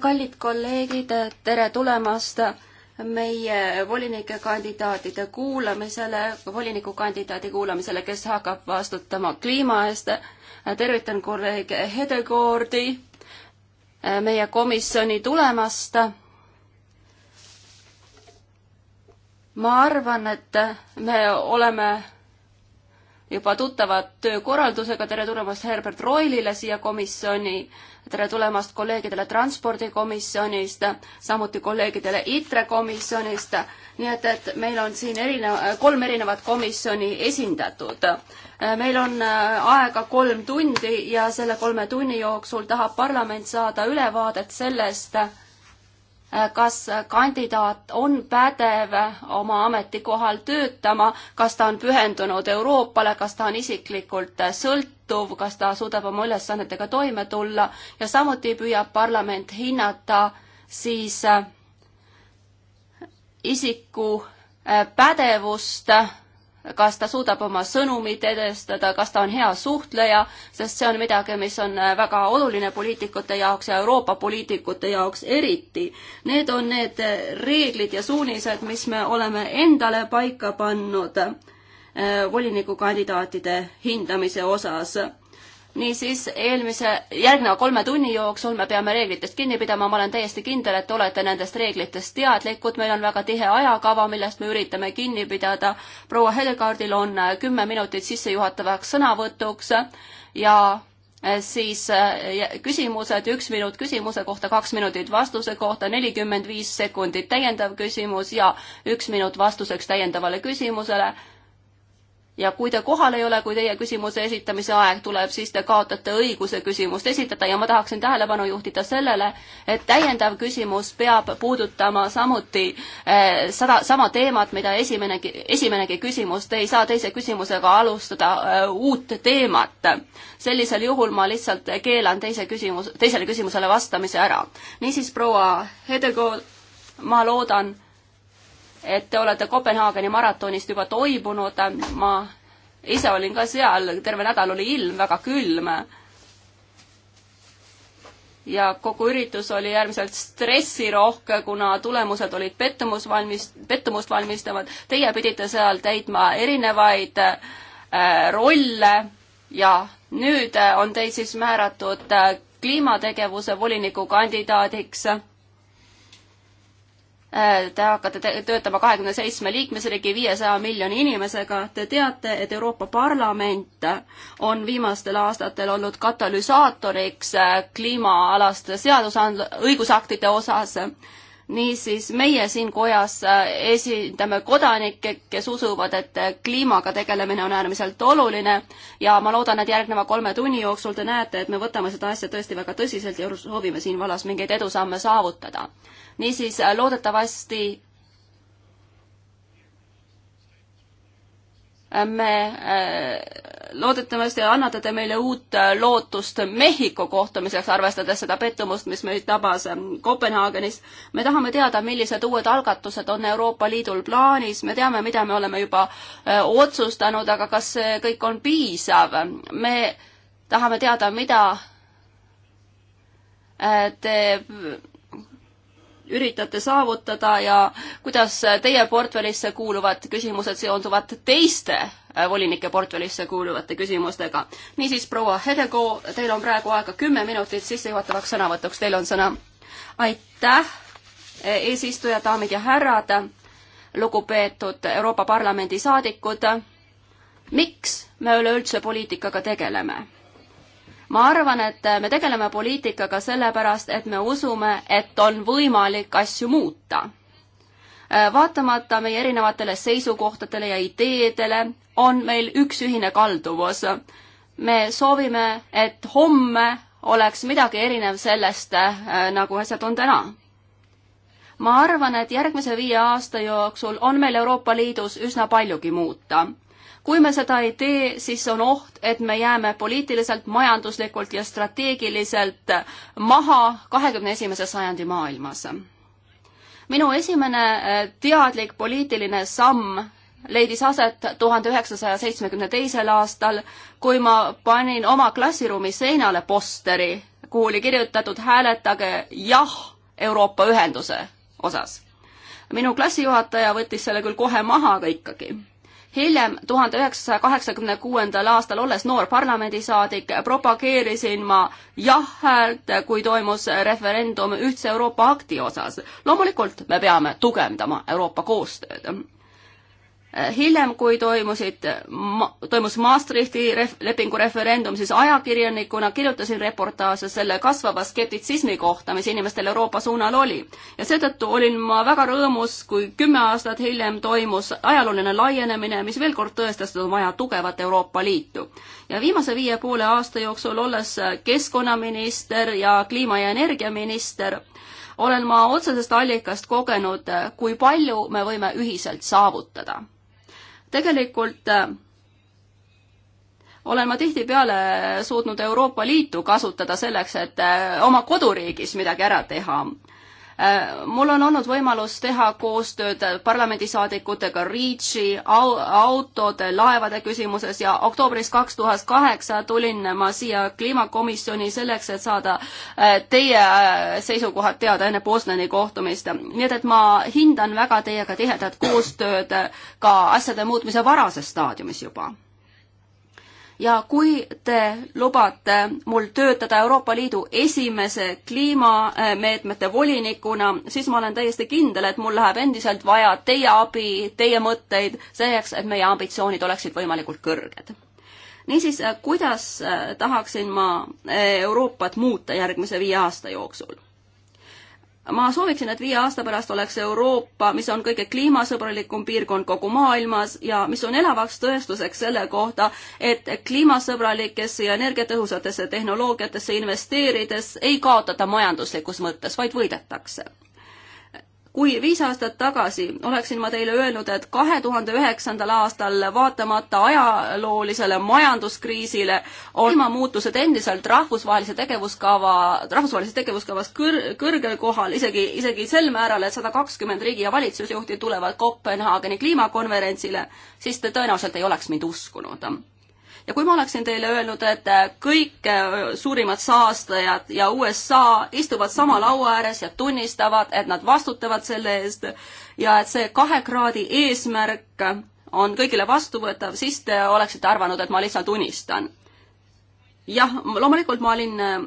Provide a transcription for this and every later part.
kallid kolleegid, tere tulemast meie volinike kandidaatide kuulamisele, volinikukandidaadi kuulamisele, kes hakkab vastutama kliima eest. tervitan kolleeg Hedekoordi meie komisjoni tulemast. ma arvan, et me oleme juba tuttavad töökorraldusega. tere tulemast Herbert Roilile siia komisjoni. tere tulemast kolleegidele Transpordikomisjonist, samuti kolleegidele ITRE komisjonist. nii et, et meil on siin erineva, kolm erinevat komisjoni esindatud. meil on äh, aega kolm tundi ja selle kolme tunni jooksul tahab parlament saada ülevaadet sellest, Äh, kas kandidaat on pädev oma ametikohal töötama, kas ta on pühendunud Euroopale, kas ta on isiklikult äh, sõltuv, kas ta suudab oma ülesannetega toime tulla ja samuti püüab parlament hinnata siis äh, isiku pädevust kas ta suudab oma sõnumit edestada, kas ta on hea suhtleja, sest see on midagi, mis on äh, väga oluline poliitikute jaoks ja Euroopa poliitikute jaoks eriti. Need on need äh, reeglid ja suunised, mis me oleme endale paika pannud äh, volinikukandidaatide hindamise osas niisiis eelmise, järgneva kolme tunni jooksul me peame reeglitest kinni pidama, ma olen täiesti kindel, et olete nendest reeglitest teadlikud, meil on väga tihe ajakava, millest me üritame kinni pidada. proua Helgaardil on äh, kümme minutit sissejuhatavaks sõnavõtuks ja äh, siis äh, küsimused, üks minut küsimuse kohta, kaks minutit vastuse kohta, nelikümmend viis sekundit täiendav küsimus ja üks minut vastuseks täiendavale küsimusele ja kui te kohal ei ole, kui teie küsimuse esitamise aeg tuleb, siis te kaotate õiguse küsimust esitada ja ma tahaksin tähelepanu juhtida sellele, et täiendav küsimus peab puudutama samuti eh, sada, sama teemat, mida esimene, esimenegi küsimus, te ei saa teise küsimusega alustada eh, uut teemat. sellisel juhul ma lihtsalt keelan teise küsimus, teisele küsimusele vastamise ära. niisiis, proua Hedegaard, ma loodan, et te olete Kopenhaageni maratonist juba toibunud, ma ise olin ka seal, terve nädal oli ilm väga külm. ja kogu üritus oli äärmiselt stressirohke, kuna tulemused olid pettumus valmis, pettumust valmistavad. Teie pidite seal täitma erinevaid äh, rolle ja nüüd äh, on teid siis määratud äh, kliimategevuse volinikukandidaadiks Äh, te hakkate töötama kahekümne seitsme liikmesriigi viiesaja miljoni inimesega. Te teate, et Euroopa Parlament on viimastel aastatel olnud katalüsaatoriks äh, kliimaaalaste seadusand-, õigusaktide osas niisiis meie siin kojas äh, esindame kodanikke, kes usuvad, et äh, kliimaga tegelemine on äärmiselt oluline ja ma loodan, et järgneva kolme tunni jooksul te näete, et me võtame seda asja tõesti väga tõsiselt ja soovime siin vallas mingeid edusamme saavutada. niisiis äh, loodetavasti me äh, loodetavasti annate te meile uut äh, lootust Mehhiko kohtumiseks, arvestades seda pettumust, mis meid tabas ähm, Kopenhaagenis. me tahame teada, millised uued algatused on Euroopa Liidul plaanis, me teame, mida me oleme juba äh, otsustanud, aga kas see kõik on piisav? me tahame teada, mida te üritate saavutada ja kuidas teie portfellisse kuuluvad küsimused seonduvad teiste äh, volinike portfellisse kuuluvate küsimustega. niisiis, proua Hedego, teil on praegu aega kümme minutit sissejuhatavaks sõnavõtuks, teil on sõna. aitäh, äh, eesistuja, daamid ja härrad, lugupeetud Euroopa Parlamendi saadikud, miks me üleüldse poliitikaga tegeleme? ma arvan, et me tegeleme poliitikaga sellepärast, et me usume, et on võimalik asju muuta. Äh, vaatamata meie erinevatele seisukohtadele ja ideedele, on meil üks ühine kalduvus. me soovime, et homme oleks midagi erinev sellest, äh, nagu asjad on täna ma arvan, et järgmise viie aasta jooksul on meil Euroopa Liidus üsna paljugi muuta kui me seda ei tee, siis on oht, et me jääme poliitiliselt, majanduslikult ja strateegiliselt maha kahekümne esimese sajandi maailmas. minu esimene eh, teadlik poliitiline samm leidis aset tuhande üheksasaja seitsmekümne teisel aastal, kui ma panin oma klassiruumi seinale posteri, kuhu oli kirjutatud hääletage jah Euroopa ühenduse osas. minu klassijuhataja võttis selle küll kohe maha, aga ikkagi hiljem, tuhande üheksasaja kaheksakümne kuuendal aastal, olles noor parlamendisaadik, propageerisin ma jah-häält, kui toimus referendum ühtse Euroopa akti osas. loomulikult me peame tugevdama Euroopa koostööd Äh, hiljem, kui toimusid, toimus Maastrichti ref, lepingu referendum, siis ajakirjanikuna kirjutasin reportaaže selle kasvava skeptitsismi kohta, mis inimestel Euroopa suunal oli. ja seetõttu olin ma väga rõõmus, kui kümme aastat hiljem toimus ajalooline laienemine, mis veel kord tõestas, et on vaja tugevat Euroopa Liitu. ja viimase viie poole aasta jooksul, olles keskkonnaminister ja kliima- ja energiaminister, olen ma otsesest allikast kogenud, kui palju me võime ühiselt saavutada tegelikult äh, olen ma tihtipeale suutnud Euroopa Liitu kasutada selleks, et äh, oma koduriigis midagi ära teha Äh, mul on olnud võimalus teha koostööd parlamendisaadikutega REACH-i au, autode, laevade küsimuses ja oktoobris kaks tuhat kaheksa tulin ma siia kliimakomisjoni selleks, et saada äh, teie äh, seisukohad teada enne Bosnani kohtumist. nii et, et ma hindan väga teiega tihedat koostööd ka asjade muutmise varases staadiumis juba ja kui te lubate mul töötada Euroopa Liidu esimese kliimameetmete volinikuna, siis ma olen täiesti kindel, et mul läheb endiselt vaja teie abi, teie mõtteid selleks, et meie ambitsioonid oleksid võimalikult kõrged. niisiis, kuidas eh, tahaksin ma eh, Euroopat muuta järgmise viie aasta jooksul? ma sooviksin, et viie aasta pärast oleks Euroopa, mis on kõige kliimasõbralikum piirkond kogu maailmas ja mis on elavaks tõestuseks selle kohta, et kliimasõbralikesse ja energiatõhusatesse tehnoloogiatesse investeerides ei kaotata majanduslikus mõttes, vaid võidetakse kui viis aastat tagasi oleksin ma teile öelnud, et kahe tuhande üheksandal aastal vaatamata ajaloolisele majanduskriisile on kliimamuutused endiselt rahvusvahelise tegevuskava, rahvusvahelises tegevuskavas kõr-, kõrgel kohal, isegi, isegi sel määral, et sada kakskümmend riigi- ja valitsusjuhti tulevad Kopenhaageni kliimakonverentsile, siis te tõenäoliselt ei oleks mind uskunud ja kui ma oleksin teile öelnud, et äh, kõik äh, suurimad saastajad ja USA istuvad sama laua ääres ja tunnistavad, et nad vastutavad selle eest ja et see kahe kraadi eesmärk on kõigile vastuvõetav, siis te oleksite arvanud, et ma lihtsalt unistan. jah, loomulikult ma olin äh,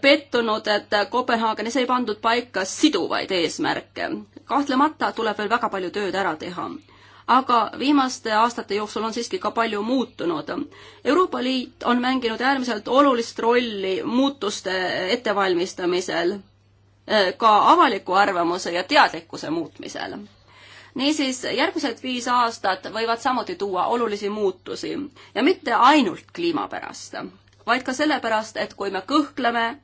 pettunud, et Kopenhaagenis ei pandud paika siduvaid eesmärke. kahtlemata tuleb veel väga palju tööd ära teha aga viimaste aastate jooksul on siiski ka palju muutunud. Euroopa Liit on mänginud äärmiselt olulist rolli muutuste ettevalmistamisel, eh, ka avaliku arvamuse ja teadlikkuse muutmisel. niisiis, järgmised viis aastat võivad samuti tuua olulisi muutusi ja mitte ainult kliima pärast, vaid ka sellepärast, et kui me kõhkleme,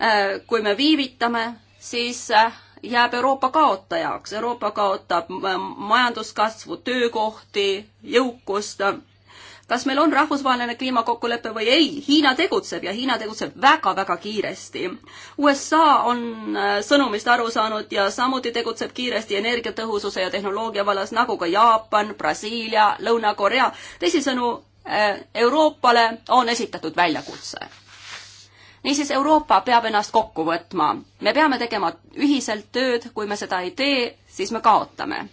eh, kui me viivitame, siis eh, jääb Euroopa kaotajaks, Euroopa kaotab majanduskasvu, töökohti, jõukust. kas meil on rahvusvaheline kliimakokkulepe või ei, Hiina tegutseb ja Hiina tegutseb väga-väga kiiresti. USA on äh, sõnumist aru saanud ja samuti tegutseb kiiresti energiatõhususe ja tehnoloogia vallas, nagu ka Jaapan, Brasiilia, Lõuna-Korea. teisisõnu, äh, Euroopale on esitatud väljakutse niisiis, Euroopa peab ennast kokku võtma. me peame tegema ühiselt tööd, kui me seda ei tee, siis me kaotame.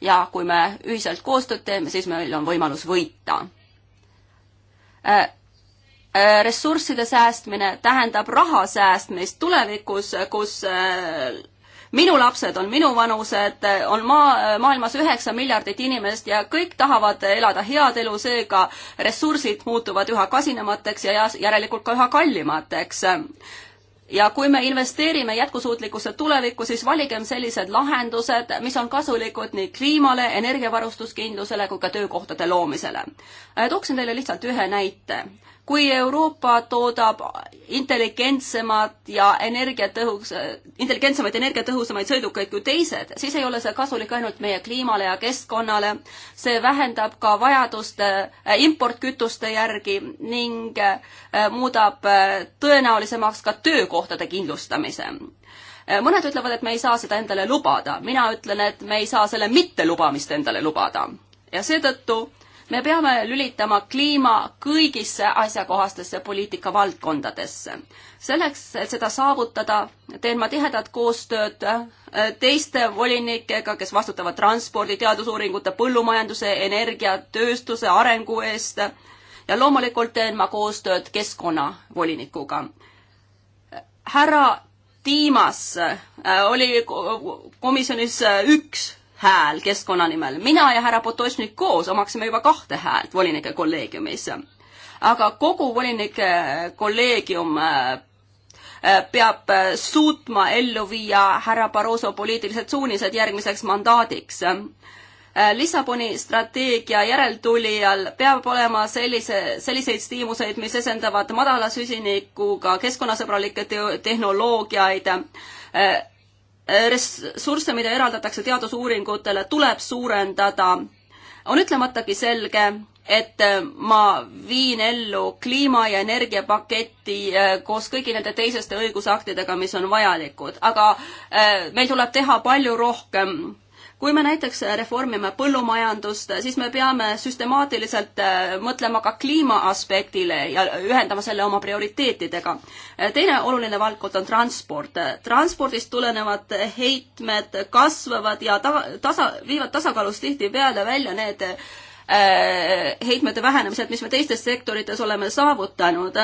ja kui me ühiselt koostööd teeme, siis meil on võimalus võita äh, äh, ressursside säästmine tähendab raha säästmist tulevikus, kus äh, minu lapsed on minuvanused, on maa, maailmas üheksa miljardit inimest ja kõik tahavad elada head elu, seega ressursid muutuvad üha kasinamateks ja järelikult ka üha kallimateks ja kui me investeerime jätkusuutlikusse tulevikku, siis valigem sellised lahendused, mis on kasulikud nii kliimale, energiavarustuskindlusele kui ka töökohtade loomisele. tooksin teile lihtsalt ühe näite kui Euroopa toodab intelligentsemat ja energiatõhus, intelligentsemaid, energiatõhusamaid sõidukeid kui teised, siis ei ole see kasulik ainult meie kliimale ja keskkonnale, see vähendab ka vajadust äh, importkütuste järgi ning äh, muudab äh, tõenäolisemaks ka töökohtade kindlustamise mõned ütlevad, et me ei saa seda endale lubada, mina ütlen, et me ei saa selle mittelubamist endale lubada. ja seetõttu me peame lülitama kliima kõigisse asjakohastesse poliitikavaldkondadesse. selleks, et seda saavutada, teen ma tihedat koostööd äh, teiste volinikega, kes vastutavad transpordi, teadusuuringute, põllumajanduse, energia, tööstuse arengu eest ja loomulikult teen ma koostööd keskkonnavolinikuga. härra Tiimas äh, oli komisjonis äh, üks hääl keskkonna nimel. mina ja härra Potočnik koos omaksime juba kahte häält volinike kolleegiumis. aga kogu volinike eh, kolleegium eh, eh, peab suutma ellu viia härra Barroso poliitilised suunised järgmiseks mandaadiks. Lissaboni strateegia järeltulijal peab olema sellise, selliseid stiimuseid, mis esendavad madala süsinikuga keskkonnasõbralikke tehnoloogiaid, ressursse, mida eraldatakse teadusuuringutele, tuleb suurendada. on ütlematagi selge, et ma viin ellu kliima- ja energiapaketi äh, koos kõigi nende teiseste õigusaktidega, mis on vajalikud, aga äh, meil tuleb teha palju rohkem kui me näiteks reformime põllumajandust, siis me peame süstemaatiliselt äh, mõtlema ka kliima aspektile ja ühendama selle oma prioriteetidega. Äh, teine oluline valdkond on transport. transpordist tulenevad heitmed kasvavad ja ta-, tasa, viivad tasakaalus tihtipeale välja need äh, heitmete vähenemised, mis me teistes sektorites oleme saavutanud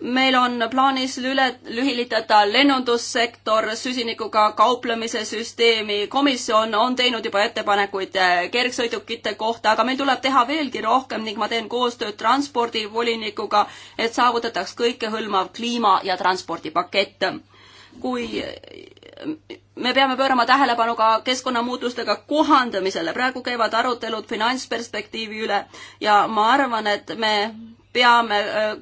meil on plaanis lüle, lühilitada lennundussektor süsinikuga kauplemise süsteemi, komisjon on teinud juba ettepanekuid eh, kergsõidukite kohta, aga meil tuleb teha veelgi rohkem ning ma teen koostööd transpordivolinikuga, et saavutataks kõikehõlmav kliima- ja transpordipakett. kui eh, me peame pöörama tähelepanu ka keskkonnamuutustega kohandamisele, praegu käivad arutelud finantsperspektiivi üle ja ma arvan, et me peame eh,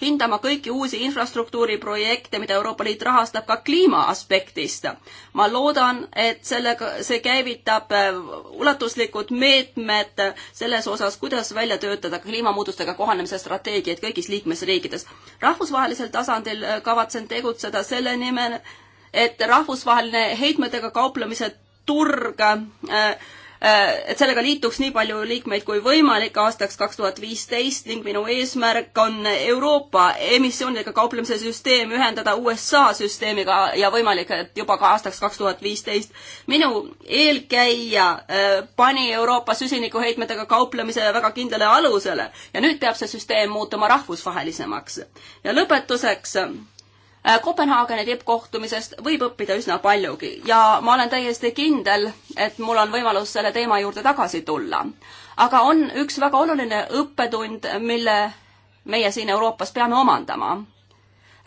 hindama kõiki uusi infrastruktuuriprojekte, mida Euroopa Liit rahastab ka kliima aspektist. ma loodan, et sellega, see käivitab äh, ulatuslikud meetmed selles osas, kuidas välja töötada kliimamuutustega kohanemise strateegiaid kõigis liikmesriikides. rahvusvahelisel tasandil äh, kavatsen tegutseda selle nimel, et rahvusvaheline heitmetega kauplemise turg äh, et sellega liituks nii palju liikmeid kui võimalik aastaks kaks tuhat viisteist ning minu eesmärk on Euroopa emissioonidega kauplemise süsteem ühendada USA süsteemiga ja võimalik, et juba ka aastaks kaks tuhat viisteist. minu eelkäija äh, pani Euroopa süsinikuheitmetega kauplemise väga kindlale alusele ja nüüd peab see süsteem muutuma rahvusvahelisemaks. ja lõpetuseks Äh, Kopenhaageni tippkohtumisest võib õppida üsna paljugi ja ma olen täiesti kindel, et mul on võimalus selle teema juurde tagasi tulla. aga on üks väga oluline õppetund, mille meie siin Euroopas peame omandama.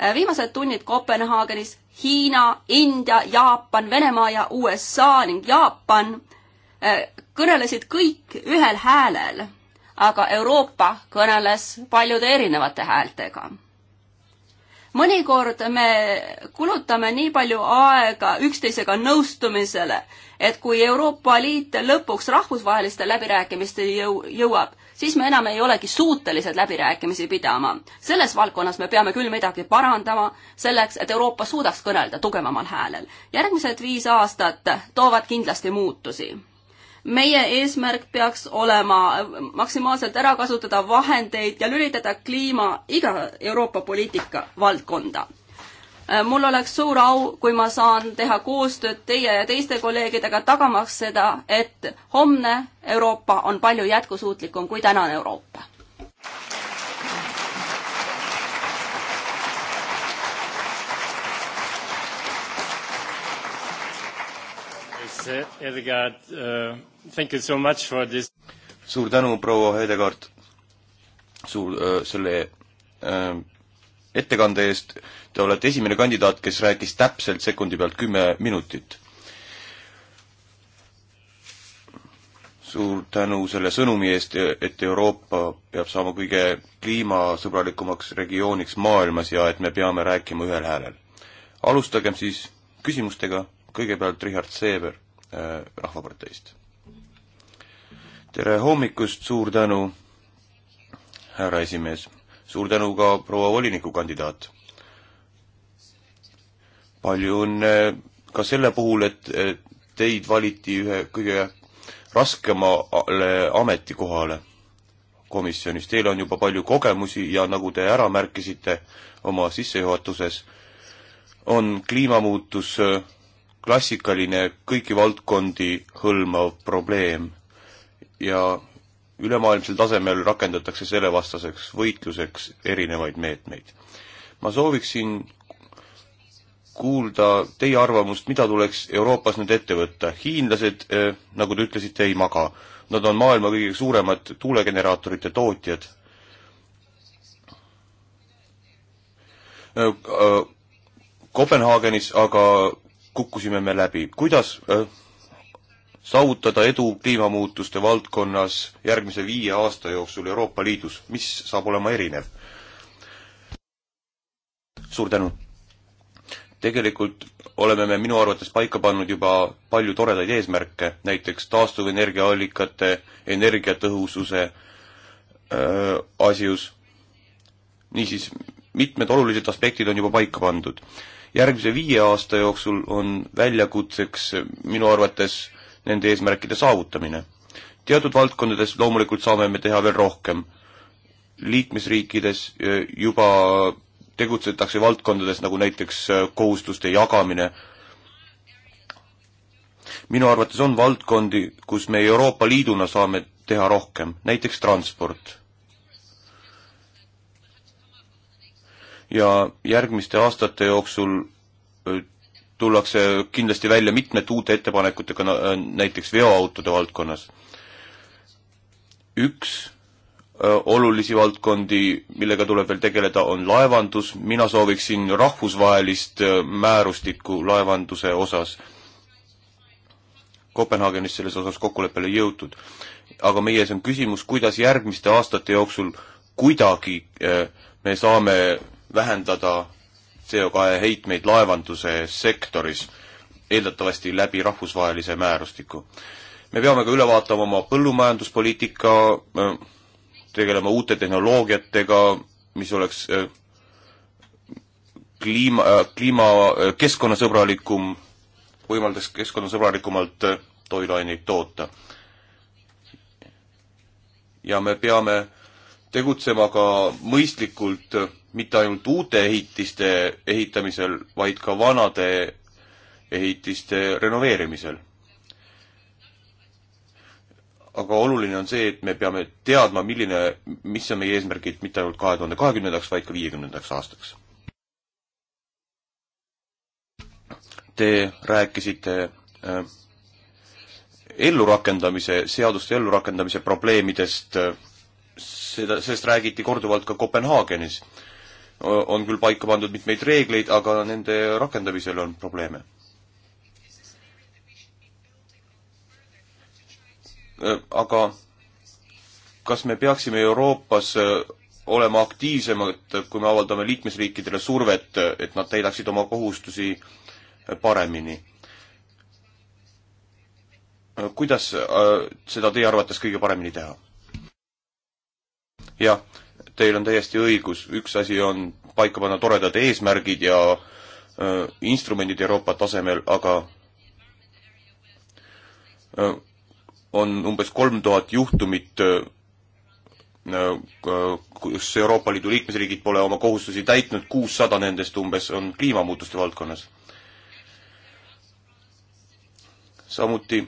Äh, viimased tunnid Kopenhaagenis Hiina, India, Jaapan, Venemaa ja USA ning Jaapan äh, kõnelesid kõik ühel häälel, aga Euroopa kõneles paljude erinevate häältega mõnikord me kulutame nii palju aega üksteisega nõustumisele, et kui Euroopa Liit lõpuks rahvusvaheliste läbirääkimisteni jõu-, jõuab, siis me enam ei olegi suutelised läbirääkimisi pidama. selles valdkonnas me peame küll midagi parandama, selleks et Euroopa suudaks kõnelda tugevamal häälel. järgmised viis aastat toovad kindlasti muutusi meie eesmärk peaks olema maksimaalselt ära kasutada vahendeid ja lülitada kliima iga Euroopa poliitika valdkonda. Äh, mul oleks suur au, kui ma saan teha koostööd teie ja teiste kolleegidega, tagamaks seda, et homne Euroopa on palju jätkusuutlikum kui tänane Euroopa. Edgard uh suur tänu, proua Hedegaard, suur äh, selle äh, ettekande eest. Te olete esimene kandidaat, kes rääkis täpselt sekundi pealt kümme minutit. suur tänu selle sõnumi eest, et Euroopa peab saama kõige kliimasõbralikumaks regiooniks maailmas ja et me peame rääkima ühel häälel. alustagem siis küsimustega, kõigepealt Richard Seeber äh, Rahvaparteist tere hommikust, suur tänu, härra esimees. suur tänu ka proua volinikukandidaat. palju õnne ka selle puhul, et teid valiti ühe kõige raskemale ametikohale komisjonis. Teil on juba palju kogemusi ja nagu te ära märkisite oma sissejuhatuses, on kliimamuutus klassikaline kõiki valdkondi hõlmav probleem ja ülemaailmsel tasemel rakendatakse sellevastaseks võitluseks erinevaid meetmeid. ma sooviksin kuulda teie arvamust, mida tuleks Euroopas nüüd ette võtta. hiinlased, eh, nagu te ütlesite, ei maga. Nad on maailma kõige suuremad tuulegeneraatorite tootjad. Eh, eh, Kopenhaagenis aga kukkusime me läbi. kuidas saavutada edu kliimamuutuste valdkonnas järgmise viie aasta jooksul Euroopa Liidus, mis saab olema erinev? suur tänu! tegelikult oleme me minu arvates paika pannud juba palju toredaid eesmärke, näiteks taastuvenergiaallikate, energiatõhususe öö, asjus, niisiis mitmed olulised aspektid on juba paika pandud. järgmise viie aasta jooksul on väljakutseks minu arvates nende eesmärkide saavutamine. teatud valdkondades loomulikult saame me teha veel rohkem. liikmesriikides e, juba tegutsetakse valdkondades, nagu näiteks e, kohustuste jagamine, minu arvates on valdkondi, kus me Euroopa Liiduna saame teha rohkem, näiteks transport. ja järgmiste aastate jooksul e, tullakse kindlasti välja mitmete uute ettepanekutega, äh, näiteks veoautode valdkonnas. üks äh, olulisi valdkondi, millega tuleb veel tegeleda, on laevandus, mina sooviksin rahvusvahelist äh, määrustikku laevanduse osas. Kopenhaagenis selles osas kokkuleppele jõutud. aga meie ees on küsimus, kuidas järgmiste aastate jooksul kuidagi me saame vähendada CO2 heitmeid laevanduse sektoris, eeldatavasti läbi rahvusvahelise määrustiku. me peame ka üle vaatama oma põllumajanduspoliitika, äh, tegelema uute tehnoloogiatega, mis oleks äh, kliima, äh, kliima, keskkonnasõbralikum, võimaldaks keskkonnasõbralikumalt toiduaineid toota. ja me peame tegutsema ka mõistlikult mitte ainult uute ehitiste ehitamisel, vaid ka vanade ehitiste renoveerimisel. aga oluline on see, et me peame teadma, milline, mis on meie eesmärgid mitte ainult kahe tuhande kahekümnendaks, vaid ka viiekümnendaks aastaks. Te rääkisite äh, ellurakendamise, seaduste ellurakendamise probleemidest, seda, sellest räägiti korduvalt ka Kopenhaagenis äh, on küll paika pandud mitmeid reegleid, aga nende rakendamisel on probleeme. aga kas me peaksime Euroopas äh, olema aktiivsemad, kui me avaldame liikmesriikidele survet, et nad täidaksid oma kohustusi paremini? kuidas äh, seda teie arvates kõige paremini teha? jah teil on täiesti õigus, üks asi on paika panna toredad eesmärgid ja äh, instrumendid Euroopa tasemel, aga äh, on umbes kolm tuhat juhtumit äh,, äh kus Euroopa Liidu liikmesriigid pole oma kohustusi täitnud, kuussada nendest umbes on kliimamuutuste valdkonnas. samuti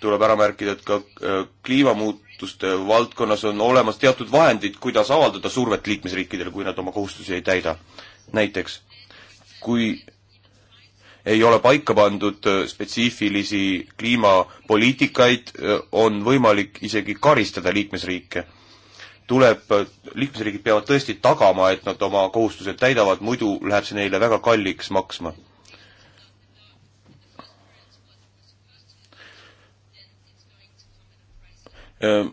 tuleb ära märkida, et ka äh, kliimamuut-, algatuste valdkonnas on olemas teatud vahendid, kuidas avaldada survet liikmesriikidele, kui nad oma kohustusi ei täida. näiteks, kui ei ole paika pandud äh, spetsiifilisi kliimapoliitikaid, äh, on võimalik isegi karistada liikmesriike. tuleb, äh, liikmesriigid peavad tõesti tagama, et nad oma kohustused täidavad, muidu läheb see neile väga kalliks maksma Ehm,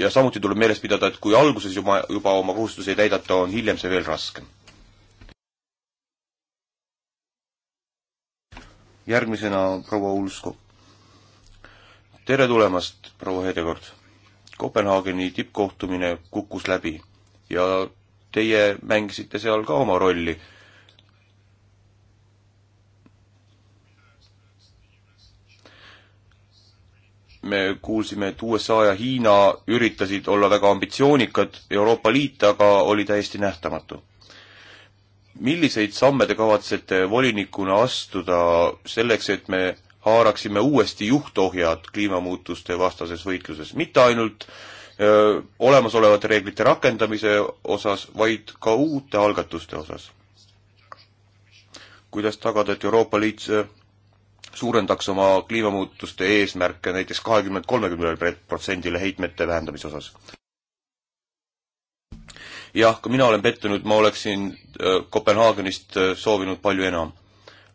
ja samuti tuleb meeles pidada, et kui alguses juba, juba oma kohustusi ei täidata, on hiljem see veel raskem. järgmisena proua Ulsko. tere tulemast, proua Hedekord. Kopenhaageni tippkohtumine kukkus läbi ja teie mängisite seal ka oma rolli me kuulsime, et USA ja Hiina üritasid olla väga ambitsioonikad, Euroopa Liit aga oli täiesti nähtamatu. milliseid samme te kavatsete volinikuna astuda selleks, et me haaraksime uuesti juhtohjad kliimamuutuste vastases võitluses, mitte ainult öö, olemasolevate reeglite rakendamise osas, vaid ka uute algatuste osas? kuidas tagada, et Euroopa Liit suurendaks oma kliimamuutuste eesmärke näiteks kahekümnelt kolmekümnele protsendile heitmete vähendamise osas. jah, ka mina olen pettunud, ma oleksin Kopenhaagenist soovinud palju enam.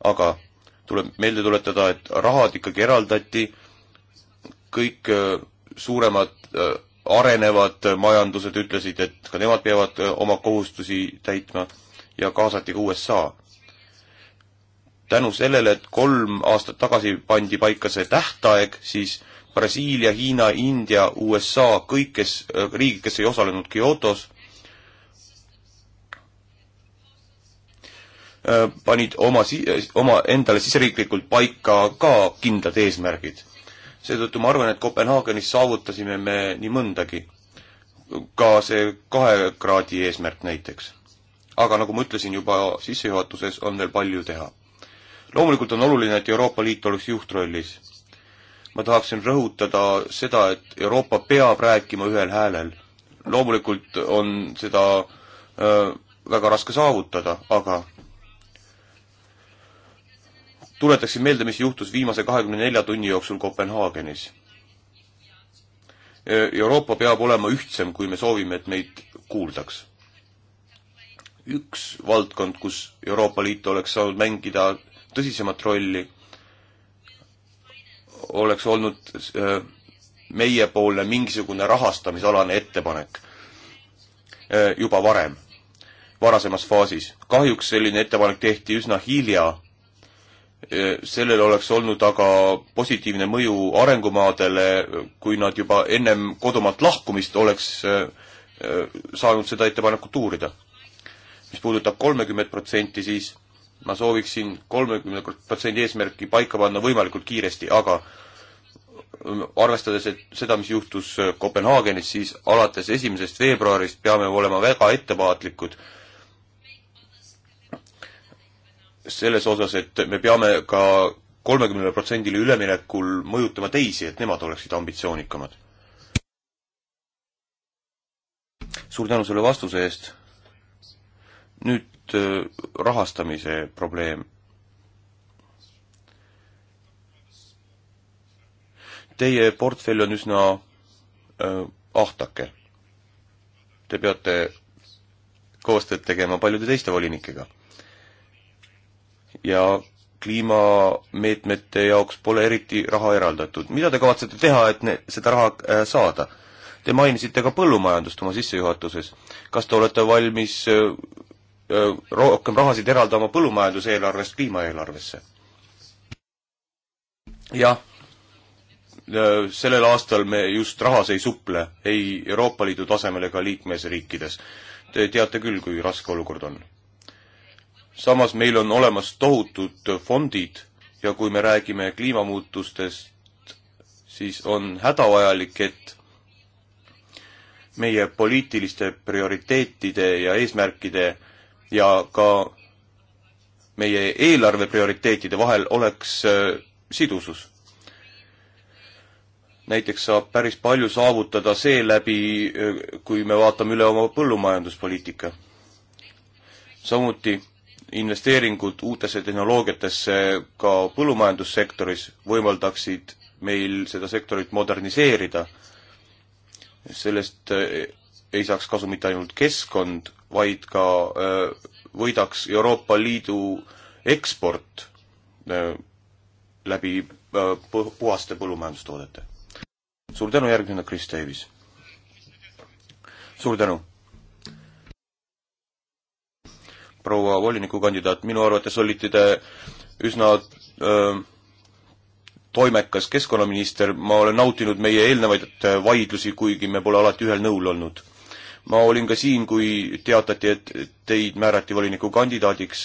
aga tuleb meelde tuletada, et rahad ikkagi eraldati, kõik suuremad arenevad majandused ütlesid, et ka nemad peavad oma kohustusi täitma ja kaasati ka USA tänu sellele, et kolm aastat tagasi pandi paika see tähtaeg, siis Brasiilia, Hiina, India, USA, kõik, kes, riigid, kes ei osalenud Kyotos, äh, panid oma si-, oma endale siseriiklikult paika ka kindlad eesmärgid. seetõttu ma arvan, et Kopenhaagenis saavutasime me nii mõndagi. ka see kahe kraadi eesmärk näiteks. aga nagu ma ütlesin juba sissejuhatuses, on veel palju teha loomulikult on oluline, et Euroopa Liit oleks juhtrollis. ma tahaksin rõhutada seda, et Euroopa peab rääkima ühel häälel. loomulikult on seda öö, äh, väga raske saavutada, aga tuletaksin meelde, mis juhtus viimase kahekümne nelja tunni jooksul Kopenhaagenis. Äh, Euroopa peab olema ühtsem, kui me soovime, et meid kuuldaks. üks valdkond, kus Euroopa Liit oleks saanud mängida tõsisemat rolli, oleks olnud äh, meiepoolne mingisugune rahastamisalane ettepanek äh, juba varem, varasemas faasis. kahjuks selline ettepanek tehti üsna hilja, äh, sellel oleks olnud aga positiivne mõju arengumaadele, kui nad juba ennem kodumaalt lahkumist oleks saanud seda ettepanekut uurida. mis puudutab kolmekümmet protsenti, siis ma sooviksin kolmekümne protsendi eesmärki paika panna võimalikult kiiresti, aga ähm, arvestades, et seda, mis juhtus äh, Kopenhaagenis, siis alates esimesest veebruarist peame olema väga ettevaatlikud selles osas, et me peame ka kolmekümnele protsendile üleminekul mõjutama teisi, et nemad oleksid ambitsioonikamad. suur tänu selle vastuse eest nüüd äh, rahastamise probleem. Teie portfell on üsna äh, ahtake. Te peate koostööd tegema paljude teiste volinikega. ja kliimameetmete jaoks pole eriti raha eraldatud. mida te kavatsete teha, et ne-, seda raha äh, saada? Te mainisite ka põllumajandust oma sissejuhatuses. kas te olete valmis äh, rohkem rahasid eraldama põllumajanduseelarvest kliimaeelarvesse. jah, sellel aastal me just rahas ei suple, ei Euroopa Liidu tasemel ega liikmesriikides. Te teate küll, kui raske olukord on. samas meil on olemas tohutud fondid ja kui me räägime kliimamuutustest, siis on hädavajalik, et meie poliitiliste prioriteetide ja eesmärkide ja ka meie eelarve prioriteetide vahel oleks äh, sidusus. näiteks saab päris palju saavutada seeläbi, äh, kui me vaatame üle oma põllumajanduspoliitika. samuti investeeringud uutesse tehnoloogiatesse ka põllumajandussektoris võimaldaksid meil seda sektorit moderniseerida. sellest äh, ei saaks kasu mitte ainult keskkond, vaid ka äh, võidaks Euroopa Liidu eksport äh, läbi äh, puhaste põllumajandustoodete. suur tänu, järgmine Kris Davis. suur tänu. proua volinikukandidaat, minu arvates olite te üsna öö, toimekas keskkonnaminister, ma olen nautinud meie eelnevaid vaidlusi, kuigi me pole alati ühel nõul olnud ma olin ka siin, kui teatati, et teid määrati volinikukandidaadiks,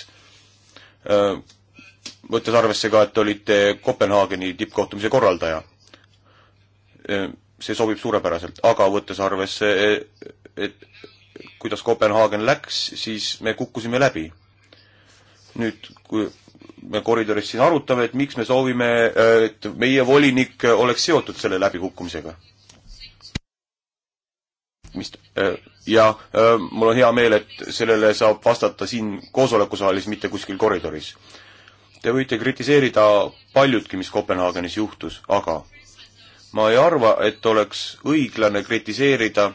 äh, võttes arvesse ka, et olite Kopenhaageni tippkohtumise korraldaja. Äh, see sobib suurepäraselt, aga võttes arvesse, et kuidas Kopenhaagen läks, siis me kukkusime läbi. nüüd, kui me koridoris siin arutame, et miks me soovime, äh, et meie volinik oleks seotud selle läbikukkumisega mis äh, ja äh, mul on hea meel, et sellele saab vastata siin koosolekusaalis, mitte kuskil koridoris. Te võite kritiseerida paljutki, mis Kopenhaagenis juhtus, aga ma ei arva, et oleks õiglane kritiseerida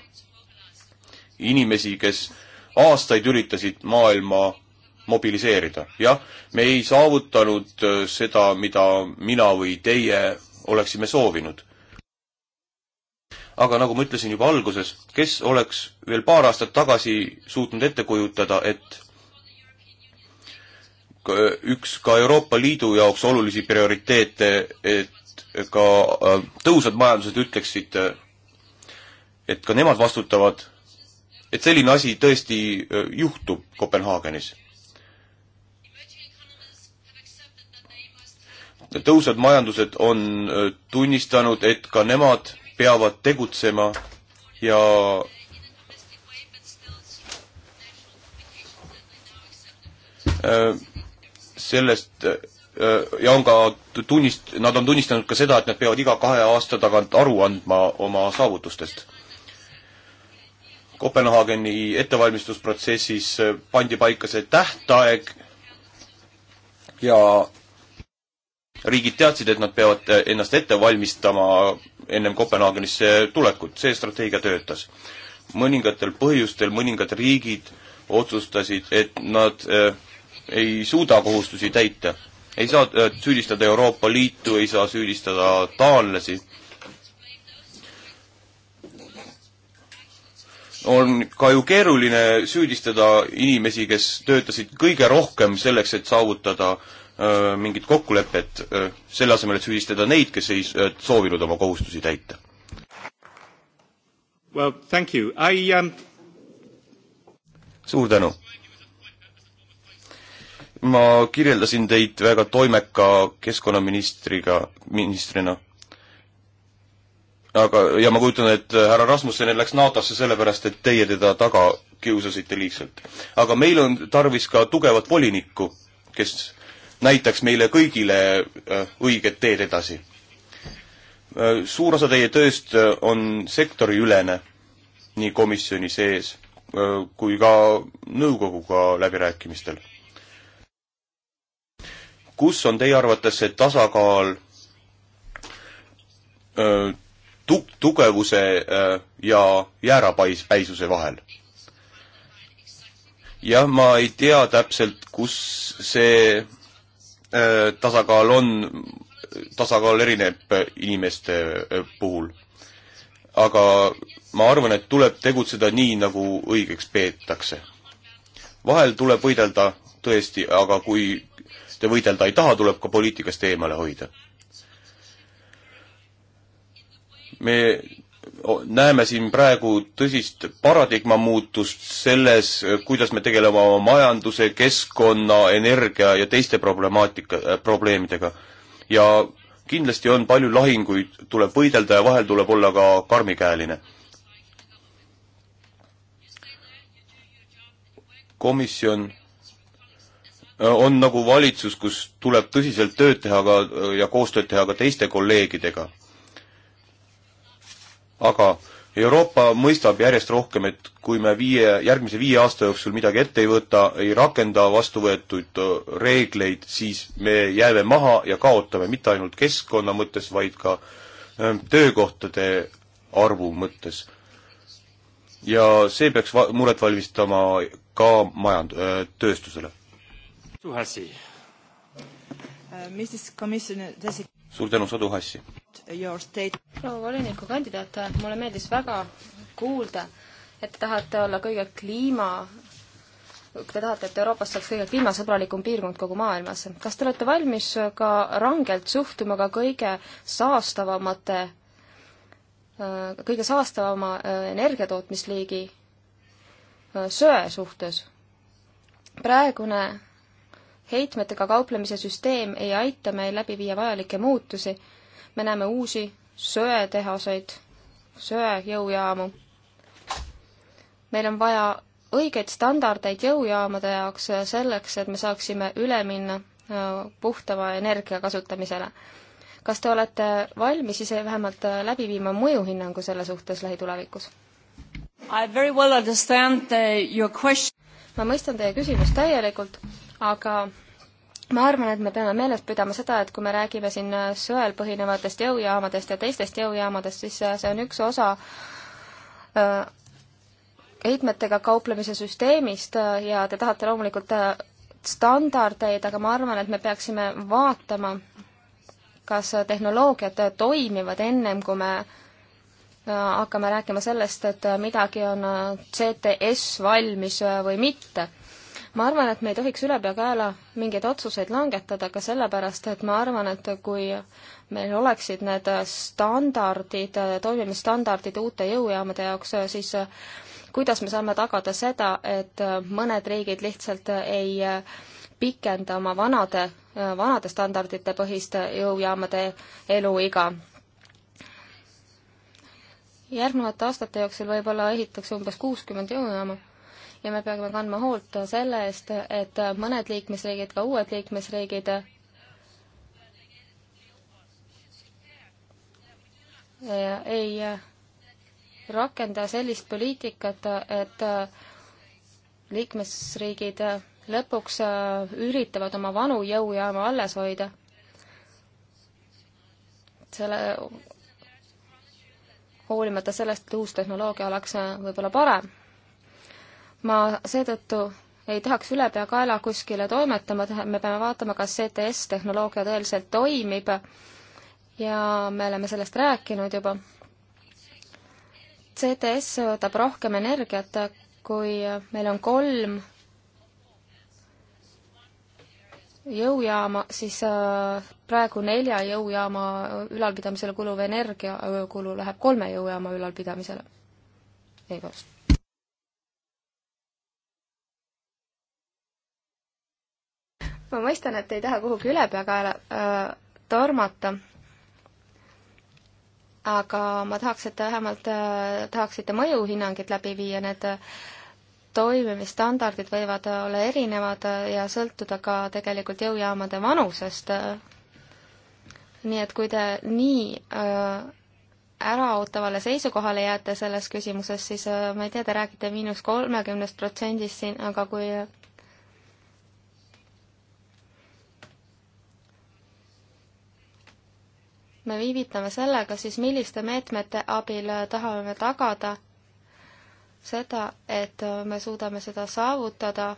inimesi, kes aastaid üritasid maailma mobiliseerida. jah, me ei saavutanud äh, seda, mida mina või teie oleksime soovinud aga nagu ma ütlesin juba alguses, kes oleks veel paar aastat tagasi suutnud ette kujutada, et äh, üks ka Euroopa Liidu jaoks olulisi prioriteete, et ka äh, tõusvad majandused ütleksid, äh, et ka nemad vastutavad, et selline asi tõesti juhtub Kopenhaagenis. tõusvad majandused on tunnistanud, et ka nemad peavad tegutsema ja äh, sellest äh, ja on ka tunnist-, nad on tunnistanud ka seda, et nad peavad iga kahe aasta tagant aru andma oma saavutustest. Kopenhaageni ettevalmistusprotsessis äh, pandi paika see tähtaeg ja riigid teadsid, et nad peavad ennast ette valmistama ennem Kopenhaagenisse tulekut, see strateegia töötas. mõningatel põhjustel mõningad riigid otsustasid, et nad äh, ei suuda kohustusi täita. ei saa äh, süüdistada Euroopa Liitu, ei saa süüdistada taanlasi. on ka ju keeruline süüdistada inimesi, kes töötasid kõige rohkem selleks, et saavutada äh, Äh, mingit kokkulepet, äh, selle asemel, et süüdistada neid, kes ei äh, soovinud oma kohustusi täita? Well, thank you. I um... suur tänu! ma kirjeldasin teid väga toimeka keskkonnaministriga, ministrina. aga, ja ma kujutan, et härra Rasmussen läks NATO-sse sellepärast, et teie teda taga kiusasite liigselt. aga meil on tarvis ka tugevat volinikku, kes näitaks meile kõigile äh, õiget teed edasi. Äh, suur osa teie tööst äh, on sektoriülene, nii komisjoni sees kui ka nõukoguga läbirääkimistel. kus on teie arvates see tasakaal tu-, tugevuse ja jäärapais-, päisuse vahel. jah, ma ei tea täpselt, kus see Äh, tasakaal on, tasakaal erineb inimeste äh, puhul. aga ma arvan, et tuleb tegutseda nii, nagu õigeks peetakse. vahel tuleb võidelda tõesti, aga kui te võidelda ei taha, tuleb ka poliitikast eemale hoida. me näeme siin praegu tõsist paradigma muutust selles, kuidas me tegeleme oma majanduse, keskkonna, energia ja teiste problemaatika, äh, probleemidega. ja kindlasti on palju lahinguid, tuleb võidelda ja vahel tuleb olla ka karmikäeline. komisjon äh, on nagu valitsus, kus tuleb tõsiselt tööd teha ka äh, ja koostööd teha ka teiste kolleegidega aga Euroopa mõistab järjest rohkem, et kui me viie, järgmise viie aasta jooksul midagi ette ei võta, ei rakenda vastu võetud äh, reegleid, siis me jääme maha ja kaotame mitte ainult keskkonna mõttes, vaid ka ähm, töökohtade arvu mõttes. ja see peaks va-, muret valmistama ka majand-, äh, tööstusele. Äh, Mrs. Commissioner, does it suur tänu, Sadu Hassi! proua volinikukandidaat, mulle meeldis väga kuulda, et te tahate olla kõige kliima, te tahate, et Euroopast saaks kõige kliimasõbralikum piirkond kogu maailmas. kas te olete valmis ka rangelt suhtuma ka kõige saastavamate, äh, kõige saastavama äh, energiatootmisliigi äh, söe suhtes? praegune heitmetega kauplemise süsteem ei aita meil läbi viia vajalikke muutusi. me näeme uusi söetehaseid, söejõujaamu. meil on vaja õigeid standardeid jõujaamade jaoks selleks, et me saaksime üle minna äh, puhtama energia kasutamisele. kas te olete valmis ise vähemalt äh, läbi viima mõjuhinnangu selle suhtes lähitulevikus? I very well understand uh, your question. ma mõistan teie küsimust täielikult aga ma arvan, et me peame meeles pidama seda, et kui me räägime siin äh, söel põhinevatest jõujaamadest ja teistest jõujaamadest, siis äh, see on üks osa äh, heitmetega kauplemise süsteemist ja te tahate loomulikult standardeid, aga ma arvan, et me peaksime vaatama, kas tehnoloogiad toimivad ennem, kui me hakkame rääkima sellest, et midagi on CTS valmis või mitte ma arvan, et me ei tohiks ülepeakaela mingeid otsuseid langetada ka sellepärast, et ma arvan, et kui meil oleksid need standardid, toimimisstandardid uute jõujaamade jaoks, siis kuidas me saame tagada seda, et mõned riigid lihtsalt ei pikenda oma vanade, vanade standardite põhist jõujaamade eluiga. järgnevate aastate jooksul võib-olla ehitaks umbes kuuskümmend jõujaama ja me peame kandma hoolt selle eest, et mõned liikmesriigid, ka uued liikmesriigid ei rakenda sellist poliitikat, et liikmesriigid lõpuks üritavad oma vanu jõujaama alles hoida. selle, hoolimata sellest, et uus tehnoloogia oleks võib-olla parem ma seetõttu ei tahaks ülepeakaela kuskile toimetama, me peame vaatama, kas CTS-tehnoloogia tõeliselt toimib ja me oleme sellest rääkinud juba. CTS võtab rohkem energiat, kui meil on kolm jõujaama, siis äh, praegu nelja jõujaama ülalpidamisele kuluv energia kulu läheb kolme jõujaama ülalpidamisele. ei, vabandust ma mõistan, et ei taha kuhugi ülepeakaela äh, tormata, aga ma tahaks, et vähemalt äh, tahaksite mõjuhinnangid läbi viia, need äh, toimimisstandardid võivad äh, olla erinevad äh, ja sõltuda ka tegelikult jõujaamade vanusest. Äh. nii et kui te nii äraootavale seisukohale jääte selles küsimuses, siis ma ei tea, te räägite miinus kolmekümnest protsendist siin, aga kui me viivitame sellega, siis milliste meetmete abil tahame me tagada seda, et me suudame seda saavutada äh,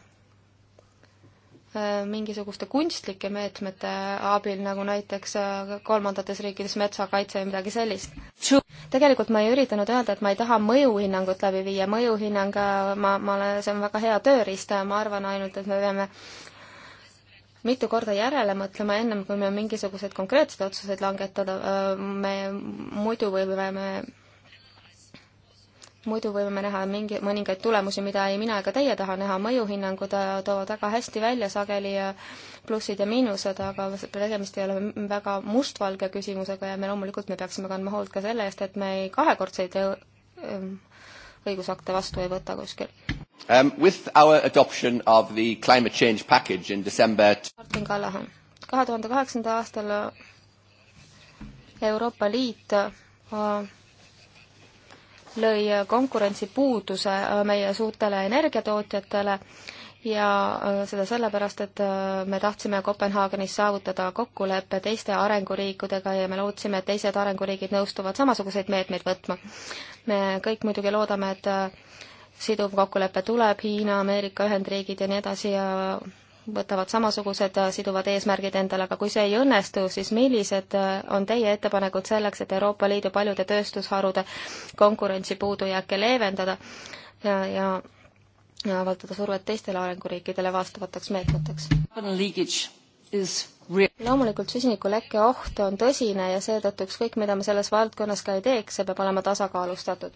mingisuguste kunstlike meetmete abil, nagu näiteks äh, kolmandates riikides metsakaitse või midagi sellist. tegelikult ma ei üritanud öelda, et ma ei taha mõjuhinnangut läbi viia, mõjuhinnang, äh, ma, ma olen, see on väga hea tööriist, ma arvan ainult, et me peame mitu korda järele mõtlema, ennem kui me mingisuguseid konkreetseid otsuseid langetada, me muidu võime me muidu võime me näha mingi, mõningaid tulemusi, mida ei mina ega teie taha näha, mõjuhinnangud toovad väga hästi välja sageli plussid ja miinused, aga tegemist ei ole väga mustvalge küsimusega ja me loomulikult, me peaksime kandma hoolt ka selle eest, et me ei kahekordseid õigusakte vastu ei võta kuskil. Um, with our adoption of the climate change package in December Martin Kallahan, kahe tuhande kaheksanda aastal äh, Euroopa Liit äh, lõi konkurentsipuuduse äh, meie suurtele energiatootjatele ja seda sellepärast, et me tahtsime Kopenhaagenis saavutada kokkuleppe teiste arenguriikidega ja me lootsime, et teised arenguriigid nõustuvad samasuguseid meetmeid võtma. me kõik muidugi loodame, et siduv kokkulepe tuleb, Hiina, Ameerika Ühendriigid ja nii edasi ja võtavad samasugused äh, siduvad eesmärgid endale, aga kui see ei õnnestu, siis millised äh, on teie ettepanekud selleks, et Euroopa Liidu paljude tööstusharude konkurentsi puudujääke leevendada ja, ja, ja avaldada survet teistele arenguriikidele vastavateks meetmeteks? loomulikult süsinikulekke oht on tõsine ja seetõttu ükskõik, mida me selles valdkonnas ka ei teeks, see peab olema tasakaalustatud.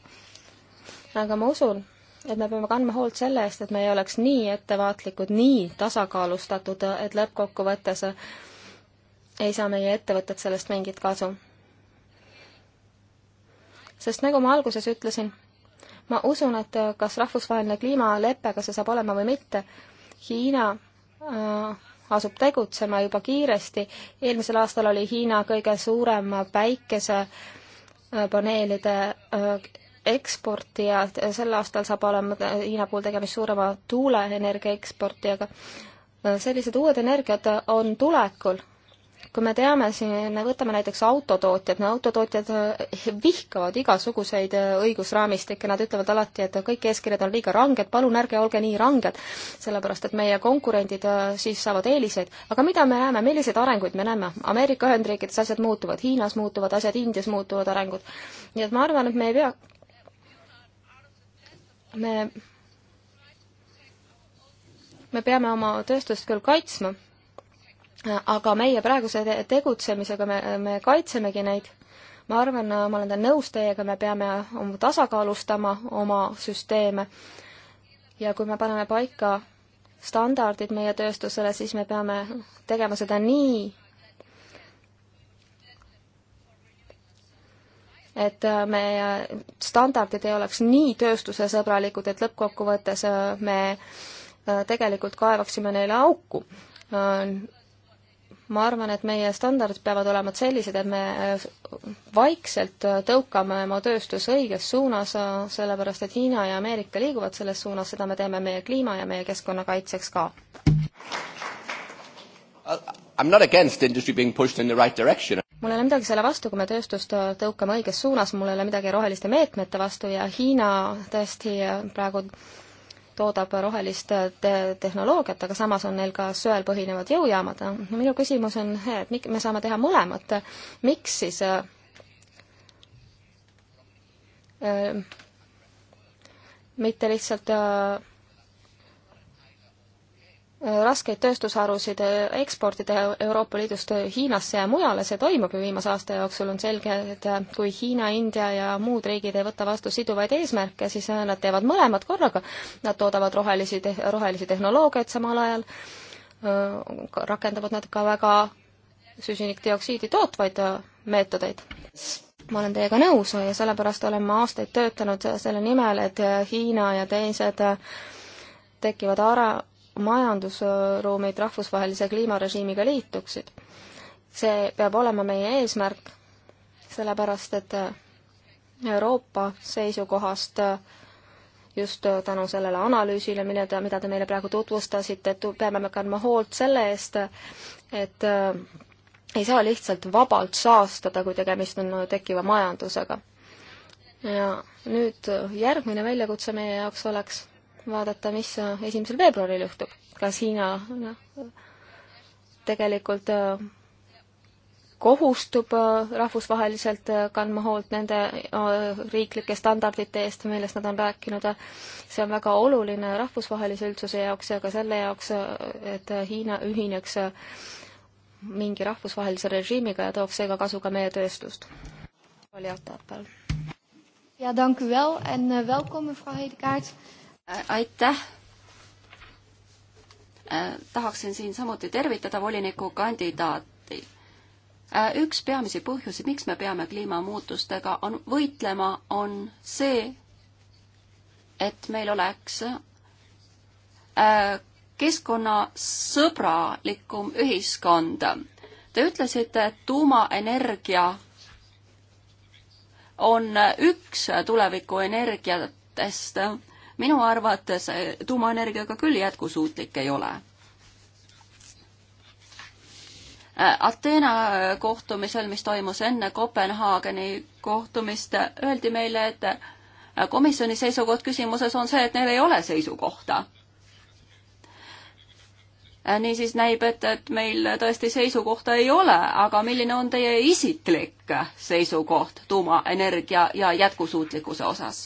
aga ma usun, et me peame kandma hoolt selle eest, et me ei oleks nii ettevaatlikud, nii tasakaalustatud, et lõppkokkuvõttes ei saa meie ettevõtted sellest mingit kasu. sest nagu ma alguses ütlesin, ma usun, et kas rahvusvaheline kliimalepe, kas see saab olema või mitte, Hiina äh, asub tegutsema juba kiiresti. eelmisel aastal oli Hiina kõige suurem päikesepaneelide äh, eksporti ja sel aastal saab olema Hiina puhul tegemist suurema tuuleenergia eksportijaga. sellised uued energiad on tulekul. kui me teame siin, võtame näiteks autotootjad, no autotootjad eh, vihkavad igasuguseid eh, õigusraamistikke, nad ütlevad alati, et kõik eeskirjad on liiga ranged, palun ärge olge nii ranged, sellepärast et meie konkurendid eh, siis saavad eeliseid. aga mida me näeme, milliseid arenguid me näeme? Ameerika Ühendriikides asjad muutuvad, Hiinas muutuvad asjad, Indias muutuvad arengud. nii et ma arvan, et me ei pea me, me peame oma tööstust küll kaitsma, aga meie praeguse tegutsemisega me, me kaitsemegi neid. ma arvan, ma olen nõus teiega, me peame oma tasakaalustama oma süsteeme ja kui me paneme paika standardid meie tööstusele, siis me peame tegema seda nii, et äh, meie standardid ei oleks nii tööstusesõbralikud, et lõppkokkuvõttes äh, me äh, tegelikult kaevaksime neile auku. ma arvan, et meie standardid peavad olema sellised, et me vaikselt tõukame oma tööstuse õiges suunas, sellepärast et Hiina ja Ameerika liiguvad selles suunas, seda me teeme meie kliima ja meie keskkonna kaitseks ka. I am not against industry being pushed in the right direction mul ei ole midagi selle vastu, kui me tööstust tõukame õiges suunas, mul ei ole midagi roheliste meetmete vastu ja Hiina tõesti praegu toodab rohelist te tehnoloogiat, aga samas on neil ka söel põhinevad jõujaamad. minu küsimus on, et mik-, me saame teha mõlemat, miks siis äh, äh, mitte lihtsalt äh, raskeid tööstusharusid eh, eksportida Euroopa Liidust Hiinasse ja mujale, see toimub ju viimase aasta jooksul, on selge, et kui Hiina, India ja muud riigid ei võta vastu siduvaid eesmärke, siis nad teevad mõlemad korraga. Nad toodavad rohelisi, rohelisi tehnoloogiaid samal ajal, eh, rakendavad nad ka väga süsinikdioksiidi tootvaid eh, meetodeid ma olen teiega nõus ja sellepärast olen ma aastaid töötanud selle nimel, et Hiina ja teised tekivad ara-, majandusruumid rahvusvahelise kliimarežiimiga liituksid. see peab olema meie eesmärk, sellepärast et Euroopa seisukohast just tänu sellele analüüsile, mille te, mida te meile praegu tutvustasite, et peame me kandma hoolt selle eest, et äh, ei saa lihtsalt vabalt saastada, kui tegemist on tekkiva majandusega. ja nüüd järgmine väljakutse meie jaoks oleks vaadata, mis esimesel veebruaril juhtub. kas Hiina tegelikult äh, kohustub äh, rahvusvaheliselt äh, kandma hoolt nende riiklike standardite eest, millest nad on rääkinud. see on väga oluline rahvusvahelise üldsuse jaoks ja ka selle jaoks, et Hiina ühineks mingi rahvusvahelise režiimiga ja tooks seega kasu ka meie tööstust. oli Otepääl. ja tänku veel ja welcome, eh, Frau Heidekaart aitäh! tahaksin siin samuti tervitada volinikukandidaati. üks peamisi põhjusi, miks me peame kliimamuutustega on võitlema, on see, et meil oleks keskkonnasõbralikum ühiskond. Te ütlesite, et tuumaenergia on üks tulevikuenergiatest minu arvates eh, tuumaenergiaga küll jätkusuutlik ei ole eh, Ateena eh, kohtumisel, mis toimus enne Kopenhaageni kohtumist, öeldi meile, et komisjoni seisukoht küsimuses on see, et neil ei ole seisukohta. niisiis näib, et, et meil tõesti seisukohta ei ole, aga milline on teie isiklik seisukoht tuumaenergia ja jätkusuutlikkuse osas?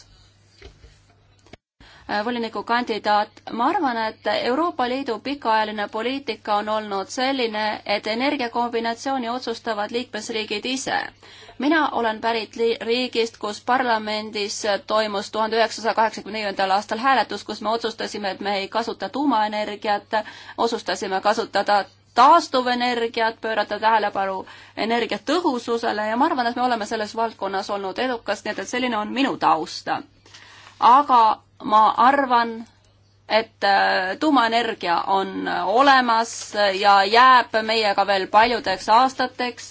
Äh, volinikukandidaat, ma arvan, et Euroopa Liidu pikaajaline poliitika on olnud selline, et energiakombinatsiooni otsustavad liikmesriigid ise. mina olen pärit riigist, kus parlamendis toimus tuhande üheksasaja kaheksakümne neljandal aastal hääletus, kus me otsustasime, et me ei kasuta tuumaenergiat, otsustasime kasutada taastuvenergiat, pöörata tähelepanu energiatõhususele ja ma arvan, et me oleme selles valdkonnas olnud edukas, nii et, et selline on minu taust. aga ma arvan, et äh, tuumaenergia on äh, olemas ja jääb meiega veel paljudeks aastateks.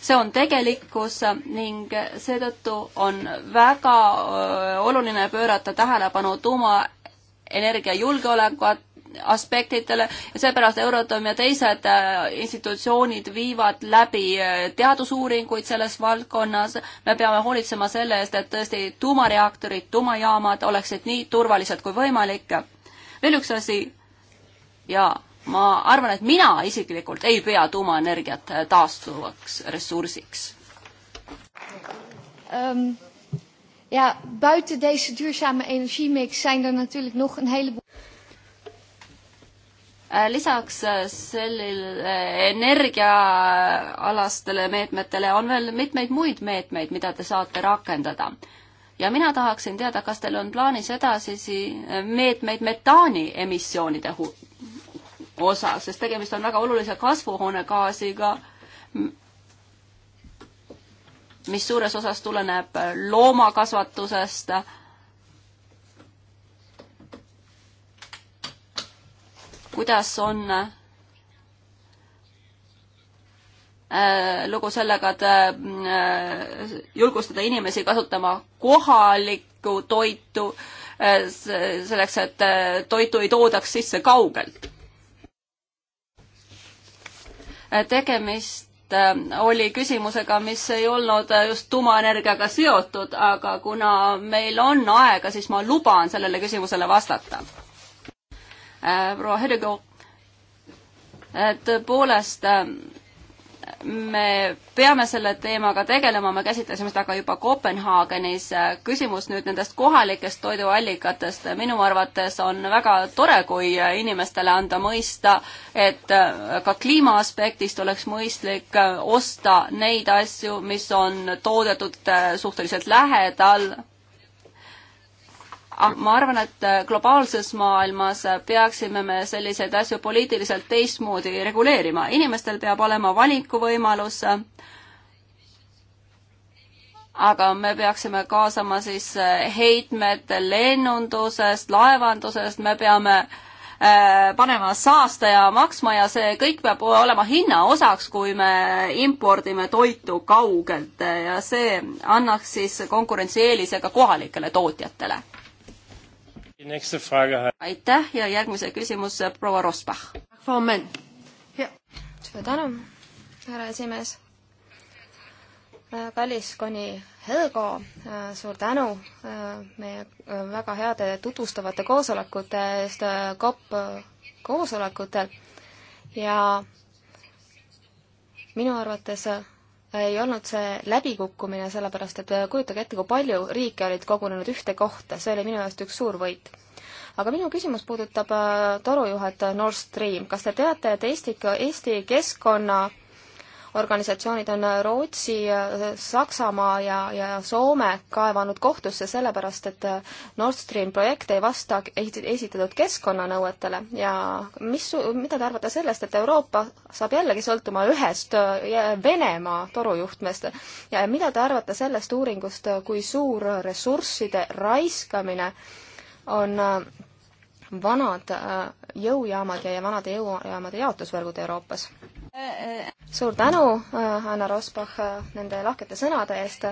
see on tegelikkus ning seetõttu on väga äh, oluline pöörata tähelepanu tuumaenergia julgeolekut aspektidele ja seepärast Eurotom ja teised äh, institutsioonid viivad läbi äh, teadusuuringuid selles valdkonnas. me peame hoolitsema selle eest, et tõesti tuumareaktorid, tuumajaamad oleksid nii turvalised kui võimalik. veel üks asi ja ma arvan, et mina isiklikult ei pea tuumaenergiat äh, taastuvaks ressursiks um,. ja buiten deze duurzame energiemix zijn er natuurlijk nog een heleboel Äh, lisaks äh, sellele energiaalastele meetmetele on veel mitmeid muid meetmeid, mida te saate rakendada. ja mina tahaksin teada, kas teil on plaanis edasisi äh, meetmeid metaani emissioonide osas, sest tegemist on väga olulise kasvuhoonegaasiga, mis suures osas tuleneb loomakasvatusest kuidas on äh, lugu sellega, et äh, julgustada inimesi kasutama kohalikku toitu, äh, selleks et toitu ei toodaks sisse kaugelt. tegemist oli küsimusega, mis ei olnud just tuumaenergiaga seotud, aga kuna meil on aega, siis ma luban sellele küsimusele vastata Äh, proua Hedego, äh, tõepoolest äh, me peame selle teemaga tegelema, me käsitlesime seda ka juba Kopenhaagenis. küsimus nüüd nendest kohalikest toiduallikatest minu arvates on väga tore, kui inimestele anda mõista, et ka kliima aspektist oleks mõistlik osta neid asju, mis on toodetud suhteliselt lähedal Ah, ma arvan, et äh, globaalses maailmas äh, peaksime me selliseid asju poliitiliselt teistmoodi reguleerima. inimestel peab olema valikuvõimalus, äh, aga me peaksime kaasama siis heitmed lennundusest, laevandusest, me peame panema saastaja maksma ja see kõik peab olema hinna osaks, kui me impordime toitu kaugelt ja see annaks siis konkurentsieelise ka kohalikele tootjatele aitäh ja järgmise küsimuse proua Rosbach. suur tänu, härra esimees. Äh, kallis koni Helgo, äh, suur tänu äh, meie väga heade tutvustavate koosolekute eest COP koosolekutel ja minu arvates ei olnud see läbikukkumine, sellepärast et äh, kujutage ette, kui palju riike olid kogunenud ühte kohta, see oli minu jaoks üks suur võit. aga minu küsimus puudutab äh, torujuhet Nord Stream. kas te teate, et Eesti, Eesti keskkonna organisatsioonid on Rootsi, Saksamaa ja, ja Soome kaevanud kohtusse sellepärast, et Nord Stream projekt ei vasta esitatud keskkonnanõuetele ja mis, mida te arvate sellest, et Euroopa saab jällegi sõltuma ühest Venemaa torujuhtmest ja mida te arvate sellest uuringust, kui suur ressursside raiskamine on äh, vanad äh, jõujaamad ja vanade jõujaamade jaotusvõrgud Euroopas? suur tänu, äh, Anna Rosbach, äh, nende lahkete sõnade eest.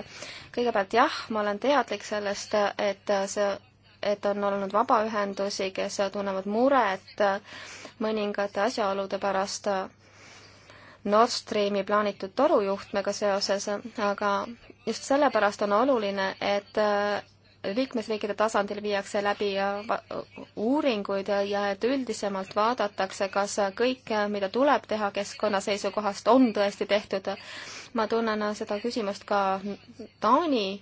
kõigepealt jah, ma olen teadlik sellest, et äh, see, et on olnud vabaühendusi, kes tunnevad muret mõningate asjaolude pärast Nord Streami plaanitud torujuhtmega seoses, aga just sellepärast on oluline, et liikmesriikide tasandil viiakse läbi äh, uuringuid ja et üldisemalt vaadatakse, kas kõik, äh, mida tuleb teha keskkonna seisukohast, on tõesti tehtud. ma tunnen äh, seda küsimust ka Taani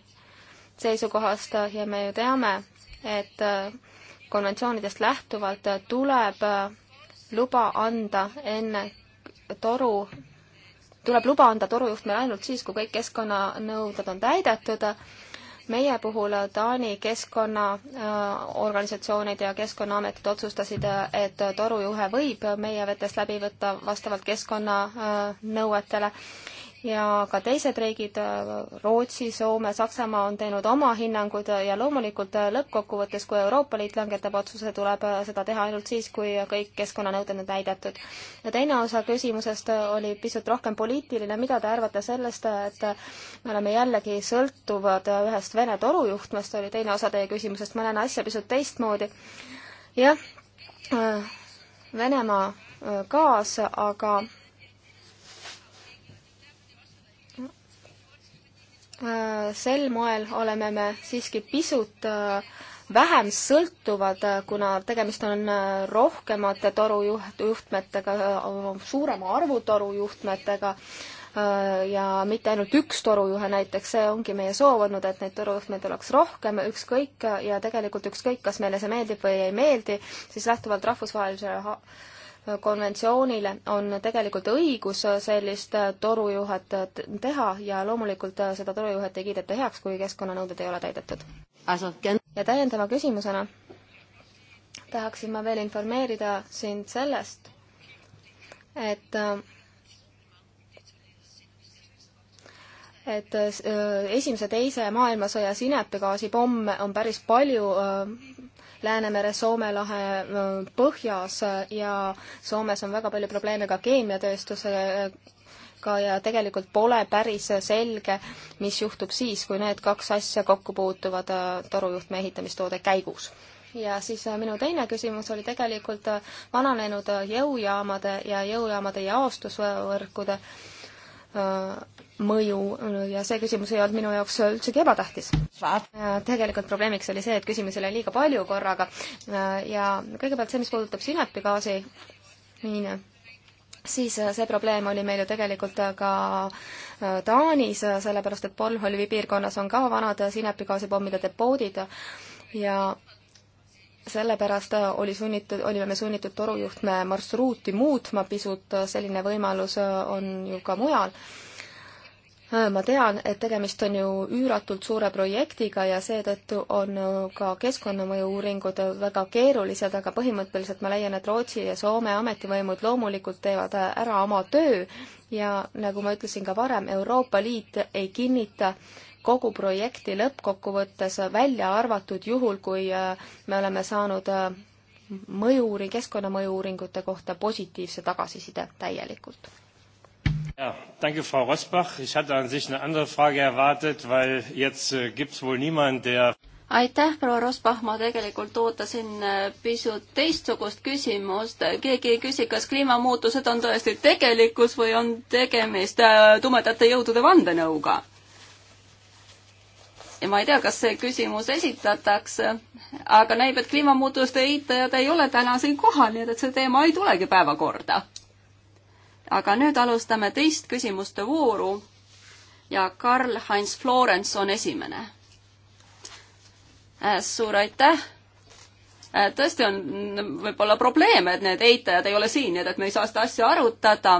seisukohast ja me ju teame, et konventsioonidest lähtuvalt tuleb luba anda enne toru, tuleb luba anda torujuhtmele ainult siis, kui kõik keskkonnanõuded on täidetud meie puhul Taani keskkonnaorganisatsioonid ja keskkonnaametid otsustasid, et torujuhe võib meie vetest läbi võtta vastavalt keskkonnanõuetele äh, ja ka teised riigid, äh, Rootsi, Soome, Saksamaa on teinud oma hinnangud ja loomulikult äh, lõppkokkuvõttes, kui Euroopa Liit langetab otsuse, tuleb äh, seda teha ainult siis, kui kõik keskkonnanõuded on täidetud. ja teine osa küsimusest oli pisut rohkem poliitiline, mida te arvate sellest, et me oleme jällegi sõltuvad ühest Vene torujuhtmest, oli teine osa teie küsimusest, ma näen asja pisut teistmoodi. jah, Venemaa gaas, aga Äh, sel moel oleme me siiski pisut äh, vähem sõltuvad, äh, kuna tegemist on rohkemate torujuhtmetega, suurema arvu torujuhtmetega ja mitte ainult üks torujuhe näiteks, see ongi meie soov olnud, et neid torujuhtmeid oleks rohkem, ükskõik ja tegelikult ükskõik, kas meile see meeldib või ei meeldi, siis lähtuvalt rahvusvahelise konventsioonile on tegelikult õigus sellist torujuhet teha ja loomulikult seda torujuhet ei kiideta heaks, kui keskkonnanõuded ei ole täidetud. ja täiendava küsimusena tahaksin ma veel informeerida sind sellest, et et äh, esimese-teise maailmasõja sinepigaasipomme on päris palju äh, Läänemere, Soome lahe põhjas ja Soomes on väga palju probleeme ka keemiatööstuse ka ja tegelikult pole päris selge, mis juhtub siis, kui need kaks asja kokku puutuvad torujuhtme ehitamistoode käigus. ja siis minu teine küsimus oli tegelikult vananenud jõujaamade ja jõujaamade jaostusvõrkude ja mõju ja see küsimus ei olnud minu jaoks üldsegi ebatähtis. tegelikult probleemiks oli see, et küsimusi oli liiga palju korraga ja kõigepealt see, mis puudutab sinepigaasi miine, siis see probleem oli meil ju tegelikult ka äh, Taanis, sellepärast et Bornholmi piirkonnas on ka vanad sinepigaasipommide depoodid ja sellepärast äh, oli sunnitud, olime me sunnitud torujuhtme marsruuti muutma pisut, äh, selline võimalus äh, on ju ka mujal. ma tean, et tegemist on ju üüratult suure projektiga ja seetõttu on ka keskkonnamõju uuringud väga keerulised, aga põhimõtteliselt ma leian, et Rootsi ja Soome ametivõimud loomulikult teevad ära oma töö ja nagu ma ütlesin ka varem, Euroopa Liit ei kinnita äh, kogu projekti lõppkokkuvõttes välja arvatud juhul, kui äh, me oleme saanud äh, mõju-uuring, keskkonnamõju uuringute kohta positiivse tagasiside täielikult. Ja, danke, Frau Rosbach. Ich hatte an sich eine andere Frage erwartet, weil jetzt äh, gibt es wohl niemanden, der aitäh, proua Rosbach, ma tegelikult ootasin äh, pisut teistsugust küsimust. keegi ei küsi, kas kliimamuutused on tõesti tegelikkus või on tegemist tumedate jõudude vandenõuga? ja ma ei tea, kas see küsimus esitatakse, aga näib, et kliimamuutuste eitajad ei ole täna siin kohal, nii et, et see teema ei tulegi päevakorda. aga nüüd alustame teist küsimuste vooru ja Karl-Heinz Florens on esimene. Äh, suur aitäh! Äh, tõesti on võib-olla probleem, et need eitajad ei ole siin, nii et, et me ei saa seda asja arutada,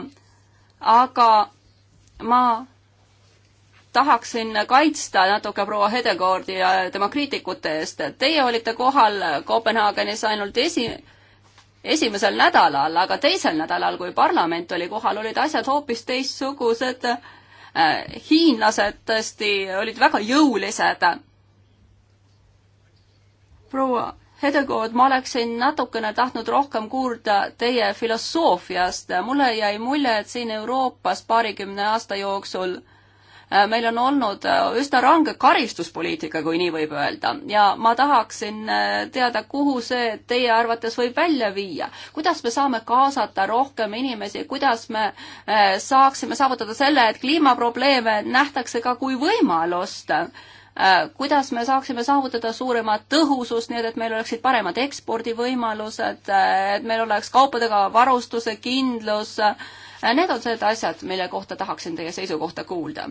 aga ma tahaksin kaitsta natuke proua Hedegaardi ja tema kriitikute eest. Teie olite kohal Kopenhaagenis ainult esi, esimesel nädalal, aga teisel nädalal, kui parlament oli kohal, olid asjad hoopis teistsugused. Äh, hiinlased tõesti olid väga jõulised. proua Hedegaard, ma oleksin natukene tahtnud rohkem kuulda teie filosoofiast. mulle jäi mulje, et siin Euroopas paarikümne aasta jooksul äh, Äh, meil on olnud äh, üsna range karistuspoliitika, kui nii võib öelda, ja ma tahaksin äh, teada, kuhu see teie arvates võib välja viia. kuidas me saame kaasata rohkem inimesi, kuidas me saaksime saavutada selle, et kliimaprobleeme nähtakse ka kui võimalust, kuidas me saaksime saavutada suuremat tõhusust, nii et, et meil oleksid paremad ekspordivõimalused, et meil oleks kaupadega varustuse kindlus, need on need asjad, mille kohta tahaksin teie seisukohta kuulda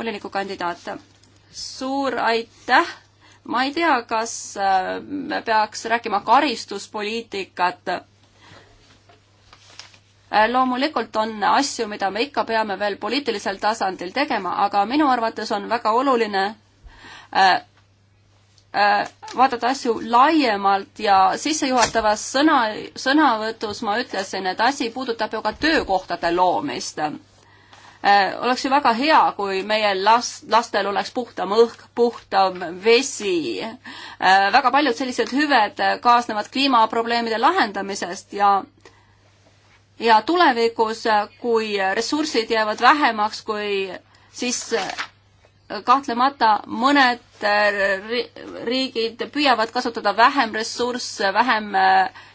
volinikukandidaat. suur aitäh! ma ei tea, kas me äh, peaks rääkima karistuspoliitikat. Äh, loomulikult on asju, mida me ikka peame veel poliitilisel tasandil tegema, aga minu arvates on väga oluline äh, vaadata asju laiemalt ja sissejuhatavas sõna, sõnavõtus ma ütlesin, et asi puudutab ju ka töökohtade loomist Äh, oleks ju väga hea, kui meie last, lastel oleks puhtam õhk, puhtam vesi. Äh, väga paljud sellised hüved kaasnevad kliimaprobleemide lahendamisest ja ja tulevikus, kui ressursid jäävad vähemaks, kui siis äh, kahtlemata mõned riigid püüavad kasutada vähem ressursse, vähem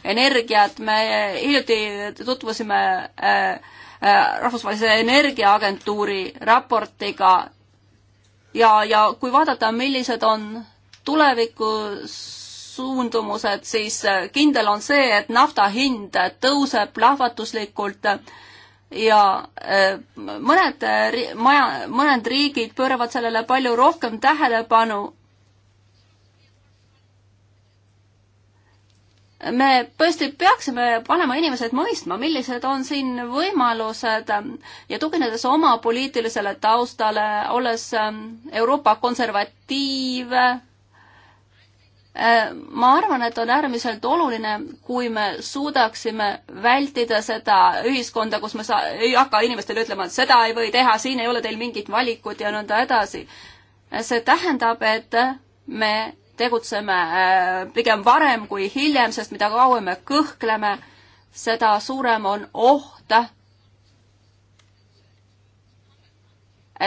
energiat, me hiljuti tutvusime äh, Äh, Rahvusvahelise Energiaagentuuri raportiga ja, ja kui vaadata, millised on tulevikusuundumused, siis äh, kindel on see, et nafta hind tõuseb plahvatuslikult ja äh, mõned maja, mõned riigid pööravad sellele palju rohkem tähelepanu me tõesti peaksime panema inimesed mõistma, millised on siin võimalused ja tuginedes oma poliitilisele taustale, olles ähm, Euroopa konservatiiv, äh, ma arvan, et on äärmiselt oluline, kui me suudaksime vältida seda ühiskonda, kus me saa-, ei hakka inimestele ütlema, et seda ei või teha, siin ei ole teil mingit valikut ja nõnda edasi. see tähendab, et me tegutseme äh, pigem varem kui hiljem, sest mida kauem me kõhkleme, seda suurem on oht,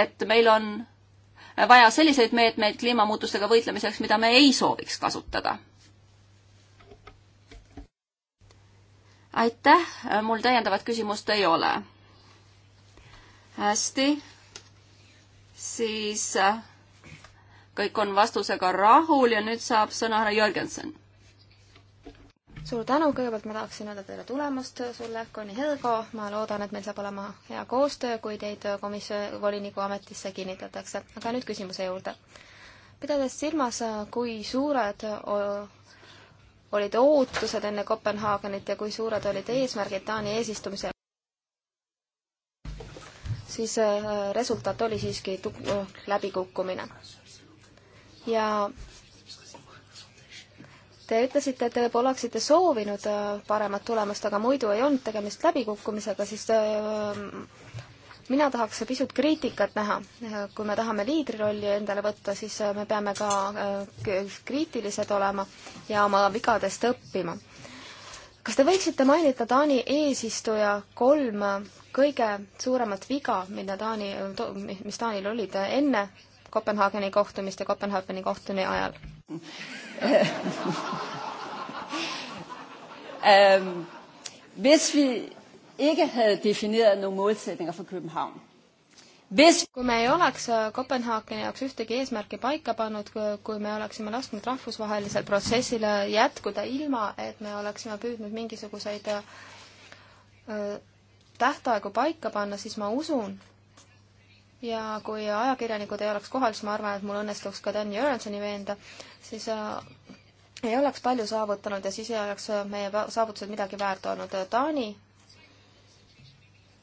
et meil on vaja selliseid meetmeid kliimamuutustega võitlemiseks, mida me ei sooviks kasutada. aitäh, mul täiendavat küsimust ei ole. hästi, siis äh, kõik on vastusega rahul ja nüüd saab sõna härra Jörgensen. suur tänu, kõigepealt ma tahaksin öelda teile tulemust sulle, Conny Helgo, ma loodan, et meil saab olema hea koostöö, kui teid komisjoni voliniku ametisse kinnitatakse. aga nüüd küsimuse juurde. pidades silmas, kui suured olid ootused enne Kopenhaagenit ja kui suured olid eesmärgid Taani eesistumisel, siis äh, resultaat oli siiski läbikukkumine ja Te ütlesite, et te võib-olla oleksite soovinud äh, paremat tulemust, aga muidu ei olnud tegemist läbikukkumisega, siis äh, mina tahaks pisut kriitikat näha. Äh, kui me tahame liidrirolli endale võtta, siis me peame ka kriitilised olema ja oma vigadest õppima. kas te võiksite mainida Taani eesistuja kolm kõige suuremat viga, mida Taani, mis Taanil olid enne Kopenhaageni kohtumist ja Kopenhaageni kohtuni ajal um, hvis vi ikke havde defineret nogle målsætninger for København, hvis kui me ei oleks äh, Kopenhaageni jaoks ühtegi eesmärki paika pannud, kui me oleksime lasknud rahvusvahelisel protsessil äh, jätkuda ilma, et me oleksime püüdnud mingisuguseid äh, tähtaegu paika panna, siis ma usun, ja kui ajakirjanikud ei oleks kohal, siis ma arvan, et mul õnnestuks ka Dan Jürgensoni veenda, siis äh, ei oleks palju saavutanud ja siis ei oleks äh, meie saavutused midagi väärt olnud. Taani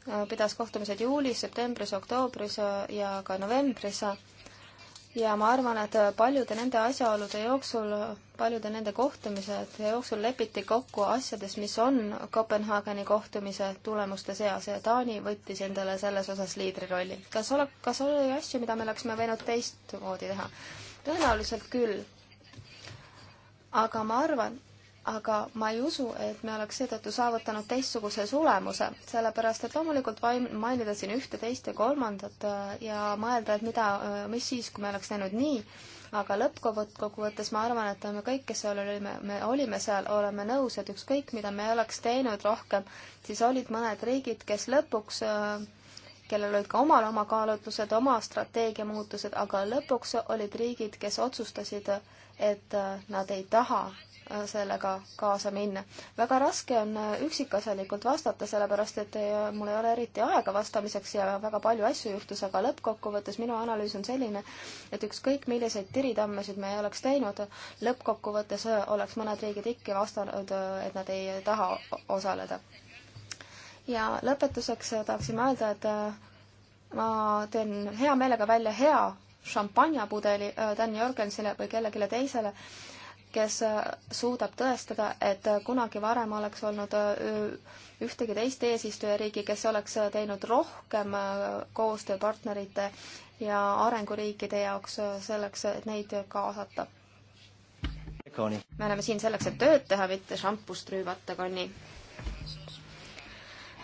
äh, pidas kohtumised juulis, septembris, oktoobris ja ka novembris ja ma arvan, et paljude nende asjaolude jooksul, paljude nende kohtumise jooksul lepiti kokku asjades, mis on Kopenhaageni kohtumise tulemuste seas ja Taani võttis endale selles osas liidrirolli. kas ole, kas oli asju, mida me oleksime võinud teistmoodi teha? tõenäoliselt küll. aga ma arvan, aga ma ei usu, et me oleks seetõttu saavutanud teistsuguse tulemuse, sellepärast et loomulikult mainida siin ühte, teist ja kolmandat äh, ja mõelda, et mida, äh, mis siis, kui me oleks teinud nii, aga lõppkokkuvõttes ma arvan, et me kõik, kes seal olime, me olime seal, oleme nõus, et ükskõik, mida me oleks teinud rohkem, siis olid mõned riigid, kes lõpuks äh, kellel olid ka omal oma kaalutlused, oma strateegia muutused, aga lõpuks olid riigid, kes otsustasid, et nad ei taha Äh, sellega kaasa minna. väga raske on äh, üksikasjalikult vastata, sellepärast et ei, äh, mul ei ole eriti aega vastamiseks ja väga palju asju juhtus, aga lõppkokkuvõttes minu analüüs on selline, et ükskõik milliseid tiritammesid me ei oleks teinud, lõppkokkuvõttes oleks mõned riigid ikka vastanud, et nad ei taha osaleda. ja lõpetuseks tahaksin öelda, et ma teen hea meelega välja hea šampanjapudeli Dan Jorgensile või kellelegi teisele, kes äh, suudab tõestada, et äh, kunagi varem oleks olnud äh, ühtegi teist eesistujariigi, kes oleks teinud rohkem koostööpartnerite ja arenguriikide jaoks selleks, et neid kaasata. me oleme siin selleks, et tööd teha, mitte šampust rüüvata, Connie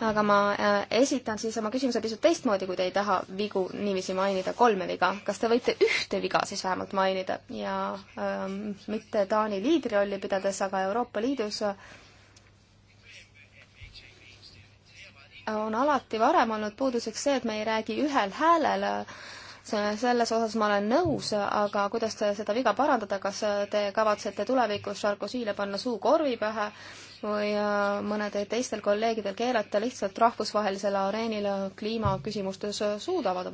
aga ma äh, esitan siis oma küsimuse pisut teistmoodi, kui te ei taha vigu niiviisi mainida, kolme viga. kas te võite ühte viga siis vähemalt mainida ja ähm, mitte Taani liidrirolli pidades, aga Euroopa Liidus äh, on alati varem olnud puuduseks see, et me ei räägi ühel häälel selles osas ma olen nõus, aga kuidas te seda viga parandada, kas te kavatsete tulevikus Sarkozyle panna suu korvi pähe või äh, mõnedel teistel kolleegidel keelata lihtsalt rahvusvahelisele areenile kliimaküsimustes äh, suudavad.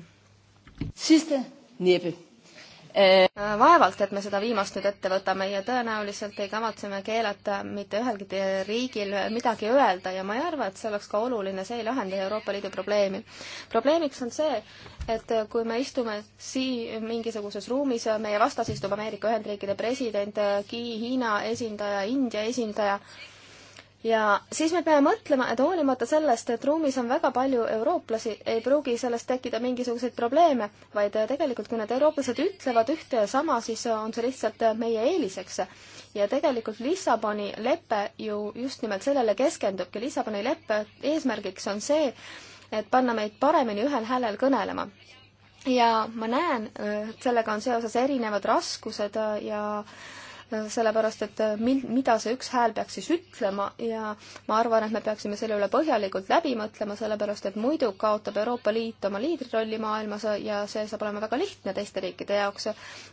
Äh, vaevalt, et me seda viimast nüüd ette võtame ja tõenäoliselt ei kavatse me keelata mitte ühelgi riigil midagi öelda ja ma ei arva, et see oleks ka oluline, see ei lahenda Euroopa Liidu probleemi. probleemiks on see, et kui me istume siin mingisuguses ruumis, meie vastas istub Ameerika Ühendriikide president, Hiina esindaja, India esindaja, ja siis me peame mõtlema, et hoolimata sellest, et ruumis on väga palju eurooplasi, ei pruugi sellest tekkida mingisuguseid probleeme, vaid tegelikult, kui need eurooplased ütlevad ühte ja sama, siis on see lihtsalt meie eeliseks. ja tegelikult Lissaboni lepe ju just nimelt sellele keskendubki. Lissaboni leppe eesmärgiks on see, et panna meid paremini ühel häälel kõnelema. ja ma näen, et sellega on seoses erinevad raskused ja äh, sellepärast et mil-, mida see üks hääl peaks siis ütlema ja ma arvan, et me peaksime selle üle põhjalikult läbi mõtlema, sellepärast et muidu kaotab Euroopa Liit oma liidrirolli maailmas ja see saab olema väga lihtne teiste riikide jaoks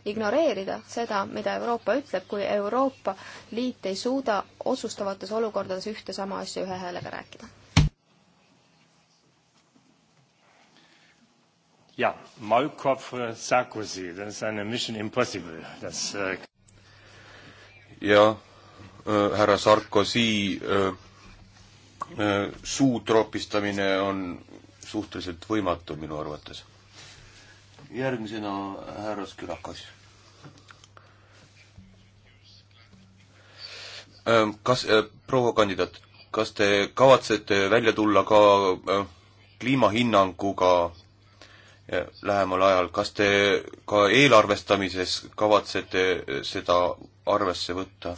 ignoreerida seda, mida Euroopa ütleb, kui Euroopa Liit ei suuda otsustavates olukordades ühte sama asja ühe häälega rääkida. Ja, Maulkorb Sarkozy, das ist eine Mission Impossible. Das, äh uh, ja äh, härra Sarkozy äh, äh, suu tropistamine on suhteliselt võimatu minu arvates. järgmisena härra Skürakas äh,. kas äh,, proua kandidaat, kas te kavatsete välja tulla ka äh, kliimahinnanguga äh, lähemal ajal, kas te ka eelarvestamises kavatsete äh, seda arvesse võtta.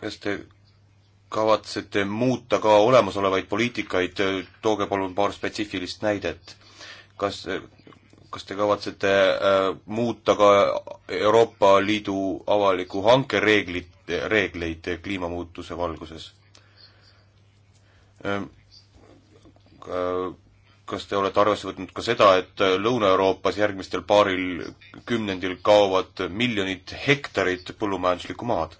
kas te kavatsete muuta ka olemasolevaid poliitikaid, tooge palun paar spetsiifilist näidet. kas, kas te kavatsete äh, muuta ka Euroopa Liidu avaliku hanke reeglid, reegleid kliimamuutuse valguses ähm,? Äh, kas te olete arvesse võtnud ka seda, et Lõuna-Euroopas järgmistel paaril kümnendil kaovad miljonid hektarid põllumajanduslikku maad?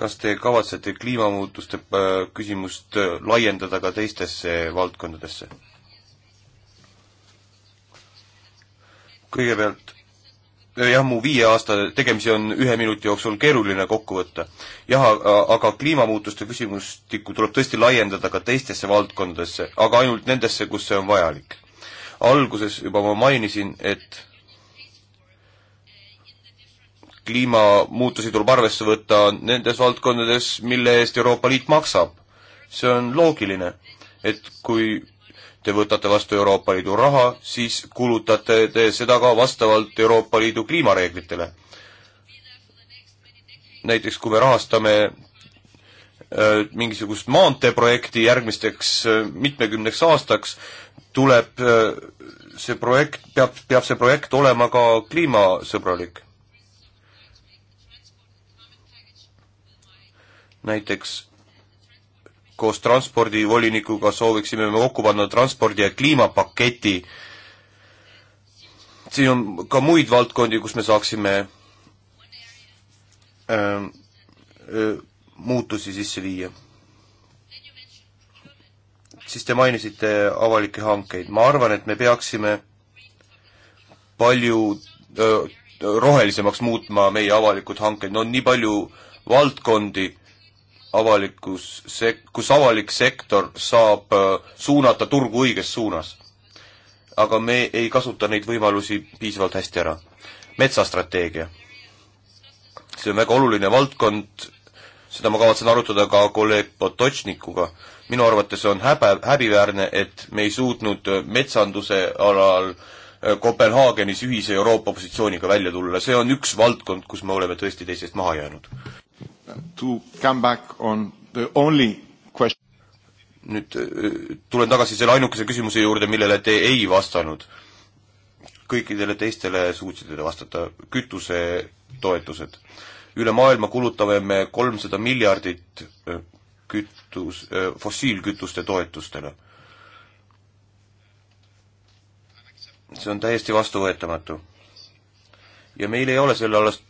kas te kavatsete kliimamuutuste äh, küsimust laiendada ka teistesse valdkondadesse? kõigepealt jah, mu viie aasta tegemisi on ühe minuti jooksul keeruline kokku võtta. jah, aga kliimamuutuste küsimustikku tuleb tõesti laiendada ka teistesse valdkondadesse, aga ainult nendesse, kus see on vajalik. alguses juba ma mainisin, et kliimamuutusi tuleb arvesse võtta nendes valdkondades, mille eest Euroopa Liit maksab. see on loogiline, et kui te võtate vastu Euroopa Liidu raha, siis kulutate te seda ka vastavalt Euroopa Liidu kliimareeglitele. näiteks kui me rahastame äh, mingisugust maanteeprojekti järgmisteks äh, mitmekümneks aastaks, tuleb äh, see projekt, peab, peab see projekt olema ka kliimasõbralik. näiteks koos transpordivolinikuga sooviksime me kokku panna transpordi- ja kliimapaketi. siin on ka muid valdkondi, kus me saaksime öö, ähm, öö, äh, muutusi sisse viia. siis te mainisite avalikke hankeid. ma arvan, et me peaksime palju öö, äh, rohelisemaks muutma meie avalikud hanked, no on nii palju valdkondi avalikus sek-, kus avalik sektor saab äh, suunata turgu õiges suunas. aga me ei kasuta neid võimalusi piisavalt hästi ära. metsastrateegia. see on väga oluline valdkond, seda ma kavatsen arutada ka kolleeg Potočnikuga, minu arvates on häbe, häbiväärne, et me ei suutnud metsanduse alal äh, Kopenhaagenis ühise Euroopa positsiooniga välja tulla, see on üks valdkond, kus me oleme tõesti teisest maha jäänud to come back on the only question. nüüd äh, tulen tagasi selle ainukese küsimuse juurde, millele te ei vastanud. kõikidele teistele suutsite te vastata, kütusetoetused. üle maailma kulutame me kolmsada miljardit äh, kütus, äh, fossiilkütuste toetustele. see on täiesti vastuvõetamatu. ja meil ei ole selle alast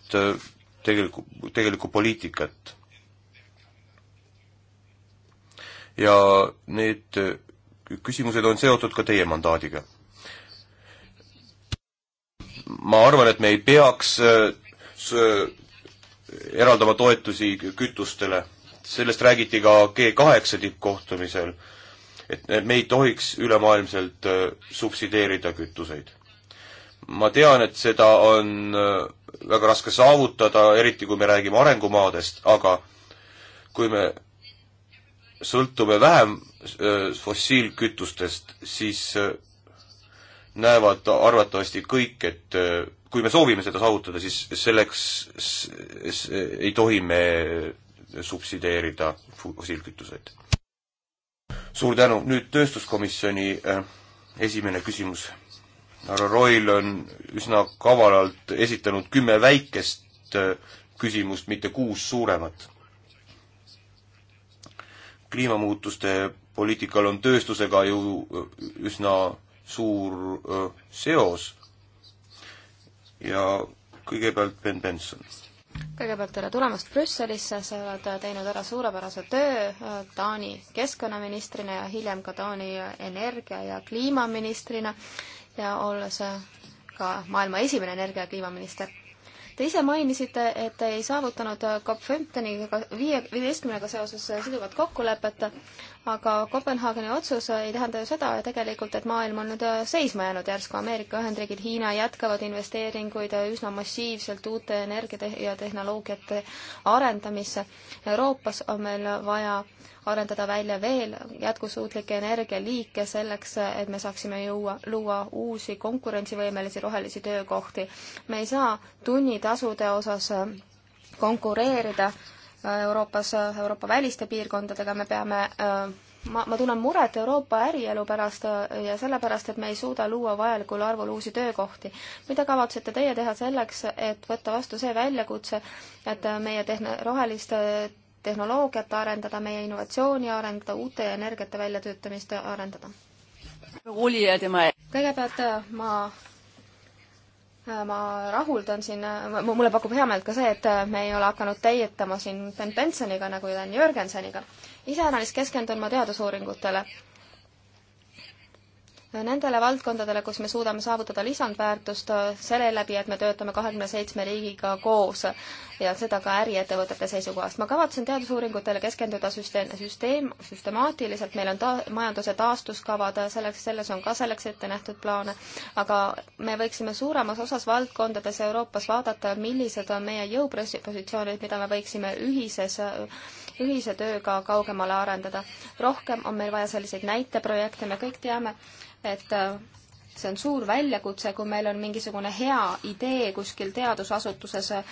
tegelikku, tegelikku poliitikat. ja need küsimused on seotud ka teie mandaadiga. ma arvan, et me ei peaks äh, äh, eraldama toetusi kütustele, sellest räägiti ka G kaheksa tippkohtumisel, et me ei tohiks ülemaailmselt äh, subsideerida kütuseid. ma tean, et seda on väga raske saavutada, eriti kui me räägime arengumaadest, aga kui me sõltume vähem äh, fossiilkütustest, siis äh, näevad arvatavasti kõik, et äh, kui me soovime seda saavutada, siis selleks ei tohi me subsideerida fossiilkütuseid. suur tänu, nüüd tööstuskomisjoni esimene küsimus härra Roil on üsna kavalalt esitanud kümme väikest äh, küsimust, mitte kuus suuremat. kliimamuutuste poliitikal on tööstusega ju äh, üsna suur äh, seos ja kõigepealt Ben Benson kõigepealt tere tulemast Brüsselisse, sa oled teinud ära suurepärase töö Taani keskkonnaministrina ja hiljem ka Taani energia- ja kliimaministrina ja olles ka maailma esimene energia- ja kliimaminister. Te ise mainisite, et te ei saavutanud COP15-ga, viie, viieteistkümnega seoses siduvat kokkulepet, aga Kopenhaageni otsus ei tähenda ju seda tegelikult, et maailm on nüüd äh, seisma jäänud järsku. Ameerika Ühendriigid, Hiina jätkavad investeeringuid äh, üsna massiivselt uute energiate ja tehnoloogiate arendamisse. Euroopas on meil vaja arendada välja veel jätkusuutlikke energialiike selleks, äh, et me saaksime juua, luua uusi konkurentsivõimelisi rohelisi töökohti. me ei saa tunnitasude osas konkureerida Euroopas, Euroopa väliste piirkondadega, me peame äh, ma, ma tunnen muret Euroopa ärielu pärast äh, ja sellepärast, et me ei suuda luua vajalikul arvul uusi töökohti. mida kavatsete teie teha selleks, et võtta vastu see väljakutse, et äh, meie tehn-, rohelist tehnoloogiat arendada, meie innovatsiooni arendada, uute energiate väljatöötamist arendada? kõigepealt ma ma rahuldan siin, mulle pakub heameelt ka see, et me ei ole hakanud täietama siin Ben Bensoniga nagu Dan Jürgenseniga. iseäranis keskendun ma teadusuuringutele nendele valdkondadele, kus me suudame saavutada lisandväärtust äh, selle läbi, et me töötame kahekümne seitsme riigiga koos ja seda ka äriettevõtete seisukohast. ma kavatsen teadusuuringutele keskenduda süsteem, süsteem, süstemaatiliselt, meil on ta-, majanduse taastuskavad, äh, selleks, selles on ka selleks ette nähtud plaane, aga me võiksime suuremas osas valdkondades Euroopas vaadata, millised on meie jõupositsioonid, mida me võiksime ühises äh, ühise tööga kaugemale arendada. rohkem on meil vaja selliseid näiteprojekte, me kõik teame, et äh, see on suur väljakutse, kui meil on mingisugune hea idee kuskil teadusasutuses äh,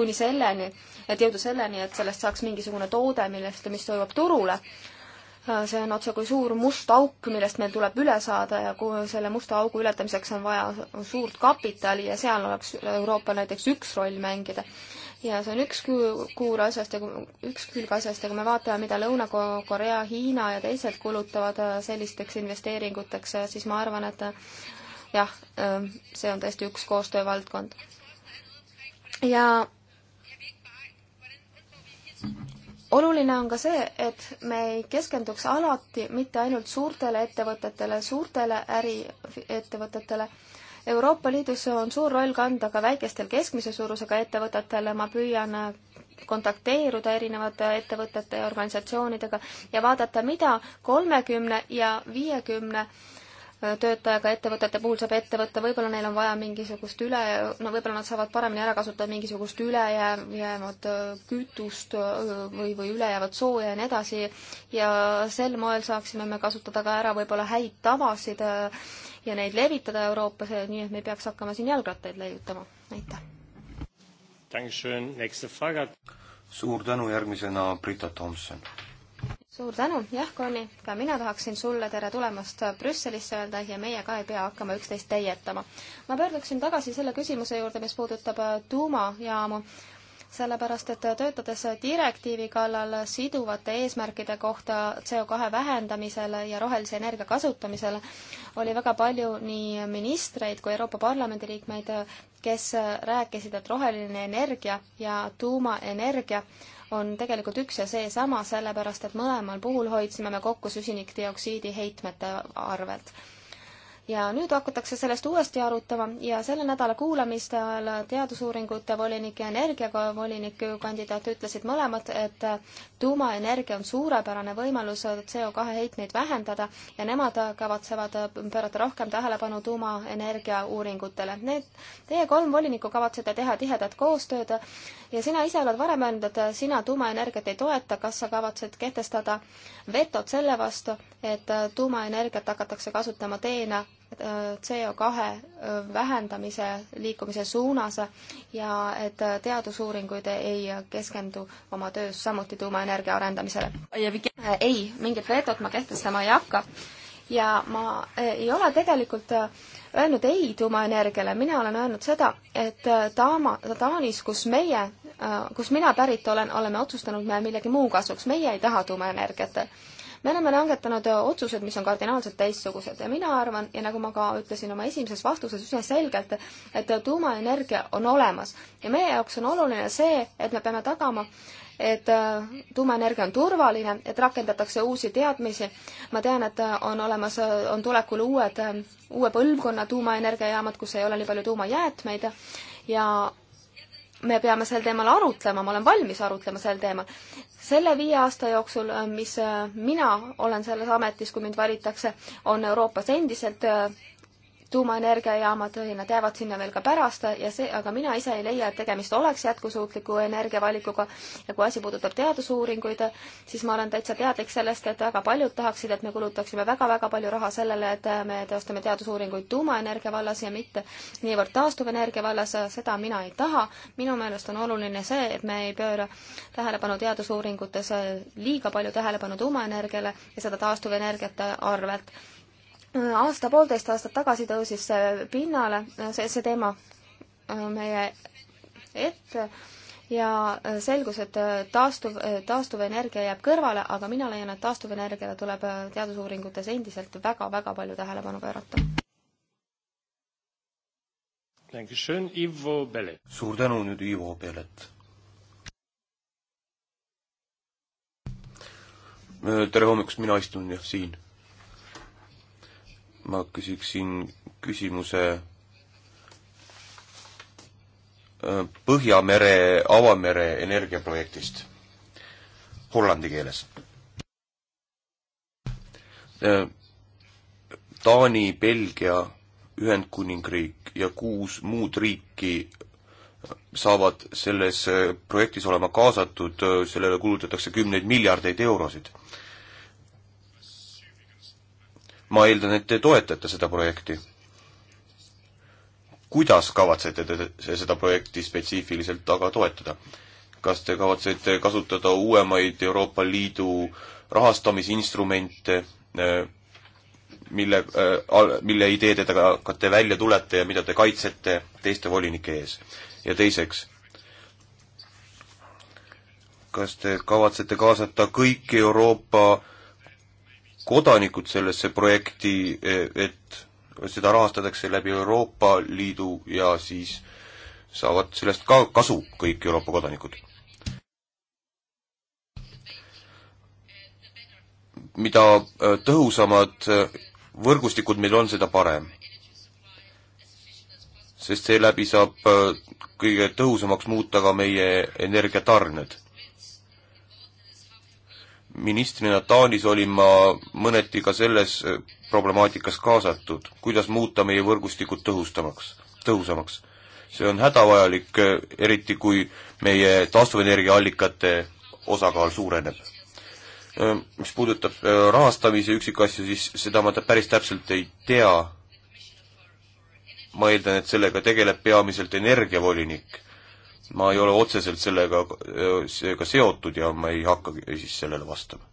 kuni selleni, et jõuda selleni, et sellest saaks mingisugune toode, millest, mis toimub turule. Äh, see on otsekui suur must auk, millest meil tuleb üle saada ja kui selle musta augu ületamiseks on vaja suurt kapitali ja seal oleks Euroopal näiteks üks roll mängida ja see on üks kuur asjast ja üks külg asjast ja kui me vaatame, mida Lõuna-Korea, Hiina ja teised kulutavad äh, sellisteks investeeringuteks, äh, siis ma arvan, et äh, jah, see on tõesti üks koostöövaldkond. ja oluline on ka see, et me ei keskenduks alati mitte ainult suurtele ettevõtetele, suurtele äriettevõtetele, Euroopa Liidus on suur roll kanda ka väikestel keskmise suurusega ettevõtetel, ma püüan kontakteeruda erinevate ettevõtete ja organisatsioonidega ja vaadata, mida kolmekümne ja viiekümne töötajaga ettevõtete puhul saab ette võtta, võib-olla neil on vaja mingisugust üle, no võib-olla nad saavad paremini ära kasutada mingisugust ülejäävat äh, kütust äh, või, või ülejäävat sooja ja nii edasi. ja sel moel saaksime me kasutada ka ära võib-olla häid tavasid äh, ja neid levitada Euroopas, nii et me ei peaks hakkama siin jalgrattaid leiutama. aitäh! suur tänu, järgmisena Brita Tomson. suur tänu, jah, Conny, ka mina tahaksin sulle tere tulemast Brüsselisse öelda ja meie ka ei pea hakkama üksteist teietama. ma pöörduksin tagasi selle küsimuse juurde, mis puudutab äh, tuumajaamu sellepärast et töötades direktiivi kallal siduvate eesmärkide kohta CO2 vähendamisele ja rohelise energia kasutamisele, oli väga palju nii ministreid kui Euroopa Parlamendi liikmeid, kes rääkisid, et roheline energia ja tuumaenergia on tegelikult üks ja seesama, sellepärast et mõlemal puhul hoidsime me kokku süsinikdioksiidi heitmete arvelt ja nüüd hakatakse sellest uuesti arutama ja selle nädala kuulamiste ajal teadusuuringute volinik ja energiavolinik kandidaat ütlesid mõlemad, et tuumaenergia on suurepärane võimalus CO2 heitmeid vähendada ja nemad kavatsevad pöörata rohkem tähelepanu tuumaenergia uuringutele. Need, teie kolm volinikku kavatsete teha tihedat koostööd ja sina ise oled varem öelnud, et sina tuumaenergiat ei toeta, kas sa kavatsed kehtestada vetot selle vastu, et tuumaenergiat hakatakse kasutama teena Äh, CO2 äh, vähendamise liikumise suunas ja et äh, teadusuuringuid ei keskendu oma töös samuti tuumaenergia arendamisele. ei, mingit vetot ma kehtestama ei hakka ja ma ei ole tegelikult öelnud ei tuumaenergiale, mina olen öelnud seda, et Taama, Taanis, kus meie, kus mina pärit olen, oleme otsustanud me millegi muu kasuks, meie ei taha tuumaenergiat me oleme langetanud äh, otsused, mis on kardinaalselt teistsugused ja mina arvan, ja nagu ma ka ütlesin oma esimeses vastuses üsna selgelt, et tuumaenergia on olemas ja meie jaoks on oluline see, et me peame tagama, et äh, tuumaenergia on turvaline, et rakendatakse uusi teadmisi. ma tean, et äh, on olemas, on tulekul uued, uue põlvkonna tuumaenergiajaamad, kus ei ole nii palju tuumajäätmeid ja me peame sel teemal arutlema, ma olen valmis arutlema sel teemal selle viie aasta jooksul, mis äh, mina olen selles ametis, kui mind valitakse, on Euroopas endiselt äh, tuumaenergiajaama tõina teavad sinna veel ka pärast ja see, aga mina ise ei leia, et tegemist oleks jätkusuutliku energiavalikuga ja kui asi puudutab teadusuuringuid, siis ma olen täitsa teadlik sellest, et väga paljud tahaksid, et me kulutaksime väga-väga palju raha sellele, et me teostame teadusuuringuid tuumaenergia vallas ja mitte niivõrd taastuvenergia vallas, seda mina ei taha. minu meelest on oluline see, et me ei pööra tähelepanu teadusuuringutes liiga palju tähelepanu tuumaenergiale ja seda taastuvenergiate arvelt aasta-poolteist aastat tagasi tõusis see pinnale, see, see teema äh, meie ette ja äh, selgus, et äh, taastuv, taastuvenergia jääb kõrvale, aga mina leian, et taastuvenergiale tuleb teadusuuringutes endiselt väga-väga palju tähelepanu pöörata. suur tänu nüüd Ivo Pelet. tere hommikust, mina istun jah siin ma küsiksin küsimuse äh, Põhjamere avamere energiaprojektist hollandi keeles. Äh, Taani, Belgia, Ühendkuningriik ja kuus muud riiki äh, saavad selles projektis olema kaasatud, sellele kulutatakse kümneid miljardeid eurosid ma eeldan, et te toetate seda projekti. kuidas kavatsete te seda projekti spetsiifiliselt aga toetada? kas te kavatsete kasutada uuemaid Euroopa Liidu rahastamisinstrumente, äh, mille, äh, mille ideedega ka te välja tulete ja mida te kaitsete teiste volinike ees? ja teiseks kas te kavatsete kaasata kõik Euroopa kodanikud sellesse projekti, et seda rahastatakse läbi Euroopa Liidu ja siis saavad sellest ka kasu kõik Euroopa kodanikud. mida äh, tõhusamad äh, võrgustikud meil on, seda parem. sest seeläbi saab äh, kõige tõhusamaks muuta ka meie energiatarned ministrina Taanis olin ma mõneti ka selles äh, problemaatikas kaasatud, kuidas muuta meie võrgustikud tõhustamaks, tõhusamaks. see on hädavajalik, äh, eriti kui meie taastuvenergiaallikate osakaal suureneb. Äh, mis puudutab rahastamise üksikasju, siis seda ma päris täpselt ei tea. ma eeldan, et sellega tegeleb peamiselt energiavolinik ma ei ole otseselt sellega, seega seotud ja ma ei hakka siis sellele vastama.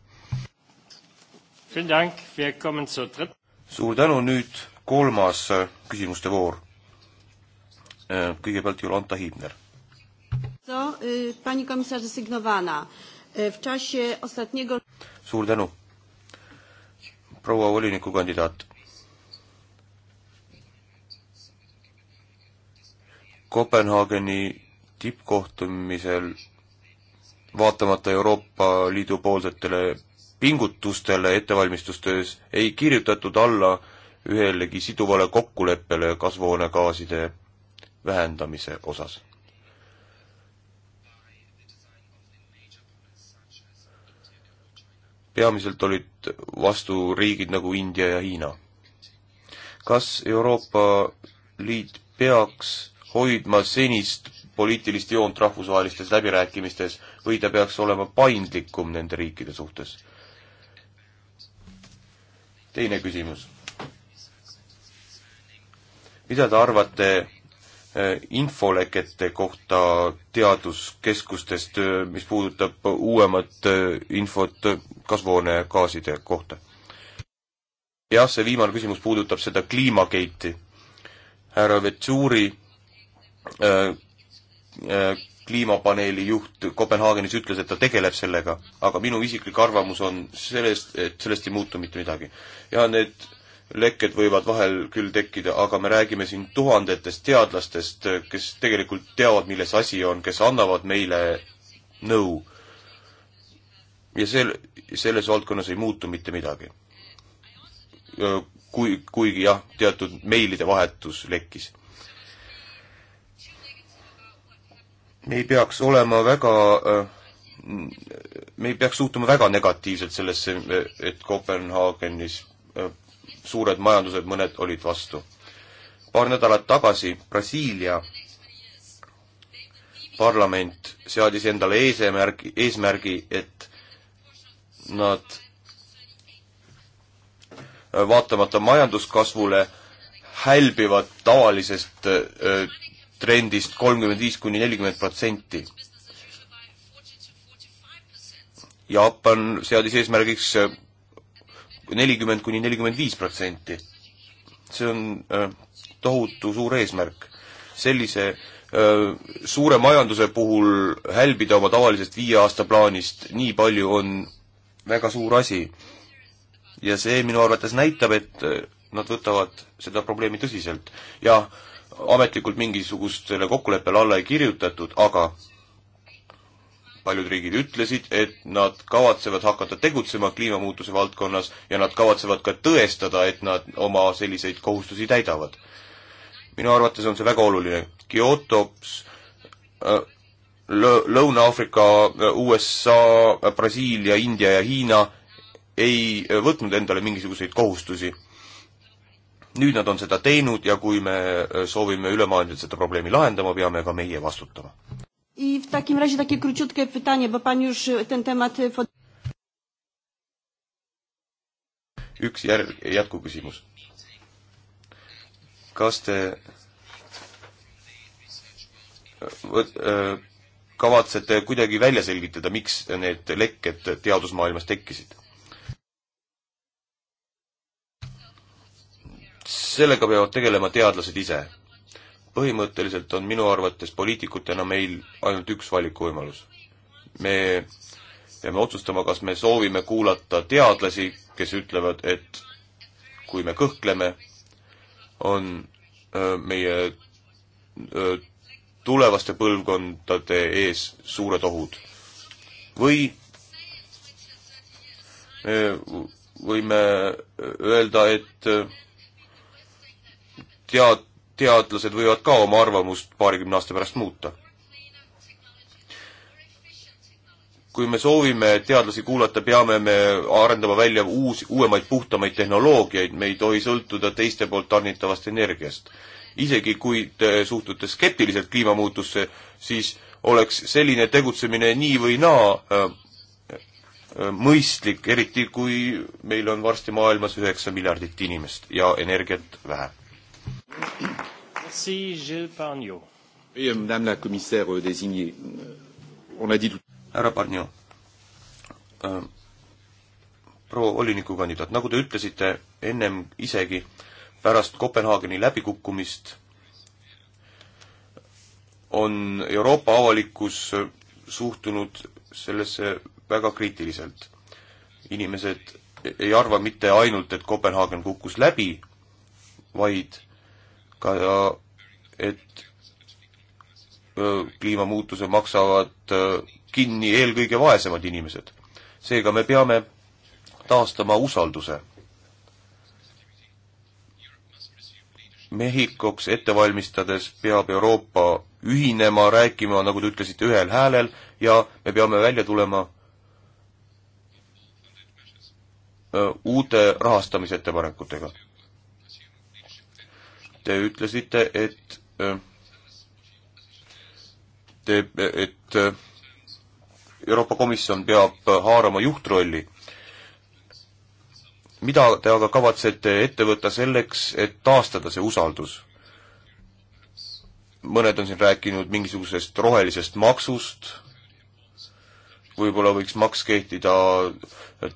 suur tänu, nüüd kolmas äh, küsimuste voor. Äh, kõigepealt Jolanta Hiibner. suur tänu, proua volinikukandidaat Kopenhaageni tippkohtumisel vaatamata Euroopa Liidu poolsetele pingutustele ettevalmistustöös ei kirjutatud alla ühelegi siduvale kokkuleppele kasvuhoonegaaside vähendamise osas. peamiselt olid vastu riigid nagu India ja Hiina. kas Euroopa Liit peaks hoidma senist poliitilist joont rahvusvahelistes läbirääkimistes või ta peaks olema paindlikum nende riikide suhtes? teine küsimus. mida te arvate eh, infolekete kohta teaduskeskustest, eh, mis puudutab uuemat eh, infot kasvuhoonegaaside kohta? jah, see viimane küsimus puudutab seda kliimageiti. härra Vetsuri Äh, kliimapaneeli juht Kopenhaagenis ütles, et ta tegeleb sellega, aga minu isiklik arvamus on sellest, et sellest ei muutu mitte midagi. ja need lekked võivad vahel küll tekkida, aga me räägime siin tuhandetest teadlastest, kes tegelikult teavad, milles asi on, kes annavad meile nõu. ja sel-, selles valdkonnas ei muutu mitte midagi. kui, kuigi jah, teatud meilide vahetus lekkis me ei peaks olema väga äh, me ei peaks suhtuma väga negatiivselt sellesse, et Kopenhaagenis äh, suured majandused, mõned olid vastu. paar nädalat tagasi Brasiilia parlament seadis endale eesmärgi, eesmärgi, et nad äh, vaatamata majanduskasvule hälbivad tavalisest trendist kolmkümmend viis kuni nelikümmend protsenti. Jaapan seadis eesmärgiks äh, nelikümmend kuni nelikümmend viis protsenti. see on äh, tohutu suur eesmärk. sellise äh, suure majanduse puhul hälbida oma tavalisest viie aasta plaanist nii palju on väga suur asi. ja see minu arvates näitab, et nad võtavad seda probleemi tõsiselt. jah ametlikult mingisugustele kokkuleppele alla ei kirjutatud, aga paljud riigid ütlesid, et nad kavatsevad hakata tegutsema kliimamuutuse valdkonnas ja nad kavatsevad ka tõestada, et nad oma selliseid kohustusi täidavad. minu arvates on see väga oluline. Kyoto's äh, Lõuna-Aafrika, äh, USA, äh, Brasiilia, India ja Hiina ei äh, võtnud endale mingisuguseid kohustusi nüüd nad on seda teinud ja kui me äh, soovime ülemaailmselt seda probleemi lahendama, peame ka meie vastutama. I w takim razie takie króciutkie pytanie, bo pan już e, ten temat e, üks järg, jätkuküsimus. kas te võt, e, kavatsete kuidagi välja selgitada, miks need lekked teadusmaailmas tekkisid? sellega peavad tegelema teadlased ise. põhimõtteliselt on minu arvates poliitikutena meil ainult üks valikuvõimalus. me peame otsustama, kas me soovime kuulata teadlasi, kes ütlevad, et kui me kõhkleme, on öö, meie öö, tulevaste põlvkondade ees suured ohud. või me võime öelda, et tead-, teadlased võivad ka oma arvamust paarikümne aasta pärast muuta. kui me soovime teadlasi kuulata, peame me arendama välja uus, uuemaid puhtamaid tehnoloogiaid, me ei tohi sõltuda teiste poolt tarnitavast energiast. isegi kui te suhtute skeptiliselt kliimamuutusse, siis oleks selline tegutsemine nii või naa äh, äh mõistlik, eriti kui meil on varsti maailmas üheksa miljardit inimest ja energiat vähe. Euh, euh, euh, härra Parnio, proua volinikukandidaat, nagu te ütlesite ennem isegi, pärast Kopenhaageni läbikukkumist on Euroopa avalikkus suhtunud sellesse väga kriitiliselt. inimesed ei arva mitte ainult, et Kopenhaagen kukkus läbi, vaid ka et kliimamuutuse maksavad kinni eelkõige vaesemad inimesed. seega me peame taastama usalduse. Mehhikoks ette valmistades peab Euroopa ühinema, rääkima, nagu te ütlesite, ühel häälel ja me peame välja tulema uute rahastamisettepanekutega Te ütlesite, et äh, te, et äh, Euroopa Komisjon peab haarama juhtrolli. mida te aga kavatsete ette võtta selleks, et taastada see usaldus? mõned on siin rääkinud mingisugusest rohelisest maksust, võib-olla võiks maks kehtida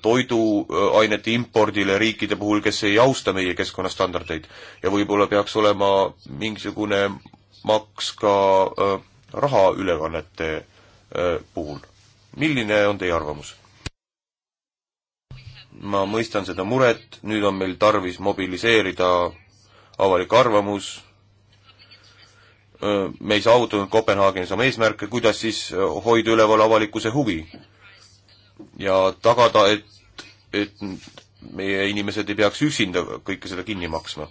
toiduainete äh, impordile riikide puhul, kes ei austa meie keskkonnastandardeid. ja võib-olla peaks olema mingisugune maks ka äh, rahaülekannete äh, puhul. milline on teie arvamus? ma mõistan seda muret, nüüd on meil tarvis mobiliseerida avalik arvamus me ei saavutanud Kopenhaagenis oma eesmärke, kuidas siis hoida üleval avalikkuse huvi ja tagada, et, et meie inimesed ei peaks üksinda kõike seda kinni maksma.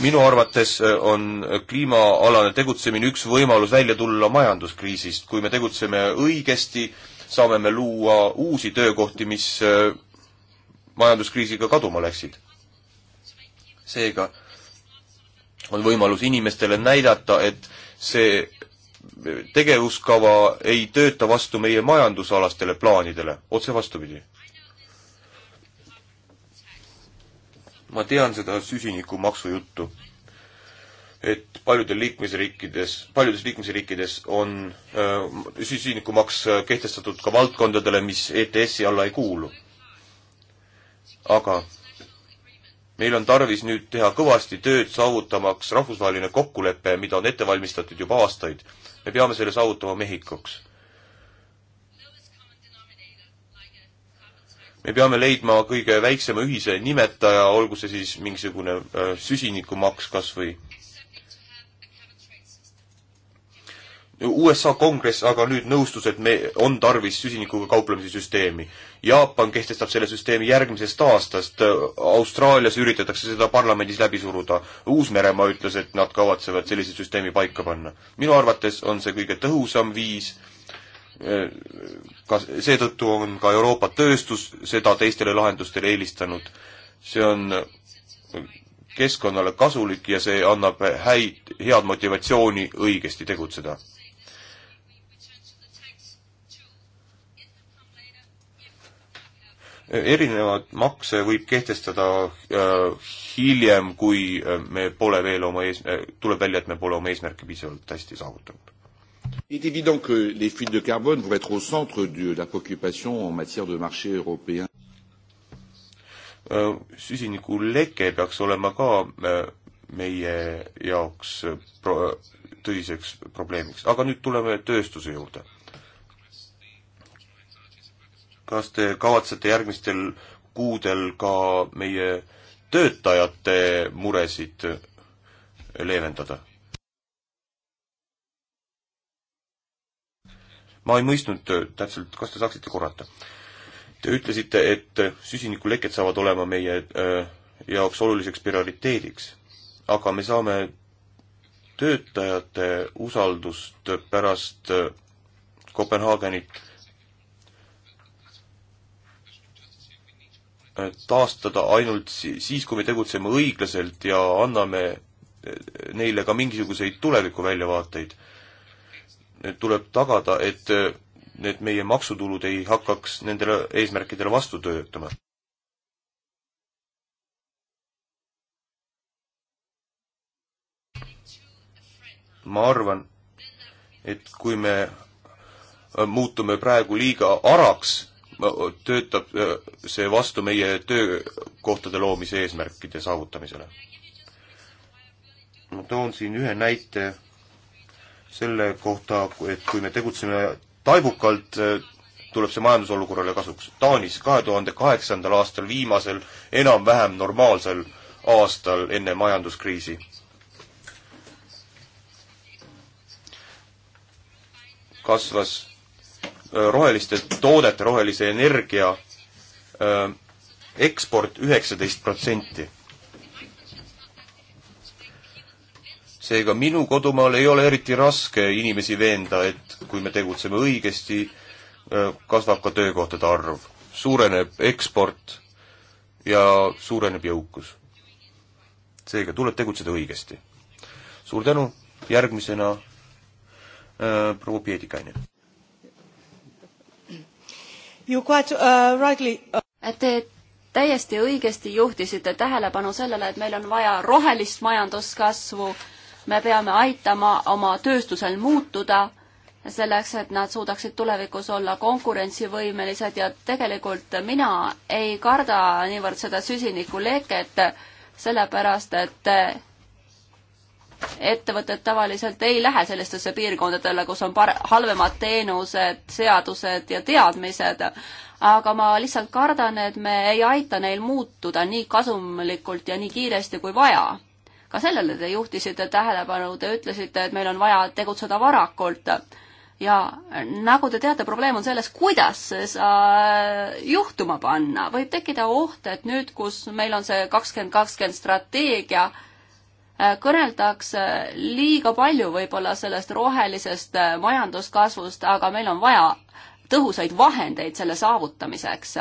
minu arvates on kliimaalane tegutsemine üks võimalus välja tulla majanduskriisist, kui me tegutseme õigesti, saame me luua uusi töökohti, mis majanduskriisiga kaduma läksid. seega on võimalus inimestele näidata, et see tegevuskava ei tööta vastu meie majandusalastele plaanidele, otse vastupidi. ma tean seda süsinikumaksu juttu, et paljudel liikmesriikides, paljudes liikmesriikides on öö, äh, süsinikumaks kehtestatud ka valdkondadele, mis ETS-i alla ei kuulu aga meil on tarvis nüüd teha kõvasti tööd, saavutamaks rahvusvaheline kokkulepe, mida on ette valmistatud juba aastaid. me peame selle saavutama Mehhikoks. me peame leidma kõige väiksema ühise nimetaja, olgu see siis mingisugune äh, süsinikumaks kas või USA kongress aga nüüd nõustus, et me, on tarvis süsinikuga kauplemise süsteemi. Jaapan kehtestab selle süsteemi järgmisest aastast, Austraalias üritatakse seda parlamendis läbi suruda, Uus-Meremaa ütles, et nad kavatsevad sellise süsteemi paika panna. minu arvates on see kõige tõhusam viis, kas seetõttu on ka Euroopa tööstus seda teistele lahendustele eelistanud, see on keskkonnale kasulik ja see annab häid, head motivatsiooni õigesti tegutseda erinevad makse võib kehtestada äh, hiljem, kui äh, me pole veel oma ees-, äh, tuleb välja, et me pole oma eesmärke piisavalt hästi saavutanud. Il est évident que les fuites de carbone vont être au centre de la préoccupation en matière de marché européen. süsinikuleke peaks olema ka meie jaoks pro-, tõsiseks probleemiks, aga nüüd tuleme tööstuse juurde kas te kavatsete järgmistel kuudel ka meie töötajate muresid leevendada? ma ei mõistnud täpselt, kas te saaksite korrata? Te ütlesite, et süsinikuleket saavad olema meie öö, äh, jaoks oluliseks prioriteediks, aga me saame töötajate usaldust pärast äh, Kopenhaagenit taastada ainult siis, kui me tegutseme õiglaselt ja anname eh, neile ka mingisuguseid tulevikuväljavaateid. tuleb tagada, et need eh, meie maksutulud ei hakkaks nendele eesmärkidele vastu töötama. ma arvan, et kui me eh, muutume praegu liiga araks töötab see vastu meie töökohtade loomise eesmärkide saavutamisele. ma toon siin ühe näite selle kohta, et kui me tegutseme taibukalt, tuleb see majandusolukorrale kasuks. Taanis kahe tuhande kaheksandal aastal viimasel enam-vähem normaalsel aastal enne majanduskriisi kasvas Äh, roheliste toodete, rohelise energia äh, eksport üheksateist protsenti. seega minu kodumaal ei ole eriti raske inimesi veenda, et kui me tegutseme õigesti, äh, kasvab ka töökohtade arv, suureneb eksport ja suureneb jõukus. seega tuleb tegutseda õigesti. suur tänu, järgmisena äh, proua Piedikainen. Quite, uh, rightly... Uh, te täiesti õigesti juhtisite tähelepanu sellele, et meil on vaja rohelist majanduskasvu, me peame aitama oma tööstusel muutuda selleks, et nad suudaksid tulevikus olla konkurentsivõimelised ja tegelikult mina ei karda niivõrd seda süsinikuleket, sellepärast et ettevõtted tavaliselt ei lähe sellistesse piirkondadele, kus on par-, halvemad teenused, seadused ja teadmised, aga ma lihtsalt kardan, et me ei aita neil muutuda nii kasumlikult ja nii kiiresti kui vaja. ka sellele te juhtisite tähelepanu, te ütlesite, et meil on vaja tegutseda varakult ja nagu te teate, probleem on selles, kuidas seda juhtuma panna. võib tekkida oht, et nüüd, kus meil on see kakskümmend kakskümmend strateegia, Äh, kõneldakse äh, liiga palju võib-olla sellest rohelisest äh, majanduskasvust, aga meil on vaja tõhusaid vahendeid selle saavutamiseks.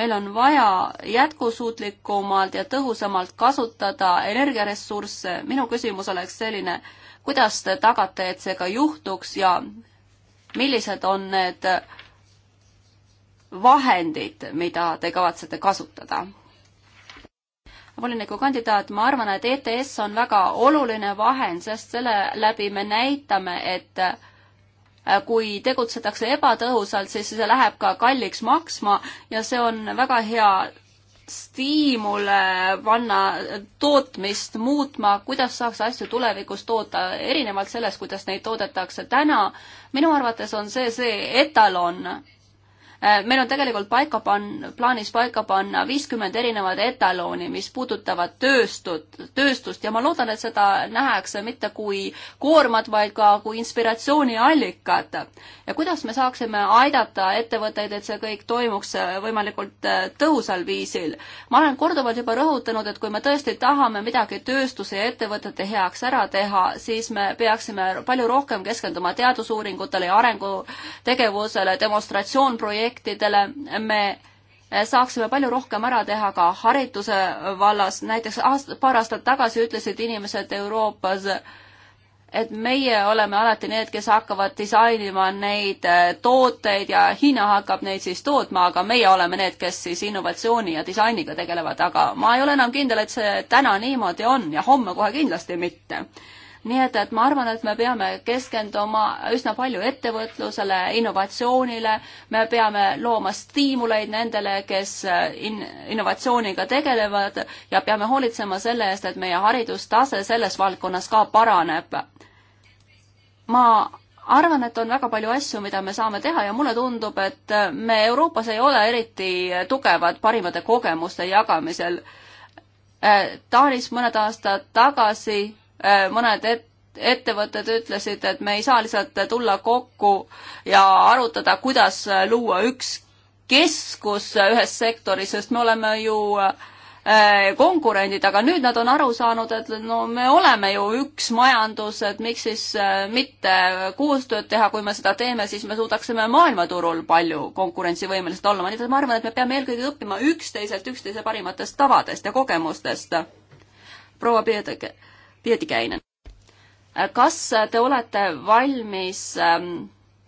meil on vaja jätkusuutlikumalt ja tõhusamalt kasutada energiaressursse. minu küsimus oleks selline, kuidas te tagate, et see ka juhtuks ja millised on need vahendid, mida te kavatsete kasutada? volinikukandidaat, ma arvan, et ETS on väga oluline vahend, sest selle läbi me näitame, et äh, kui tegutsetakse ebatõhusalt, siis see läheb ka kalliks maksma ja see on väga hea stiimul äh, panna tootmist muutma, kuidas saaks asju tulevikus toota erinevalt sellest, kuidas neid toodetakse täna. minu arvates on see see etalon Äh, meil on tegelikult paika pann-, plaanis paika panna viiskümmend erinevat etalooni, mis puudutavad tööstut, tööstust ja ma loodan, et seda nähakse mitte kui koormat, vaid ka kui inspiratsiooniallikat. ja kuidas me saaksime aidata ettevõtteid, et see kõik toimuks äh, võimalikult äh, tõhusal viisil. ma olen korduvalt juba rõhutanud, et kui me tõesti tahame midagi tööstuse ja ettevõtete heaks ära teha, siis me peaksime palju rohkem keskenduma teadusuuringutele ja arengutegevusele, demonstratsioonprojektidele, projektidele, me saaksime palju rohkem ära teha ka hariduse vallas, näiteks aast-, paar aastat tagasi ütlesid inimesed Euroopas, et meie oleme alati need, kes hakkavad disainima neid äh, tooteid ja Hiina hakkab neid siis tootma, aga meie oleme need, kes siis innovatsiooni ja disainiga tegelevad, aga ma ei ole enam kindel, et see täna niimoodi on ja homme kohe kindlasti mitte nii et, et ma arvan, et me peame keskenduma üsna palju ettevõtlusele, innovatsioonile, me peame looma stiimuleid nendele, kes in-, innovatsiooniga tegelevad ja peame hoolitsema selle eest, et meie haridustase selles valdkonnas ka paraneb. ma arvan, et on väga palju asju, mida me saame teha ja mulle tundub, et me Euroopas ei ole eriti tugevad parimate kogemuste jagamisel. Taanis mõned aastad tagasi Äh, mõned et-, ettevõtted ütlesid, et me ei saa lihtsalt tulla kokku ja arutada, kuidas luua üks keskus ühes sektoris, sest me oleme ju äh, konkurendid, aga nüüd nad on aru saanud, et no me oleme ju üks majandus, et miks siis äh, mitte koostööd teha, kui me seda teeme, siis me suudaksime maailmaturul palju konkurentsivõimelised olla. ma nii, et ma arvan, et me peame eelkõige õppima üksteiselt üksteise parimatest tavadest ja kogemustest. proua Piedeke Pietikäinen. kas te olete valmis ähm,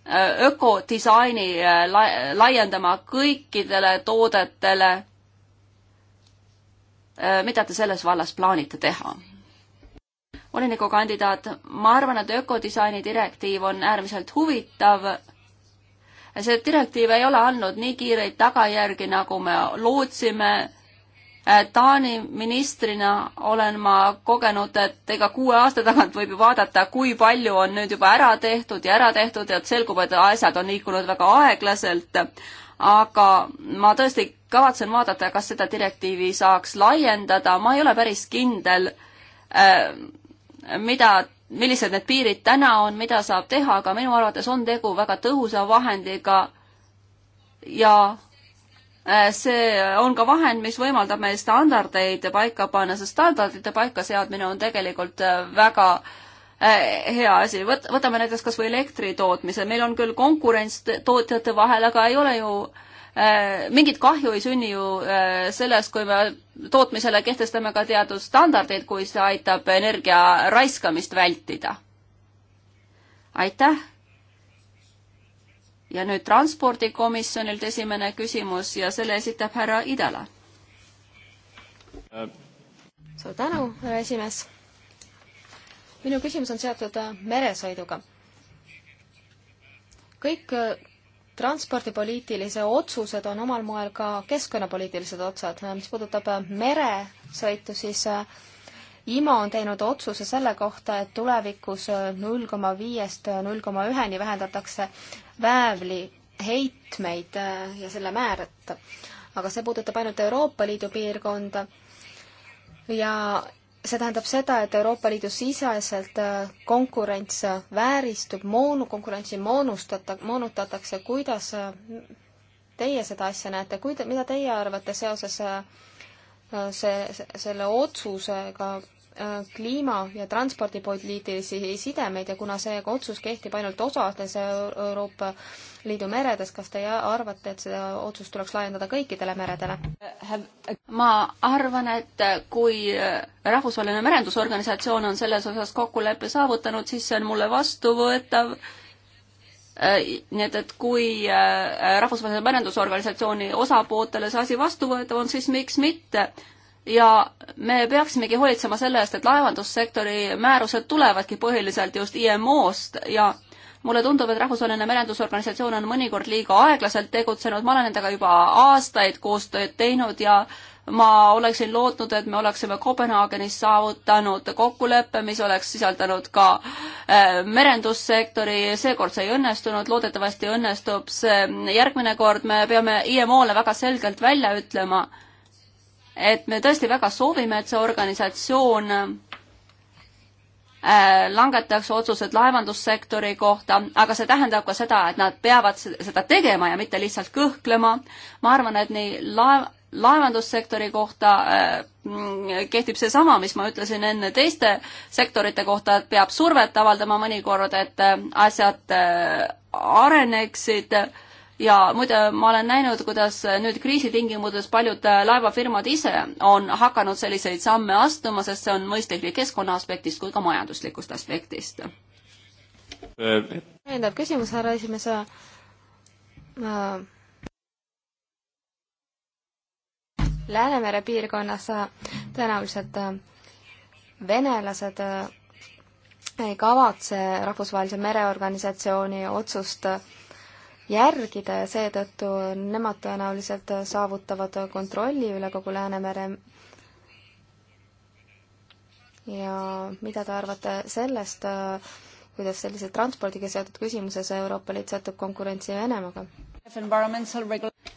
äh, ökodisaini äh, laiendama kõikidele toodetele? Äh, mida te selles vallas plaanite teha? volinikukandidaat, ma arvan, et ökodisaini direktiiv on äärmiselt huvitav. see direktiiv ei ole andnud nii kiireid tagajärgi, nagu me lootsime Äh, Taani ministrina olen ma kogenud, et ega kuue aasta tagant võib ju vaadata, kui palju on nüüd juba ära tehtud ja ära tehtud ja selgub, et asjad on liikunud väga aeglaselt. aga ma tõesti kavatsen vaadata, kas seda direktiivi saaks laiendada, ma ei ole päris kindel, äh, mida, millised need piirid täna on, mida saab teha, aga minu arvates on tegu väga tõhusa vahendiga ja Äh, see on ka vahend, mis võimaldab meil standardeid paika panna, sest standardite paikaseadmine on tegelikult äh, väga äh, hea asi, võt-, võtame näiteks kas või elektri tootmise, meil on küll konkurents tootjate vahel, aga ei ole ju äh, mingit kahju ei sünni ju äh, sellest, kui me tootmisele kehtestame ka teatud standardeid, kui see aitab energia raiskamist vältida. aitäh! ja nüüd transpordikomisjonilt esimene küsimus ja selle esitab härra Idala. suur tänu, härra esimees. minu küsimus on seotud äh, meresõiduga. kõik äh, transpordipoliitilise otsused on omal moel ka keskkonnapoliitilised otsad. Äh, mis puudutab meresõitu, siis IMO on teinud otsuse selle kohta, et tulevikus null koma viiest null koma üheni vähendatakse väävli heitmeid äh, ja selle määrat. aga see puudutab ainult Euroopa Liidu piirkonda ja see tähendab seda, et Euroopa Liidu siseselt äh, konkurents äh, vääristub, moonu, konkurentsi moonustata, moonutatakse, kuidas teie seda asja näete, kuida-, mida teie arvate seoses see, see, selle otsusega Äh, kliima- ja transpordipoliitilisi sidemeid ja kuna see otsus kehtib ainult osades Euroopa Liidu meredes, kas teie arvate, et seda otsust tuleks laiendada kõikidele meredele? ma arvan, et kui Rahvusvaheline Merendusorganisatsioon on selles osas kokkuleppe saavutanud, siis see on mulle vastuvõetav äh, nii et, et kui äh, Rahvusvahelise Merendusorganisatsiooni osapooltele see asi vastuvõetav on, siis miks mitte ja me peaksimegi hoolitsema selle eest, et laevandussektori määrused tulevadki põhiliselt just IMO-st ja mulle tundub, et Rahvusvaheline Merendusorganisatsioon on mõnikord liiga aeglaselt tegutsenud, ma olen nendega juba aastaid koostööd teinud ja ma oleksin lootnud, et me oleksime Kopenhaagenis saavutanud kokkuleppe, mis oleks sisaldanud ka äh, merendussektori, seekord see ei õnnestunud, loodetavasti õnnestub see järgmine kord, me peame IMO-le väga selgelt välja ütlema et me tõesti väga soovime, et see organisatsioon äh, langetakse otsused laevandussektori kohta, aga see tähendab ka seda, et nad peavad seda tegema ja mitte lihtsalt kõhklema. ma arvan, et nii laev, laevandussektori kohta äh, kehtib seesama, mis ma ütlesin enne teiste sektorite kohta, et peab survet avaldama mõnikord, et äh, asjad areneksid ja muide, ma olen näinud, kuidas nüüd kriisitingimustes paljud äh, laevafirmad ise on hakanud selliseid samme astuma, sest see on mõistlik nii keskkonna aspektist kui ka majanduslikust aspektist. täiendav küsimus, härra esimees. Äh, Läänemere piirkonnas äh, tõenäoliselt venelased ei kavatse rahvusvahelise mereorganisatsiooni otsust äh, järgida ja seetõttu nemad tõenäoliselt saavutavad kontrolli üle kogu Läänemere. ja mida te arvate sellest, äh, kuidas sellise transpordiga seotud küsimuses Euroopa Liit satub konkurentsi Venemaaga?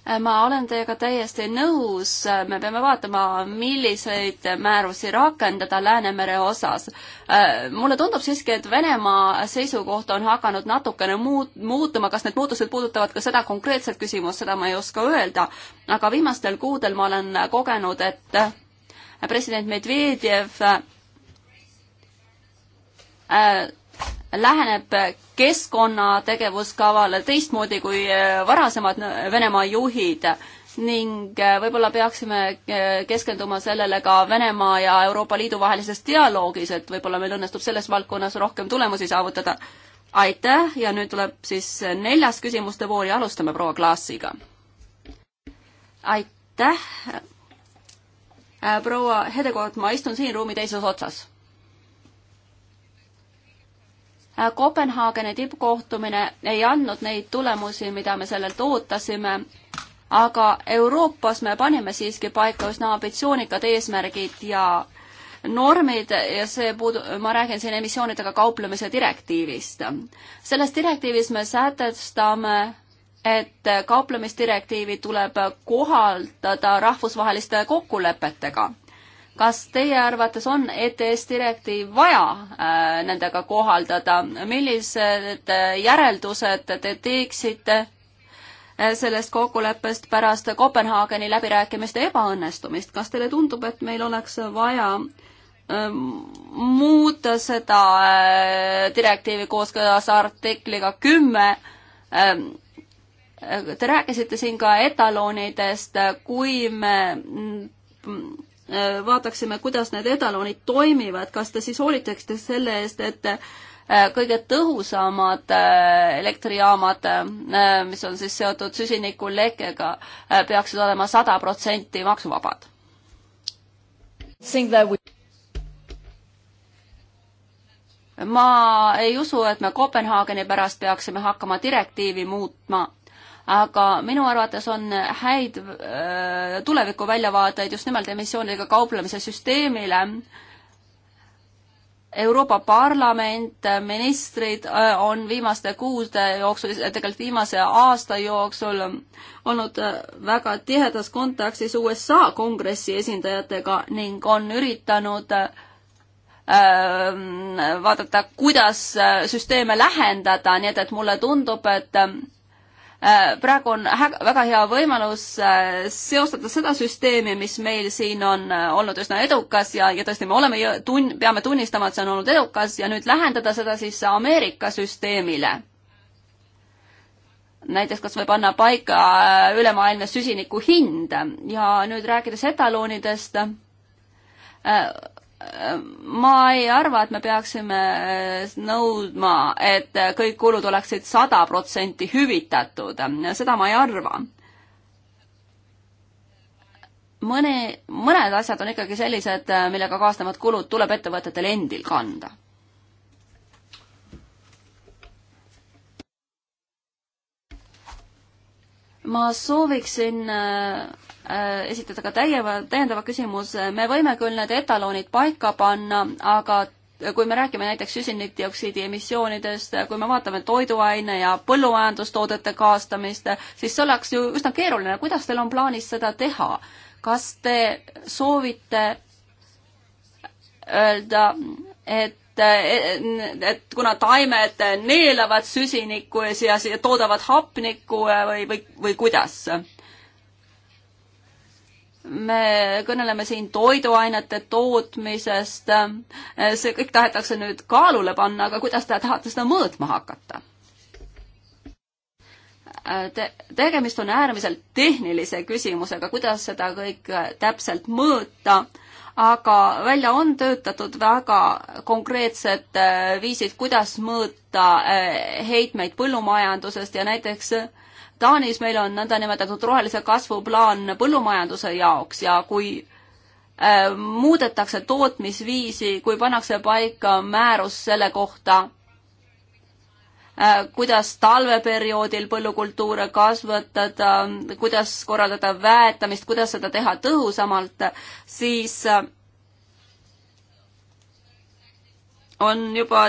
Äh, ma olen teiega täiesti nõus, äh, me peame vaatama, milliseid määrusi rakendada Läänemere osas. Äh, mulle tundub siiski, et Venemaa seisukoht on hakanud natukene muut-, muutuma, kas need muutused puudutavad ka seda konkreetset küsimust, seda ma ei oska öelda, aga viimastel kuudel ma olen kogenud, et president Medvedjev läheneb keskkonnategevuskavale teistmoodi kui eh, varasemad Venemaa juhid ning eh, võib-olla peaksime eh, keskenduma sellele ka Venemaa ja Euroopa Liidu vahelises dialoogis, et võib-olla meil õnnestub selles valdkonnas rohkem tulemusi saavutada. aitäh ja nüüd tuleb siis neljas küsimuste voor ja alustame proua Klaasiga. aitäh. Äh, proua Hedekoort, ma istun siin ruumi teises otsas Äh, Kopenhaageni tippkohtumine ei andnud neid tulemusi, mida me sellelt ootasime, aga Euroopas me panime siiski paika üsna ambitsioonikad eesmärgid ja normid ja see puudu-, ma räägin siin emissioonidega kauplemise direktiivist. selles direktiivis me sätestame et kauplemisdirektiivi tuleb kohaldada rahvusvaheliste kokkulepetega kas teie arvates on ETS direktiiv vaja äh, nendega kohaldada, millised äh, järeldused te teeksite äh, sellest kokkuleppest pärast Kopenhaageni läbirääkimiste ebaõnnestumist, kas teile tundub, et meil oleks vaja äh, muuta seda äh, direktiivi kooskõlas artikliga kümme ähm, äh, Te rääkisite siin ka etalonidest, kui me Äh, vaataksime, kuidas need etalonid toimivad, kas te siis hoolitseksite selle eest, et äh, kõige tõhusamad äh, elektrijaamad, mis on siis seotud süsinikulekkega, peaksid olema sada protsenti maksuvabad? ma ei usu, et me Kopenhaageni pärast peaksime hakkama direktiivi muutma aga minu arvates on häid äh, tulevikuväljavaateid just nimelt emissioonidega kauplemise süsteemile. Euroopa Parlament, ministrid äh, on viimaste kuude jooksul, tegelikult viimase aasta jooksul olnud äh, väga tihedas kontaktis USA kongressi esindajatega ning on üritanud vaadata, kuidas süsteeme lähendada, nii et, et mulle tundub, et Äh, praegu on väga hea võimalus äh, seostada seda süsteemi, mis meil siin on äh, olnud üsna edukas ja, ja tõesti, me oleme tun-, peame tunnistama, et see on olnud edukas ja nüüd lähendada seda siis Ameerika süsteemile. näiteks kas või panna paika ülemaailmne süsiniku hind ja nüüd rääkides etaloonidest, ma ei arva, et me peaksime nõudma, et kõik kulud oleksid sada protsenti hüvitatud, seda ma ei arva. mõni, mõned asjad on ikkagi sellised, millega kaasnevad kulud tuleb ettevõtetel endil kanda ma sooviksin Äh, esitada ka täieva, täiendava küsimuse. me võime küll need etaloonid paika panna, aga kui me räägime näiteks süsinikdioksiidi emissioonidest, kui me vaatame toiduaine ja põllumajandustoodete kaastamist, siis see oleks ju üsna keeruline. kuidas teil on plaanis seda teha? kas te soovite öelda, et et, et kuna taimed neelavad süsinikku ja siia, siia toodavad hapnikku või, või, või kuidas? me kõneleme siin toiduainete tootmisest, see kõik tahetakse nüüd kaalule panna, aga kuidas te tahate seda mõõtma hakata? Te-, tegemist on äärmiselt tehnilise küsimusega, kuidas seda kõike täpselt mõõta, aga välja on töötatud väga konkreetsed viisid, kuidas mõõta heitmeid põllumajandusest ja näiteks äh, Taanis meil on nõndanimetatud rohelise kasvu plaan põllumajanduse jaoks ja kui äh, muudetakse tootmisviisi, kui pannakse paika määrus selle kohta äh,, kuidas talveperioodil põllukultuure kasvatada, kuidas korraldada väetamist, kuidas seda teha tõhusamalt, siis äh, on juba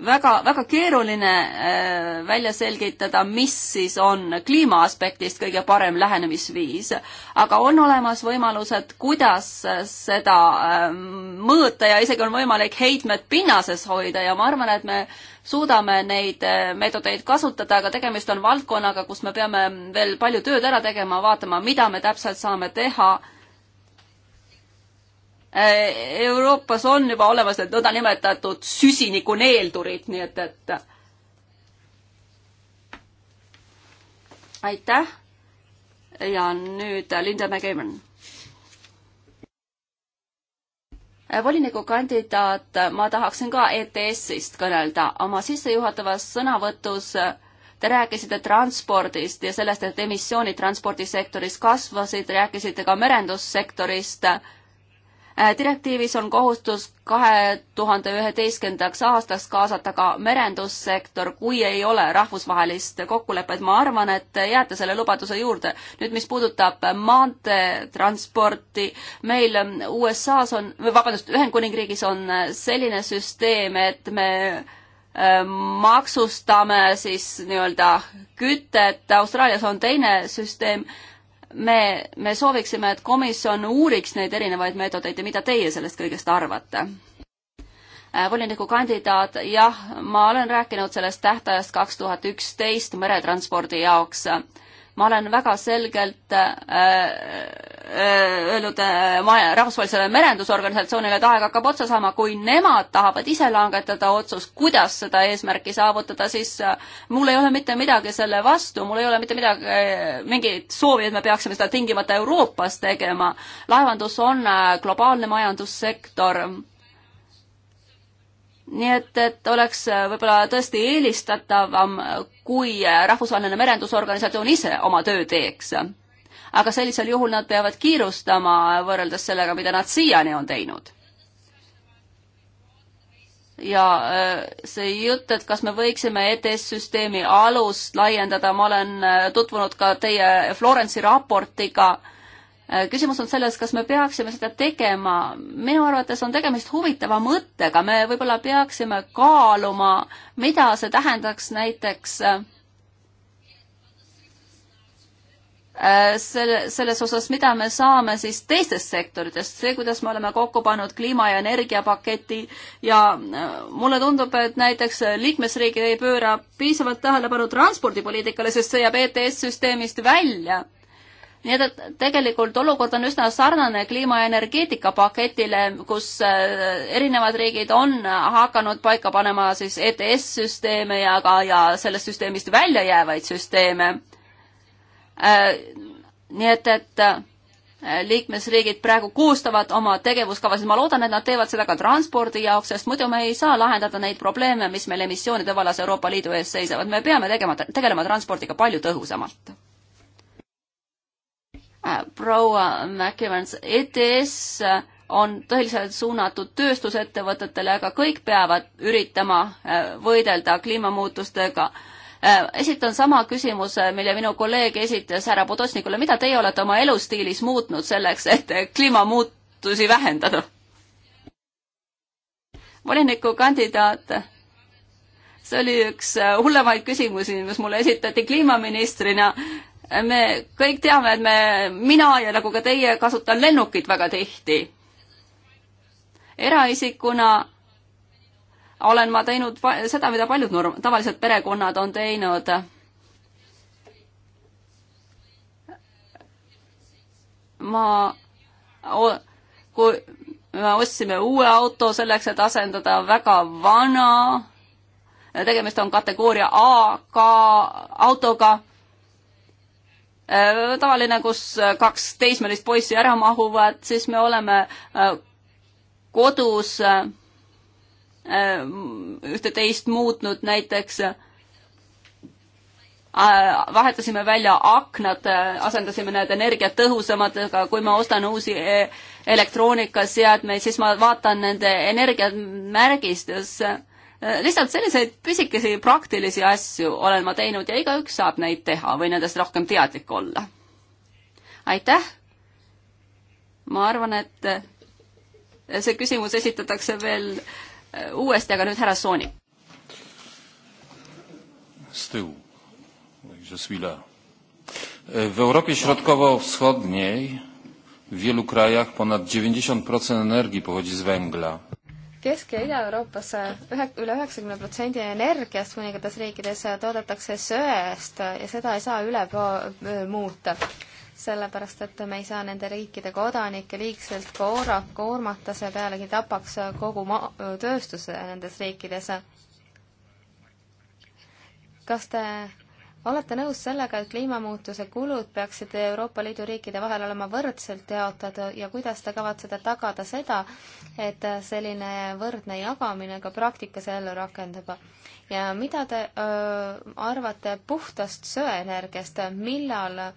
väga, väga keeruline äh, välja selgitada, mis siis on kliima aspektist kõige parem lähenemisviis. aga on olemas võimalused, kuidas seda ähm, mõõta ja isegi on võimalik heitmed pinnases hoida ja ma arvan, et me suudame neid äh, meetodeid kasutada, aga tegemist on valdkonnaga, kus me peame veel palju tööd ära tegema, vaatama, mida me täpselt saame teha Äh, Euroopas on juba olemas need nõndanimetatud süsinikuneeldurid, nii et, et aitäh. ja nüüd Linda McEwen. Äh, volinikukandidaat, ma tahaksin ka ETS-ist kõnelda. oma sissejuhatavas sõnavõtus äh, Te rääkisite transpordist ja sellest, et emissioonid transpordisektoris kasvasid, rääkisite ka merendussektorist äh, Äh, direktiivis on kohustus kahe tuhande üheteistkümnendaks aastaks kaasata ka merendussektor, kui ei ole rahvusvahelist kokkulepet. ma arvan, et jääte selle lubaduse juurde. nüüd, mis puudutab maanteetransporti, meil USA-s on, vabandust, Ühendkuningriigis on selline süsteem, et me äh, maksustame siis nii-öelda kütet, Austraalias on teine süsteem me, me sooviksime, et komisjon uuriks neid erinevaid meetodeid ja mida teie sellest kõigest arvate? Äh, volinikukandidaat, jah, ma olen rääkinud sellest tähtajast kaks tuhat üksteist meretranspordi jaoks. ma olen väga selgelt äh, öelnud äh, rahvusvahelisele merendusorganisatsioonile, et aeg hakkab otsa saama, kui nemad tahavad ise langetada otsust, kuidas seda eesmärki saavutada, siis äh, mul ei ole mitte midagi selle vastu, mul ei ole mitte midagi, äh, mingit soovi, et me peaksime seda tingimata Euroopas tegema. laevandus on globaalne majandussektor nii et, et oleks võib-olla tõesti eelistatavam, kui rahvusvaheline merendusorganisatsioon ise oma töö teeks aga sellisel juhul nad peavad kiirustama võrreldes sellega, mida nad siiani on teinud. ja äh, see jutt, et kas me võiksime ETS-süsteemi alust laiendada, ma olen äh, tutvunud ka teie Florence'i raportiga äh, küsimus on selles, kas me peaksime seda tegema. minu arvates on tegemist huvitava mõttega, me võib-olla peaksime kaaluma, mida see tähendaks näiteks äh, Äh, selle, selles osas, mida me saame siis teistest sektoritest, see, kuidas me oleme kokku pannud kliima- ja energiapaketi ja äh, mulle tundub, et näiteks liikmesriigid ei pööra piisavalt tähelepanu transpordipoliitikale, sest see jääb ETS-süsteemist välja. nii et, et tegelikult olukord on üsna sarnane kliima- ja energeetikapaketile, kus äh, erinevad riigid on hakanud paika panema siis ETS-süsteeme ja ka, ja sellest süsteemist välja jäävaid süsteeme Äh, nii et, et äh, liikmesriigid praegu koostavad oma tegevuskavasid, ma loodan, et nad teevad seda ka transpordi jaoks, sest muidu me ei saa lahendada neid probleeme, mis meil emissioonide vallas Euroopa Liidu ees seisavad, me peame tegema, tegelema transpordiga palju tõhusamalt. Äh, proua McEvans, ETS on tõeliselt suunatud tööstusettevõtetele, aga kõik peavad üritama võidelda kliimamuutustega äh, Äh, esitan sama küsimuse, mille minu kolleeg esitas härra Podošnikule, mida teie olete oma elustiilis muutnud selleks, et kliimamuutusi vähendada? volinikukandidaat, see oli üks äh, hullemaid küsimusi, mis mulle esitati kliimaministrina. me kõik teame, et me, mina ja nagu ka teie, kasutan lennukit väga tihti eraisikuna olen ma teinud seda, mida paljud norm-, tavalised perekonnad on teinud. ma, kui me ostsime uue auto selleks, et asendada väga vana, tegemist on kategooria A ka autoga e, tavaline, kus kaks teismelist poissi ära mahuvad, siis me oleme e, kodus Äh, ühte-teist muutnud, näiteks äh, vahetasime välja aknad, äh, asendasime need energiatõhusamatega, kui ma ostan uusi e, elektroonikaseadmeid, siis ma vaatan nende energiamärgistust. lihtsalt selliseid pisikesi praktilisi asju olen ma teinud ja igaüks saab neid teha või nendest rohkem teadlik olla. aitäh! ma arvan, et see küsimus esitatakse veel äh, Eh, uuesti, aga nüüd härra Soonik. Stiu, je suis là. E, w Europie Środkowo-Wschodniej w wielu krajach ponad 90% energii pochodzi z węgla. Kesk- ja Ida-Euroopas e, üle üheksakümne protsendi energiast mõningates riikides toodetakse söest ja seda ei saa üle e, muuta sellepärast et me ei saa nende riikide kodanikke liigselt koora-, koormata, see pealegi tapaks kogu ma-, tööstuse nendes riikides. kas te olete nõus sellega, et kliimamuutuse kulud peaksid Euroopa Liidu riikide vahel olema võrdselt jaotatud ja kuidas te kavatsete tagada seda, et selline võrdne jagamine ka praktikas ellu rakendub? ja mida te öö, arvate puhtast söeenergiast, millal öö,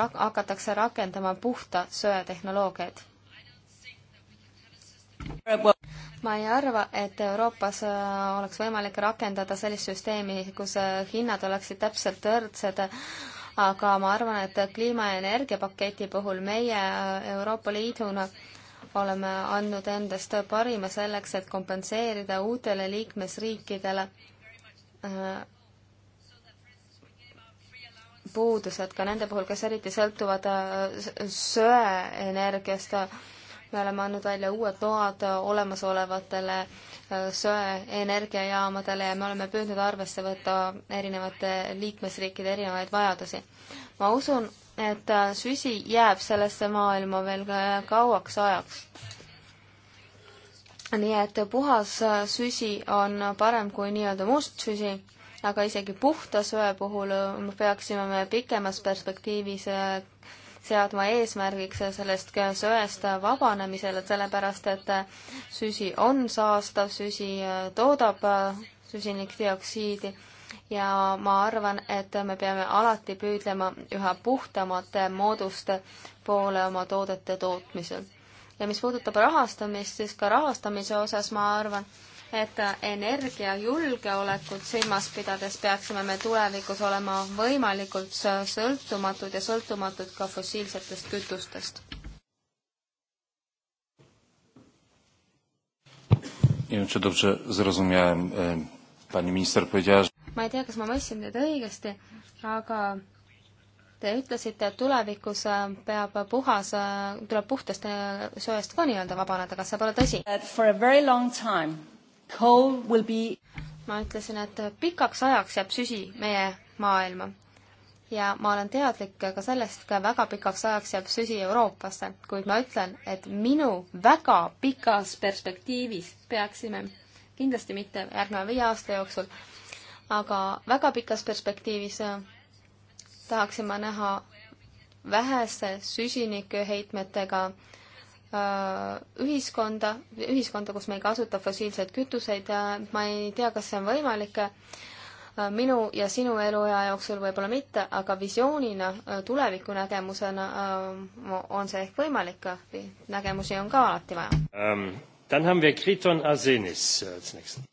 rak-, hakatakse rakendama puhta söetehnoloogiaid. ma ei arva, et Euroopas äh, oleks võimalik rakendada sellist süsteemi, kus äh, hinnad oleksid täpselt võrdsed, aga ma arvan, et kliima- ja energiapaketi puhul meie äh, Euroopa Liiduna oleme andnud endast parima selleks, et kompenseerida uutele liikmesriikidele puudused ka nende puhul, kes eriti sõltuvad äh, söeenergiast. me oleme andnud välja uued load olemasolevatele äh, söeenergiajaamadele ja me oleme püüdnud arvesse võtta erinevate liikmesriikide erinevaid vajadusi. ma usun, et äh, süsi jääb sellesse maailma veel kauaks ajaks nii et puhas süsi on parem kui nii-öelda must süsi aga isegi puhta söe puhul me um, peaksime me pikemas perspektiivis äh, seadma eesmärgiks sellest söest vabanemisele, sellepärast et äh, süsi on saastav, süsi äh, toodab süsinikdioksiidi ja ma arvan, et me peame alati püüdlema üha puhtamate mooduste poole oma toodete tootmisel. ja mis puudutab rahastamist, siis ka rahastamise osas ma arvan, et energiajulgeolekut silmas pidades peaksime me tulevikus olema võimalikult sõltumatud ja sõltumatud ka fossiilsetest kütustest. E, ma ei tea, kas ma mõistsin teid õigesti, aga Te ütlesite, et tulevikus e, peab puhas, e, tuleb puhtast söest ka nii-öelda vabaneda, kas see pole tõsi? Coal will be ma ütlesin, et pikaks ajaks jääb süsi meie maailma. ja ma olen teadlik ka sellest, ka väga pikaks ajaks jääb süsi Euroopasse, kuid ma ütlen, et minu väga pikas perspektiivis peaksime, kindlasti mitte järgneva viie aasta jooksul, aga väga pikas perspektiivis äh, tahaksin ma näha vähese süsinikuheitmetega äh, Äh, ühiskonda, ühiskonda, kus me ei kasuta fossiilseid kütuseid, äh, ma ei tea, kas see on võimalik, äh, minu ja sinu eluea jooksul võib-olla mitte, aga visioonina, tulevikunägemusena on see ehk võimalik, nägemusi on ka alati vaja um,. Dann haben wir Kriton Arsenis als nächsten.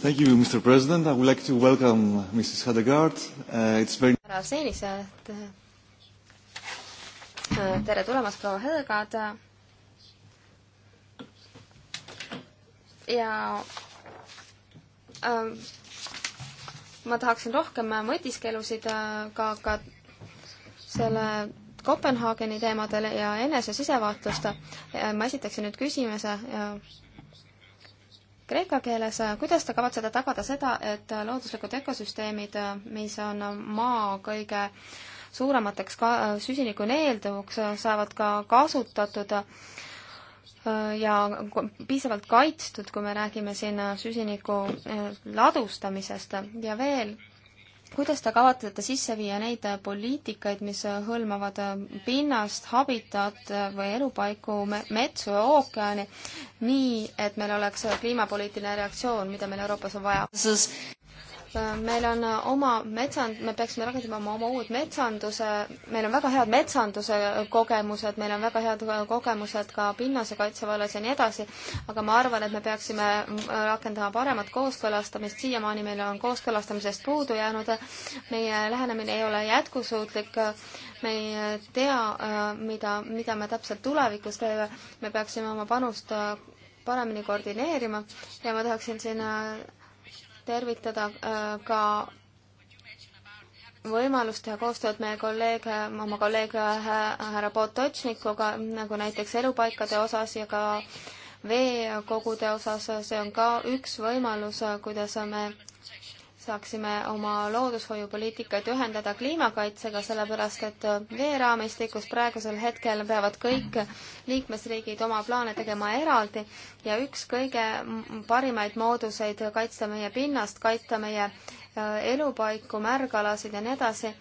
Thank you, Mr. President. I would like to welcome Mrs. Hedegaard. Uh, it's very... Arsenis, tere tulemast, proua Helgad. ja ähm, ma tahaksin rohkem mõtiskelusid äh, ka, ka selle Kopenhaageni teemadel ja enesesisevaatluste. ma esitaksin nüüd küsimuse äh, kreeka keeles, kuidas te kavatsete tagada seda, et looduslikud ökosüsteemid, äh, mis on maa kõige äh, suuremateks ka süsinikuneelduvuks, äh, saavad ka kasutatud äh, ja piisavalt kaitstud, kui me räägime siin äh, süsiniku ladustamisest ja veel, kuidas te kavatsete sisse viia neid poliitikaid, mis hõlmavad pinnast, habitat või elupaiku, metsu ja ookeani, nii et meil oleks kliimapoliitiline reaktsioon, mida meil Euroopas on vaja? meil on oma metsand-, me peaksime rakendama oma uut metsanduse, meil on väga head metsanduse kogemused, meil on väga head kogemused ka pinnase kaitse vallas ja nii edasi, aga ma arvan, et me peaksime rakendama paremat kooskõlastamist, siiamaani meil on kooskõlastamisest puudu jäänud, meie lähenemine ei ole jätkusuutlik, me ei tea, mida, mida me täpselt tulevikus teeme, me peaksime oma panust paremini koordineerima ja ma tahaksin siin tervitada äh, ka võimalust teha koostööd meie kolleeg, oma kolleeg äh, härra Potočnikuga, nagu näiteks elupaikade osas ja ka veekogude osas, see on ka üks võimalus, äh, kuidas me saaksime oma loodushoiupoliitikat ühendada kliimakaitsega, sellepärast et veeraamistikus praegusel hetkel peavad kõik liikmesriigid oma plaane tegema eraldi ja üks kõige parimaid mooduseid kaitsta meie pinnast, kaitsta meie äh, elupaiku, märgalasid ja nii edasi,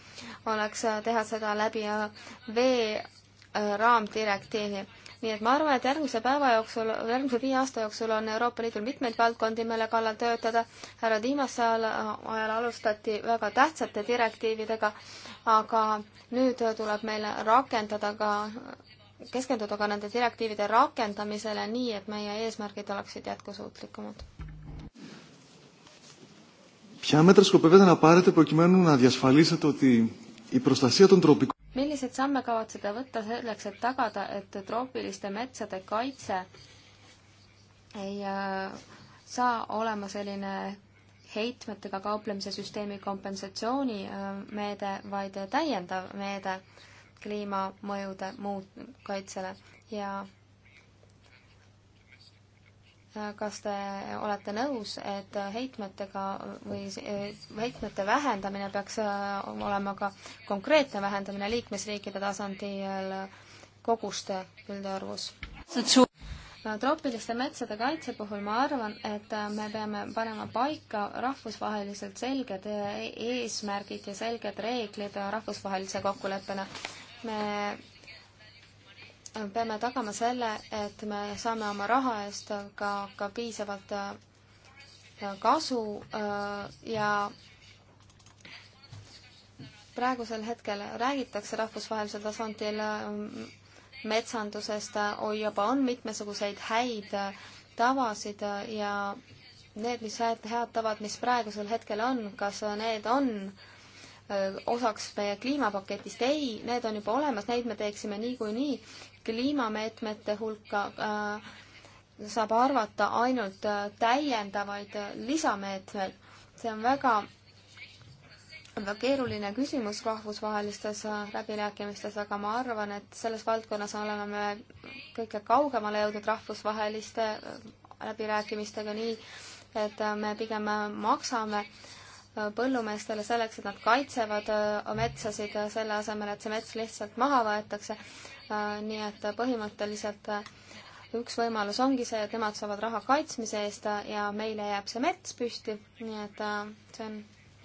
oleks teha seda läbi äh, vee äh, raamdirektiivi nii et ma arvan, et järgmise päeva jooksul, järgmise viie aasta jooksul on Euroopa Liidul mitmeid valdkondi, mille kallal töötada. härra Tiimasse ajal, ajal alustati väga tähtsate direktiividega, aga nüüd tuleb meil rakendada ka, keskenduda ka nende direktiivide rakendamisele nii, et meie eesmärgid oleksid jätkusuutlikumad. Ποια μέτρα σκοπεύετε να πάρετε προκειμένου να διασφαλίσετε ότι η προστασία των τροπικών milliseid samme kavatseda võtta selleks, et tagada, et troopiliste metsade kaitse ei äh, saa olema selline heitmetega kauplemise süsteemi kompensatsiooni äh, meede, vaid täiendav meede kliimamõjude muut-, kaitsele ja kas te olete nõus, et heitmetega või eh, heitmete vähendamine peaks eh, olema ka konkreetne vähendamine liikmesriikide tasandil koguste üldarvus? troopiliste metsade kaitse puhul ma arvan, et eh, me peame panema paika rahvusvaheliselt selged eesmärgid ja selged reeglid rahvusvahelise kokkuleppena. me peame tagama selle, et me saame oma raha eest ka, ka piisavalt äh, kasu äh, ja praegusel hetkel räägitakse rahvusvahelisel tasandil äh, metsandusest, juba on mitmesuguseid häid tavasid ja need, mis head, head tavad, mis praegusel hetkel on, kas need on osaks meie kliimapaketist, ei, need on juba olemas, neid me teeksime niikuinii kliimameetmete hulka äh, saab arvata ainult äh, täiendavaid äh, lisameetmeid. see on väga, väga keeruline küsimus rahvusvahelistes äh, läbirääkimistes, aga ma arvan, et selles valdkonnas oleme me kõige kaugemale jõudnud rahvusvaheliste läbirääkimistega nii, et me pigem maksame põllumeestele selleks, et nad kaitsevad metsasid, selle asemel, et see mets lihtsalt maha võetakse Äh, nii et põhimõtteliselt äh, üks võimalus ongi see, et nemad saavad raha kaitsmise eest äh, ja meile jääb see mets püsti, nii et see on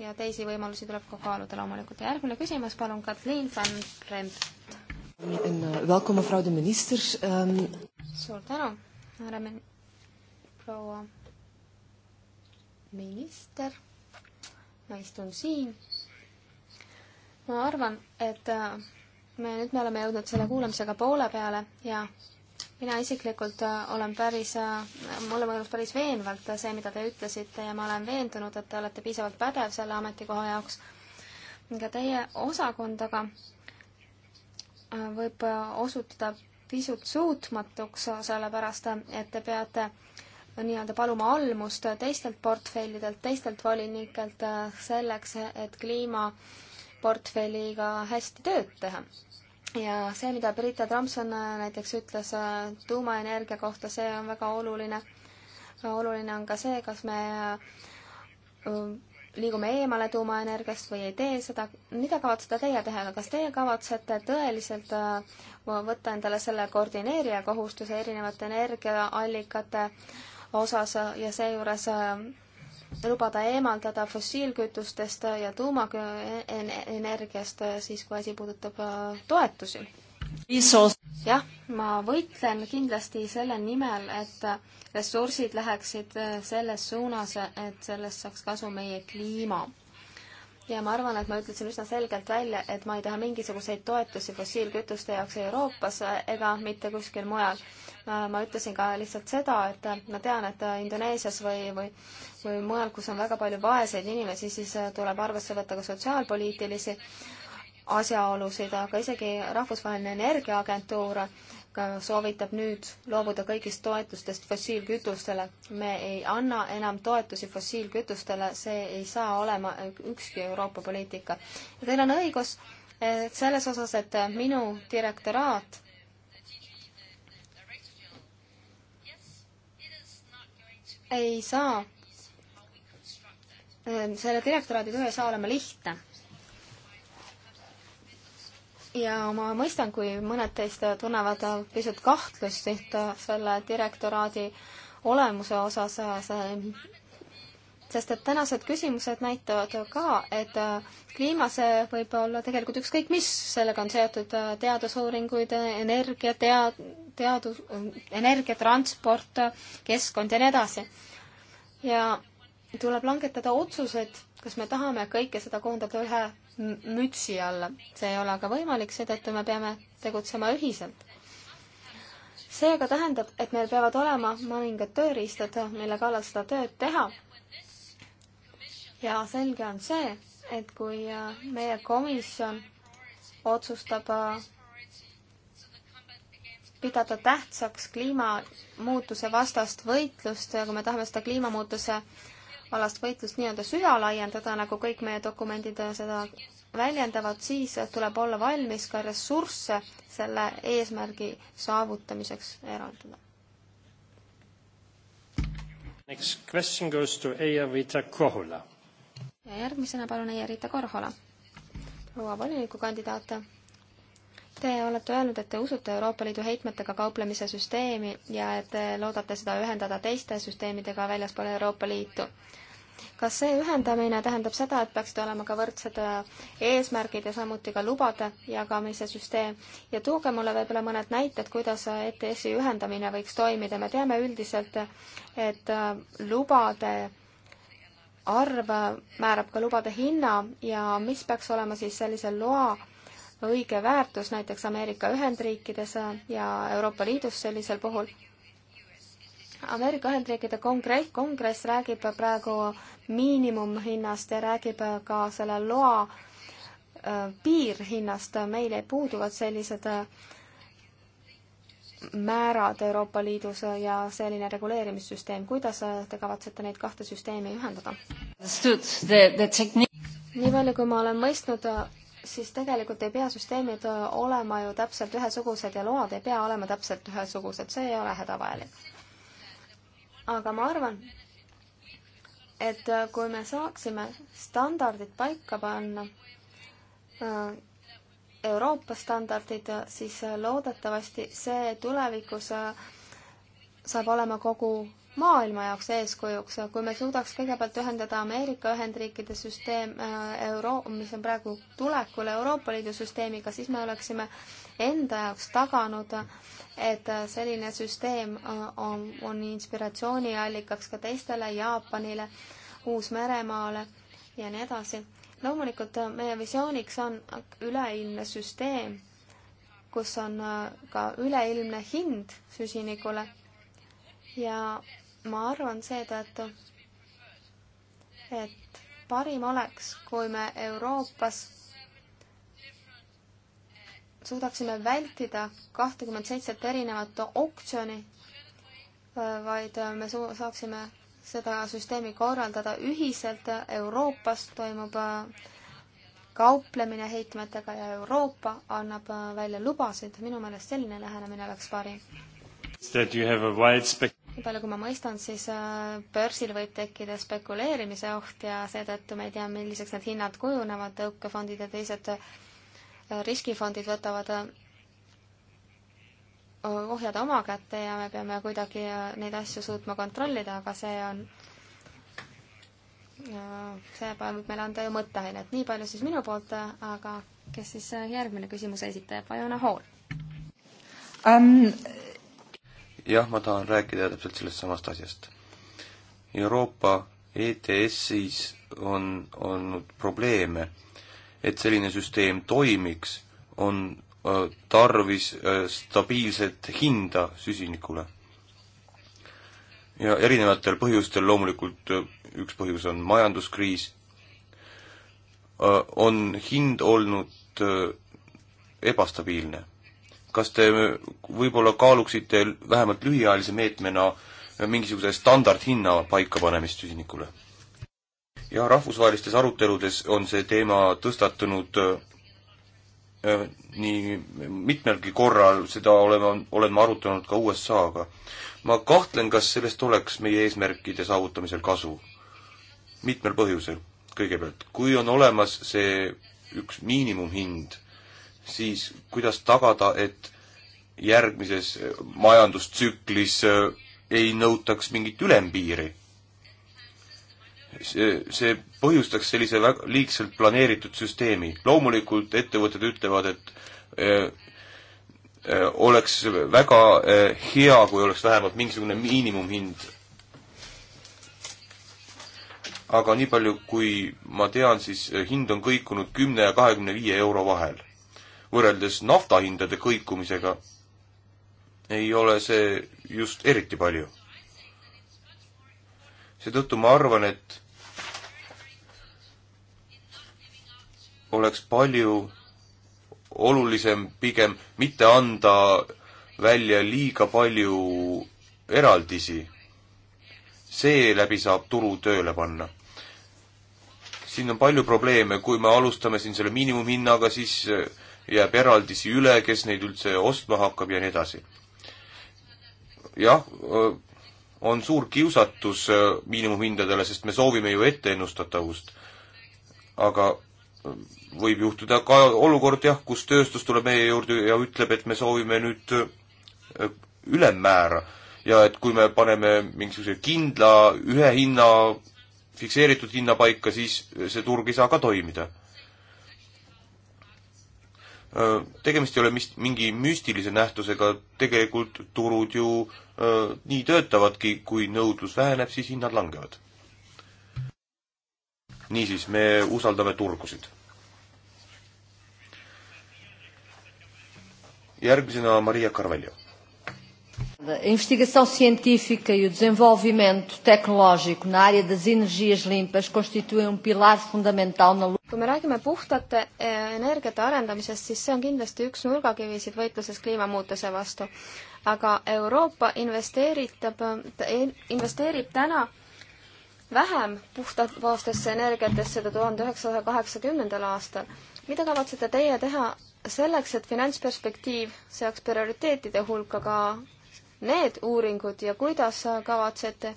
ja teisi võimalusi tuleb ka kaaluda loomulikult. ja järgmine küsimus, palun, Katliin van Brempt. Eh, welkom, mevrouw de minister um.... Ehm, suur tänu, härra min-, proua minister. ma istun siin. ma arvan, et äh, me nüüd me oleme jõudnud selle kuulamisega poole peale ja mina isiklikult äh, olen päris, äh, mulle mõjus päris veenvalt see, mida te ütlesite ja ma olen veendunud, et te olete piisavalt pädev selle ametikoha jaoks. ka teie osakondaga äh, võib osutuda pisut suutmatuks, sellepärast et te peate nii-öelda paluma almust teistelt portfellidelt, teistelt volinikelt selleks, et kliima äh, portfelliga hästi tööd teha ja see, mida Brita Tromson äh, näiteks ütles äh, tuumaenergia kohta, see on väga oluline. oluline on ka see, kas me äh, liigume eemale tuumaenergiast või ei tee seda. mida kavatsete teie teha, kas teie kavatsete tõeliselt võtta endale selle koordineerija kohustuse erinevate energiaallikate osas ja seejuures lubada eemaldada fossiilkütustest ja tuumaenergiast siis, kui asi puudutab äh, toetusi. jah, ma võitlen kindlasti selle nimel, et ressursid läheksid äh, selles suunas, et sellest saaks kasu meie kliima ja ma arvan, et ma ütlesin üsna selgelt välja, et ma ei taha mingisuguseid toetusi fossiilkütuste jaoks Euroopas äh, ega mitte kuskil mujal. ma ütlesin ka lihtsalt seda, et ma tean, et Indoneesias või, või või mujal, kus on väga palju vaeseid inimesi, siis äh, tuleb arvesse võtta ka sotsiaalpoliitilisi asjaolusid, aga isegi Rahvusvaheline Energiaagentuur äh, soovitab nüüd loobuda kõigist toetustest fossiilkütustele. me ei anna enam toetusi fossiilkütustele, see ei saa olema ükski Euroopa poliitika. ja teil on õigus selles osas, et minu direktoraat ei saa Ehm, selle direktoraadi töö ei saa olema lihtne. ja ma mõistan, kui mõned teist tunnevad pisut kahtlust siit äh, selle direktoraadi olemuse osas, äh, sest et tänased küsimused näitavad ka, et äh, kliimasõja võib olla tegelikult ükskõik mis, sellega on seotud teadusuuringuid, energia, tead-, teadus, energia, transport, keskkond ja nii edasi. ja tuleb langetada otsused, kas me tahame kõike seda koondada ühe mütsi alla. see ei ole aga võimalik, seetõttu me peame tegutsema ühiselt. see aga tähendab, et meil peavad olema mõningad tööriistad, mille kallal seda tööd teha. ja selge on see, et kui äh, meie komisjon otsustab äh, pidada tähtsaks kliimamuutuse vastast võitlust ja kui me tahame seda kliimamuutuse alast võitlust nii-öelda süvalaiendada, nagu kõik meie dokumendid seda väljendavad, siis tuleb olla valmis ka ressursse selle eesmärgi saavutamiseks eraldada. Next question goes to Eija-Riita Korhola. ja järgmisena palun Eija-Riita Korhola, proua volinikukandidaat Te olete öelnud, et te usute Euroopa Liidu heitmetega kauplemise süsteemi ja et te loodate seda ühendada teiste süsteemidega väljaspool Euroopa Liitu. kas see ühendamine tähendab seda, et peaksid olema ka võrdsed äh, eesmärgid ja samuti ka lubade jagamise süsteem ja tooge mulle võib-olla mõned näited, kuidas ETS-i ühendamine võiks toimida, me teame üldiselt, et äh, lubade arv määrab ka lubade hinna ja mis peaks olema siis sellise loa õige väärtus näiteks Ameerika Ühendriikides ja Euroopa Liidus sellisel puhul. Ameerika Ühendriikide kongress, kongress räägib praegu miinimumhinnast ja räägib ka selle loa äh, piirhinnast, meil puuduvad sellised äh, määrad Euroopa Liidus ja selline reguleerimissüsteem, kuidas äh, te kavatsete neid kahte süsteemi ühendada? nii palju, kui ma olen mõistnud, siis tegelikult ei pea süsteemid äh, olema ju täpselt ühesugused ja load ei pea olema täpselt ühesugused, see ei ole hädavajalik. aga ma arvan, et äh, kui me saaksime standardid paika panna, äh, Euroopa standardid, siis loodetavasti see tulevikus saab olema kogu maailma jaoks eeskujuks, kui me suudaks kõigepealt ühendada Ameerika Ühendriikide süsteem äh, euro-, mis on praegu tulekul Euroopa Liidu süsteemiga, siis me oleksime enda jaoks taganud, et selline süsteem äh, on, on inspiratsiooniallikaks ka teistele, Jaapanile, Uus-Meremaale ja nii edasi. loomulikult äh, meie visiooniks on üleilmne süsteem, kus on ka üleilmne hind süsinikule ja ma arvan seetõttu, et parim oleks, kui me Euroopas suudaksime vältida kahtekümmet seitset erinevat oktsiooni, vaid me saaksime seda süsteemi korraldada ühiselt, Euroopas toimub äh, kauplemine heitmetega ja Euroopa annab äh, välja lubasid, minu meelest selline lähenemine oleks parim nii palju, kui ma mõistan, siis äh, börsil võib tekkida spekuleerimise oht ja seetõttu me ei tea, milliseks need hinnad kujunevad, tõukefondid ja teised äh, riskifondid võtavad äh, ohjad oma kätte ja me peame kuidagi neid asju suutma kontrollida, aga see on, see võib meile anda ju mõtteainet. nii palju siis minu poolt, aga kes siis järgmine küsimuse esitab, Vajona Hool um,? Ähm, jah, ma tahan rääkida täpselt sellest samast asjast. Euroopa ETS-is on olnud probleeme, et selline süsteem toimiks, on tarvis stabiilset hinda süsinikule. ja erinevatel põhjustel loomulikult üks põhjus on majanduskriis, on hind olnud ebastabiilne kas te võib-olla kaaluksite vähemalt lühiajalise meetmena mingisuguse standardhinna paikapanemist süsinikule? ja rahvusvahelistes aruteludes on see teema tõstatunud äh, nii mitmelgi korral, seda oleme, olen ma arutanud ka USA-ga. ma kahtlen, kas sellest oleks meie eesmärkide saavutamisel kasu. mitmel põhjusel. kõigepealt, kui on olemas see üks miinimumhind, siis kuidas tagada, et järgmises majandustsüklis äh, ei nõutaks mingit ülempiiri? see, see põhjustaks sellise väga liigselt planeeritud süsteemi. loomulikult ettevõtted ütlevad, et öö, äh, öö, äh, oleks väga öö, hea, kui oleks vähemalt mingisugune miinimumhind. aga nii palju, kui ma tean, siis hind on kõikunud kümne ja kahekümne viie euro vahel võrreldes naftahindade kõikumisega ei ole see just eriti palju. seetõttu ma arvan, et oleks palju olulisem pigem mitte anda välja liiga palju eraldisi. seeläbi saab turu tööle panna. siin on palju probleeme, kui me alustame siin selle miinimumhinnaga, siis jääb eraldisi üle, kes neid üldse ostma hakkab ja nii edasi. jah, on suur kiusatus miinimumhindadele, sest me soovime ju etteennustatavust. aga võib juhtuda ka olukord jah, kus tööstus tuleb meie juurde ja ütleb, et me soovime nüüd ülemmäära ja et kui me paneme mingisuguse kindla ühe hinna, fikseeritud hinna paika, siis see turg ei saa ka toimida Äh, tegemist ei ole mis-, mingi müstilise nähtusega, tegelikult turud ju öö, äh, nii töötavadki, kui nõudlus väheneb, siis hinnad langevad. niisiis, me usaldame turgusid. järgmisena Maria Carvalho. A investigação científica e o desenvolvimento tecnológico na área das energias limpas constituem um pilar fundamental na kui me räägime puhtate eh, energiate arendamisest, siis see on kindlasti üks nurgakivisid võitluses kliimamuutuse vastu. aga Euroopa investeeritab, investeerib täna vähem puhtalt puhastesse energiatesse seda tuhande üheksasaja kaheksakümnendal aastal. mida kavatsete teie teha selleks, et finantsperspektiiv seaks prioriteetide hulka ka need uuringud ja kuidas kavatsete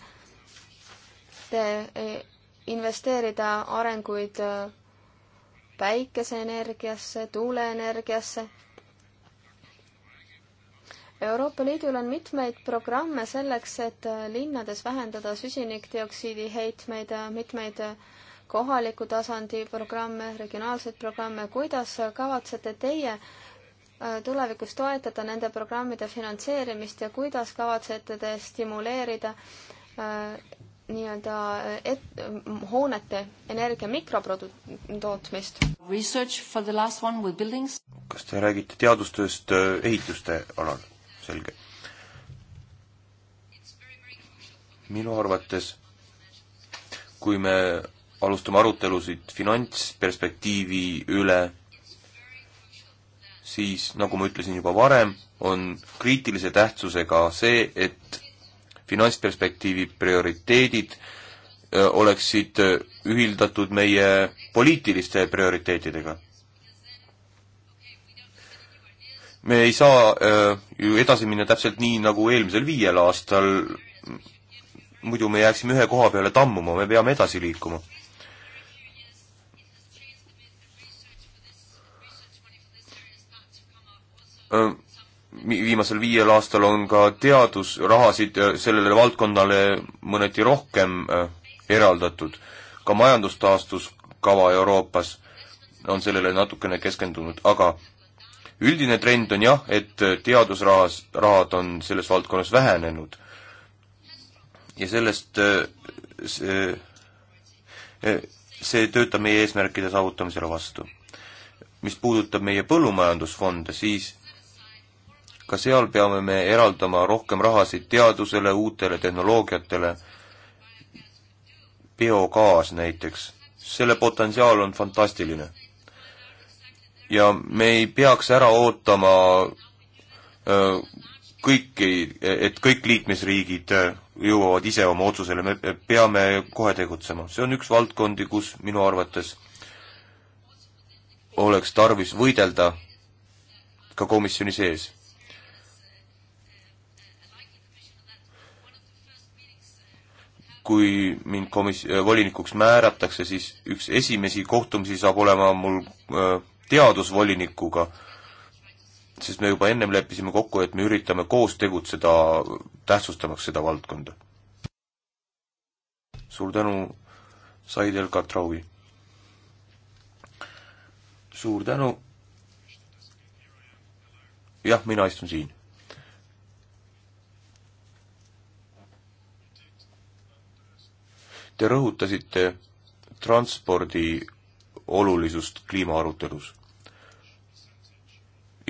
te eh, investeerida arenguid eh, päikeseenergiasse, tuuleenergiasse? Euroopa Liidul on mitmeid programme selleks, et eh, linnades vähendada süsinikdioksiidi heitmeid, mitmeid kohaliku tasandi programme, regionaalseid programme, kuidas kavatsete teie äh, Äh, tulevikus toetada nende programmide finantseerimist ja kuidas kavatsete te stimuleerida äh, nii-öelda äh, et-, hoonete energia mikrotootmist. kas te räägite teadustööst ehituste alal? selge. minu arvates, kui me alustame arutelusid finantsperspektiivi üle siis nagu ma ütlesin juba varem, on kriitilise tähtsusega see, et finantsperspektiivi prioriteedid oleksid ühildatud meie poliitiliste prioriteetidega. me ei saa ju edasi minna täpselt nii, nagu eelmisel viiel aastal, muidu me jääksime ühe koha peale tammuma, me peame edasi liikuma viimasel viiel aastal on ka teadusrahasid sellele valdkonnale mõneti rohkem eraldatud. ka majandustaastuskava Euroopas on sellele natukene keskendunud, aga üldine trend on jah, et teadusrahas, rahad on selles valdkonnas vähenenud. ja sellest see, see töötab meie eesmärkide saavutamisele vastu. mis puudutab meie põllumajandusfonde, siis ka seal peame me eraldama rohkem rahasid teadusele, uutele tehnoloogiatele, biogaas näiteks, selle potentsiaal on fantastiline. ja me ei peaks ära ootama öö, kõiki, et kõik liikmesriigid jõuavad ise oma otsusele, me peame kohe tegutsema. see on üks valdkondi, kus minu arvates oleks tarvis võidelda ka komisjoni sees kui mind komis-, äh, volinikuks määratakse, siis üks esimesi kohtumisi saab olema mul äh, teadusvolinikuga, sest me juba ennem leppisime kokku, et me üritame koos tegutseda, tähtsustamaks seda valdkonda. suur tänu, Said El-Katraoui! suur tänu! jah, mina istun siin Te rõhutasite transpordi olulisust kliimaarutelus.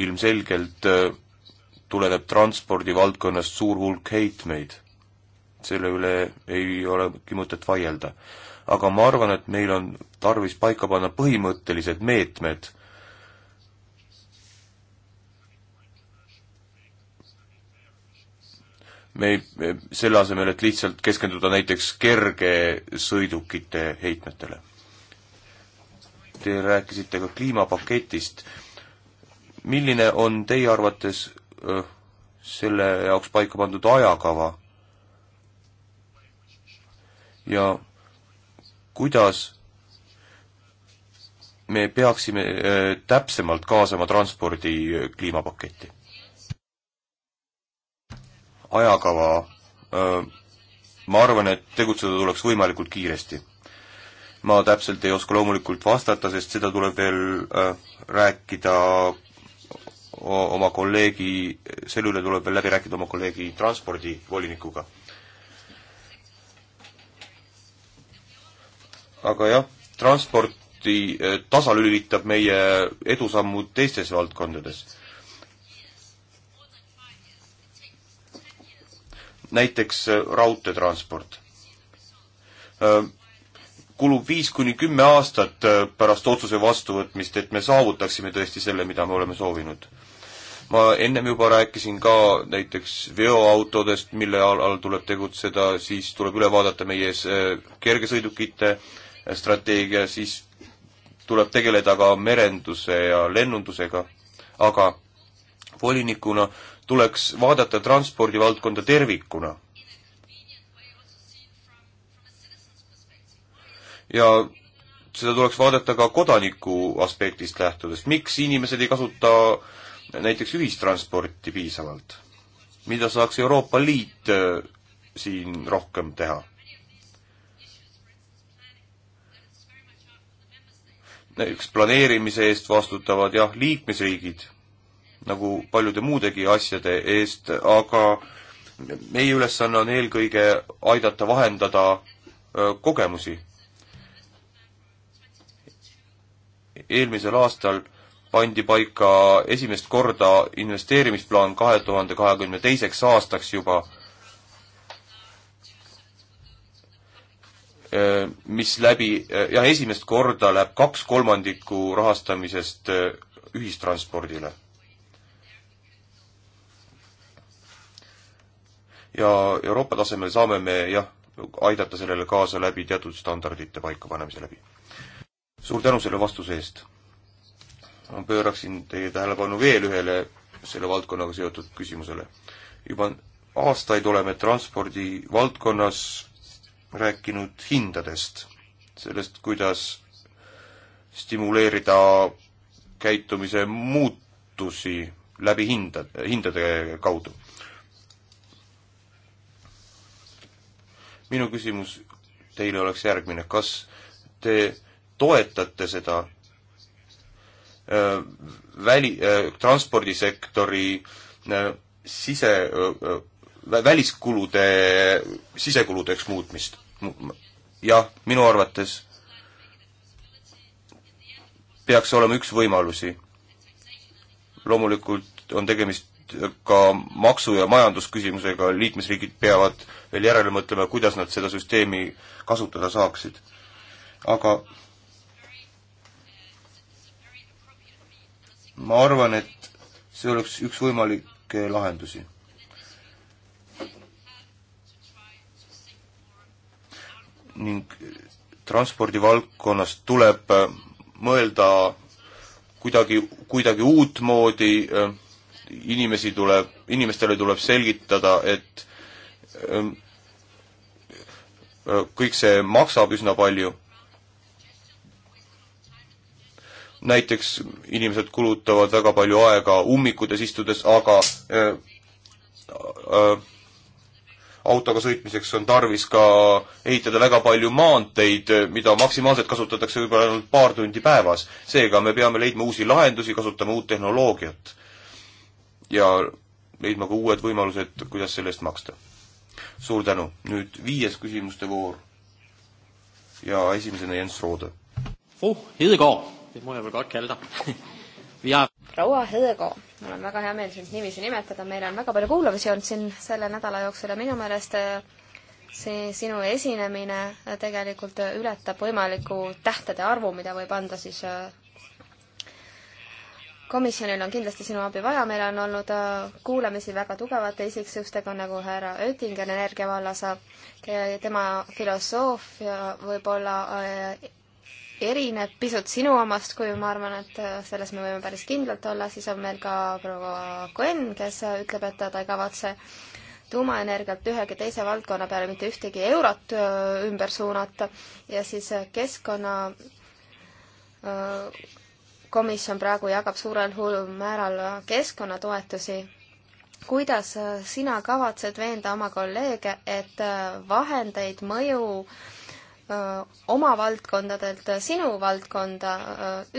ilmselgelt äh, tuleneb transpordivaldkonnast suur hulk heitmeid. selle üle ei olegi mõtet vaielda. aga ma arvan, et meil on tarvis paika panna põhimõttelised meetmed me ei, selle asemel, et lihtsalt keskenduda näiteks kergesõidukite heitmetele. Te rääkisite ka kliimapaketist. milline on teie arvates öö, selle jaoks paika pandud ajakava? ja kuidas me peaksime öö, täpsemalt kaasama transpordi kliimapaketti? ajakava, ma arvan, et tegutseda tuleks võimalikult kiiresti. ma täpselt ei oska loomulikult vastata, sest seda tuleb veel rääkida oma kolleegi, selle üle tuleb veel läbi rääkida oma kolleegi transpordivolinikuga. aga jah, transporti tasalülitab meie edusammud teistes valdkondades näiteks äh, raudteetransport. Äh, kulub viis kuni kümme aastat äh, pärast otsuse vastuvõtmist, et me saavutaksime tõesti selle, mida me oleme soovinud. ma ennem juba rääkisin ka näiteks veoautodest, mille alal tuleb tegutseda, siis tuleb üle vaadata meie kergesõidukite strateegia, siis tuleb tegeleda ka merenduse ja lennundusega, aga volinikuna äh, tuleks vaadata transpordivaldkonda tervikuna. ja seda tuleks vaadata ka kodaniku aspektist lähtudes, miks inimesed ei kasuta näiteks ühistransporti piisavalt? mida saaks Euroopa Liit äh, siin rohkem teha? näiteks planeerimise eest vastutavad jah, liikmesriigid nagu paljude muudegi asjade eest, aga meie ülesanne on eelkõige aidata vahendada kogemusi. eelmisel aastal pandi paika esimest korda investeerimisplaan kahe tuhande kahekümne teiseks aastaks juba, mis läbi, jah, esimest korda läheb kaks kolmandikku rahastamisest ühistranspordile ja Euroopa tasemel saame me jah, aidata sellele kaasa läbi teatud standardite paikapanemise läbi. suur tänu selle vastuse eest. ma pööraksin teie tähelepanu veel ühele selle valdkonnaga seotud küsimusele. juba aastaid oleme transpordi valdkonnas rääkinud hindadest, sellest, kuidas stimuleerida käitumise muutusi läbi hinda, hindade kaudu minu küsimus teile oleks järgmine, kas te toetate seda äh, väli äh,, transpordisektori äh, sise äh,, äh väliskulude sisekuludeks muutmist? jah, minu arvates peaks olema üks võimalusi. loomulikult on tegemist ka maksu- ja majandusküsimusega liikmesriigid peavad veel järele mõtlema, kuidas nad seda süsteemi kasutada saaksid. aga ma arvan, et see oleks üks võimalikke lahendusi. ning transpordivaldkonnas tuleb mõelda kuidagi, kuidagi uutmoodi äh, inimesi tuleb, inimestele tuleb selgitada, et ähm, äh, kõik see maksab üsna palju. näiteks inimesed kulutavad väga palju aega ummikutes istudes, aga äh, äh, autoga sõitmiseks on tarvis ka ehitada väga palju maanteid, äh, mida maksimaalselt kasutatakse võib-olla ainult paar tundi päevas. seega me peame leidma uusi lahendusi, kasutama uut tehnoloogiat ja leidma ka uued võimalused, kuidas selle eest maksta. suur tänu. nüüd viies küsimuste voor. ja esimesena Jens Roode. oh, Hedegaard, ma olen väga kelda ja proua Hedegaard, mul on väga hea meel sind niiviisi nimetada, meil on väga palju kuulamisi olnud siin selle nädala jooksul ja minu meelest eh, see sinu esinemine eh, tegelikult eh, ületab võimaliku tähtede arvu, mida võib anda siis komisjonil on kindlasti sinu abi vaja, meil on olnud äh, kuulamisi väga tugevate isiksustega, nagu härra Oettinger energia vallas, äh, tema filosoofia võib-olla äh, erineb pisut sinu omast, kui ma arvan, et selles me võime päris kindlalt olla, siis on meil ka proua Gwen, kes ütleb, et ta ei kavatse tuumaenergiat ühegi teise valdkonna peale mitte ühtegi eurot ümber suunata ja siis keskkonna komisjon praegu jagab suurel hulgal määral keskkonnatoetusi. kuidas sina kavatsed veenda oma kolleege, et vahendeid, mõju oma valdkondadelt sinu valdkonda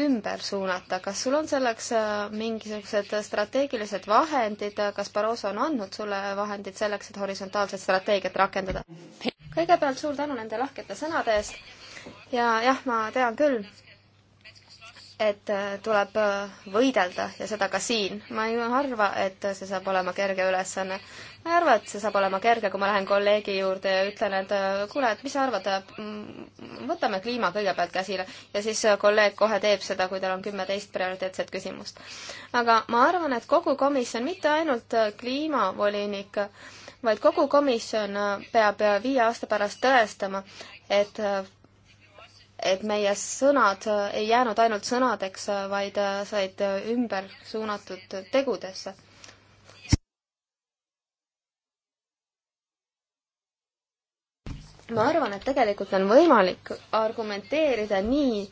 ümber suunata, kas sul on selleks mingisugused strateegilised vahendid, kas Barroso on andnud sulle vahendid selleks, et horisontaalset strateegiat rakendada? kõigepealt suur tänu nende lahkete sõnade eest ja jah, ma tean küll, et äh, tuleb äh, võidelda ja seda ka siin. ma ei arva, et see saab olema kerge ülesanne. ma ei arva, et see saab olema kerge, kui ma lähen kolleegi juurde ja ütlen, et äh, kuule, et mis sa arvad, võtame kliima kõigepealt käsile ja siis kolleeg kohe teeb seda, kui tal on kümme-teist prioriteetset küsimust. aga ma arvan, et kogu komisjon, mitte ainult kliimavolinik, vaid kogu komisjon peab viie aasta pärast tõestama, et et meie sõnad äh, ei jäänud ainult sõnadeks, äh, vaid äh, said ümber suunatud tegudesse. ma arvan, et tegelikult on võimalik argumenteerida nii,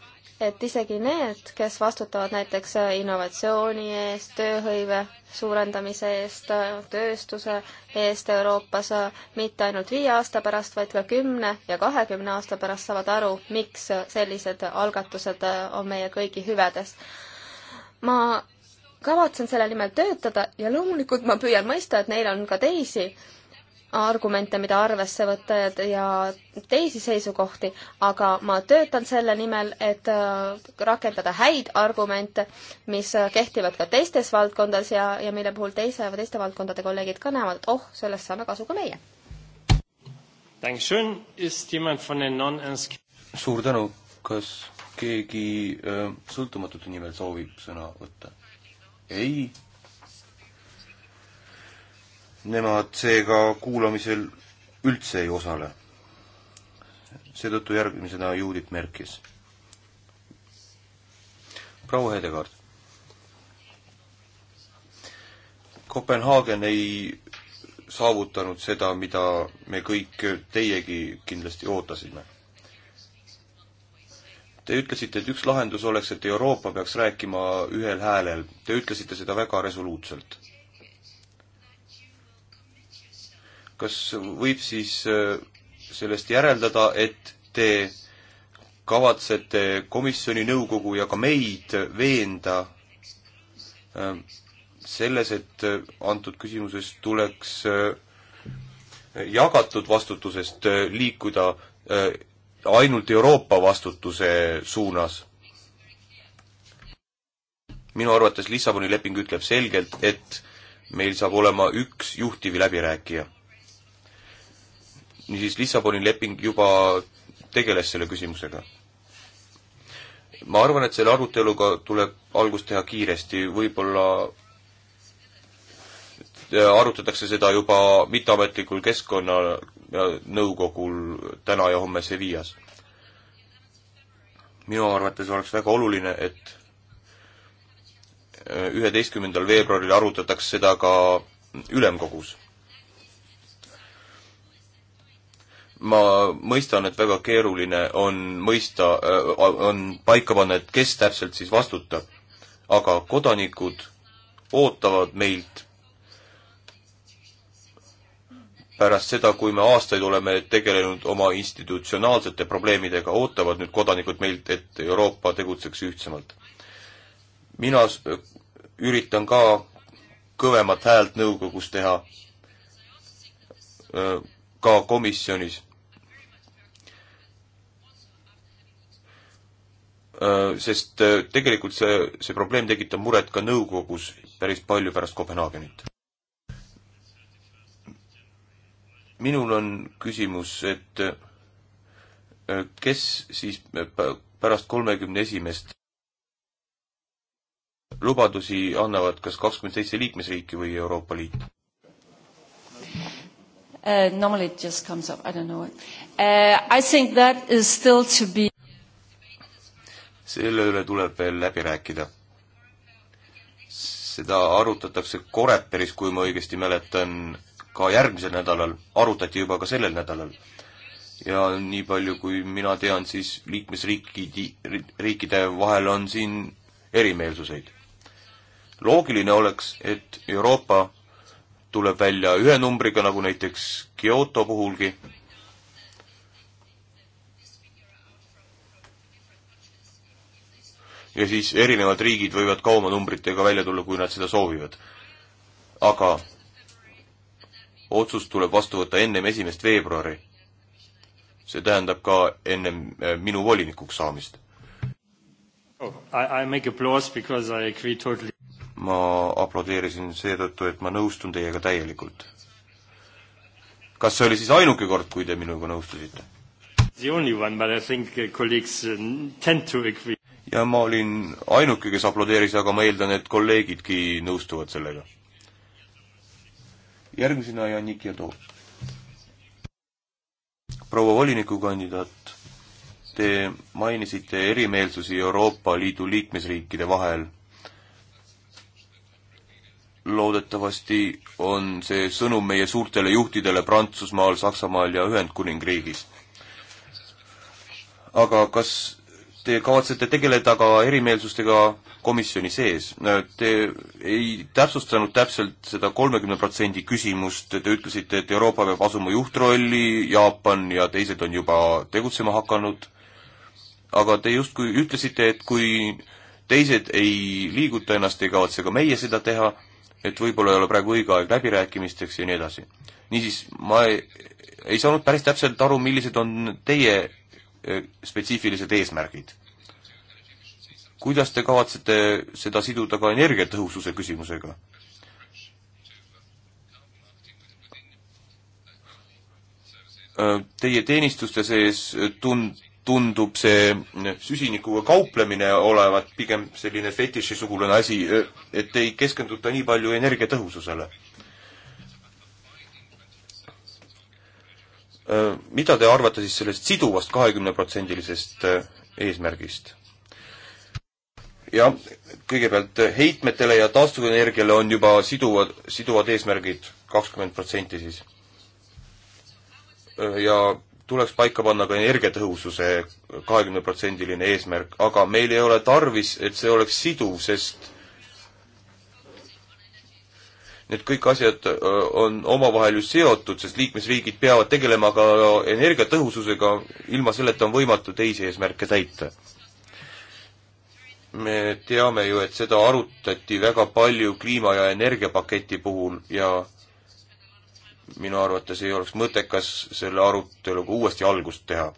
et isegi need, kes vastutavad näiteks äh, innovatsiooni eest, tööhõive suurendamise eest, äh, tööstuse eest Euroopas, äh, mitte ainult viie aasta pärast, vaid ka kümne ja kahekümne aasta pärast saavad aru, miks sellised algatused on meie kõigi hüvedes. ma kavatsen selle nimel töötada ja loomulikult ma püüan mõista, et neil on ka teisi argumente, mida arvesse võtta ja teisi seisukohti, aga ma töötan selle nimel, et äh, rakendada häid argumente, mis äh, kehtivad ka teistes valdkondades ja, ja mille puhul teise, teiste valdkondade kolleegid ka näevad, et oh, sellest saame kasu ka meie. suur tänu, kas keegi äh, sõltumatute nimel soovib sõna võtta? ei Nemad seega kuulamisel üldse ei osale. seetõttu järgmisena Juudit märkis. proua Hedegaard. Kopenhaagen ei saavutanud seda, mida me kõik teiegi kindlasti ootasime. Te ütlesite, et üks lahendus oleks, et Euroopa peaks rääkima ühel häälel. Te ütlesite seda väga resoluutselt kas võib siis äh, sellest järeldada, et te kavatsete komisjoni, nõukogu ja ka meid veenda äh, selles, et äh, antud küsimuses tuleks jagatud vastutusest liikuda ainult Euroopa vastutuse suunas. minu arvates Lissaboni leping ütleb selgelt, et meil saab olema üks juhtiv läbirääkija niisiis Lissaboni leping juba tegeles selle küsimusega. ma arvan, et selle aruteluga tuleb algust teha kiiresti, võib-olla arutatakse seda juba mitteametlikul keskkonnanõukogul täna ja homme Sevillas. minu arvates oleks väga oluline, et üheteistkümnendal veebruaril arutatakse seda ka ülemkogus ma mõistan, et väga keeruline on mõista, äh, on paika panna, et kes täpselt siis vastutab. aga kodanikud ootavad meilt pärast seda, kui me aastaid oleme tegelenud oma institutsionaalsete probleemidega, ootavad nüüd kodanikud meilt, et Euroopa tegutseks ühtsemalt. mina üritan ka kõvemat häält nõukogus teha, äh, ka komisjonis. Äh, sest äh, tegelikult see, see probleem tekitab muret ka nõukogus päris palju pärast Kopenhaagenit. minul on küsimus, et äh, kes siis pärast kolmekümne esimest lubadusi annavad kas kakskümmend seitse liikmesriiki või Euroopa Liit uh,? Normally it just comes up, I don't know uh,. I think that is still to be selle üle tuleb veel läbi rääkida. seda arutatakse Koreperis, kui ma õigesti mäletan, ka järgmisel nädalal, arutati juba ka sellel nädalal. ja nii palju, kui mina tean, siis liikmesriikide, riikide vahel on siin erimeelsuseid. loogiline oleks, et Euroopa tuleb välja ühe numbriga, nagu näiteks Kyoto puhulgi ja siis erinevad riigid võivad ka oma numbritega välja tulla, kui nad seda soovivad. aga otsus tuleb vastu võtta ennem esimest veebruari. see tähendab ka ennem äh, minu volinikuks saamist oh,. Totally. ma aplodeerisin seetõttu, et ma nõustun teiega täielikult. kas see oli siis ainuke kord, kui te minuga nõustusite? The only one, but I think uh, colleagues uh, tend to agree ja ma olin ainuke, kes aplodeeris, aga ma eeldan, et kolleegidki nõustuvad sellega. järgmisena Janik Jado. proua volinikukandidaat, te mainisite erimeelsusi Euroopa Liidu liikmesriikide vahel. loodetavasti on see sõnum meie suurtele juhtidele Prantsusmaal, Saksamaal ja Ühendkuningriigis. aga kas te kavatsete tegeleda ka erimeelsustega komisjoni sees. Te ei täpsustanud täpselt seda kolmekümne protsendi küsimust, te ütlesite, et Euroopa peab asuma juhtrolli, Jaapan ja teised on juba tegutsema hakanud, aga te justkui ütlesite, et kui teised ei liiguta ennast, ei kavatse ka meie seda teha, et võib-olla ei ole praegu õige aeg läbirääkimisteks ja nii edasi. niisiis, ma ei, ei saanud päris täpselt aru, millised on teie Eh, spetsiifilised eesmärgid. kuidas te kavatsete seda siduda ka energiatõhususe küsimusega? Äh, teie teenistuste sees tund-, tundub see mm, süsinikuga kauplemine olevat pigem selline fetišisugune asi, äh, et ei keskenduta nii palju energiatõhususele mida te arvate siis sellest siduvast kahekümneprotsendilisest eesmärgist? jah, kõigepealt heitmetele ja taastuvenergiale on juba siduvad, siduvad eesmärgid kakskümmend protsenti siis. ja tuleks paika panna ka energiatõhususe kahekümneprotsendiline eesmärk, aga meil ei ole tarvis, et see oleks siduv, sest need kõik asjad äh, on omavahel ju seotud, sest liikmesriigid peavad tegelema ka energiatõhususega, ilma selleta on võimatu teisi eesmärke täita. me teame ju, et seda arutati väga palju kliima- ja energiapaketi puhul ja minu arvates ei oleks mõttekas selle aruteluga uuesti algust teha.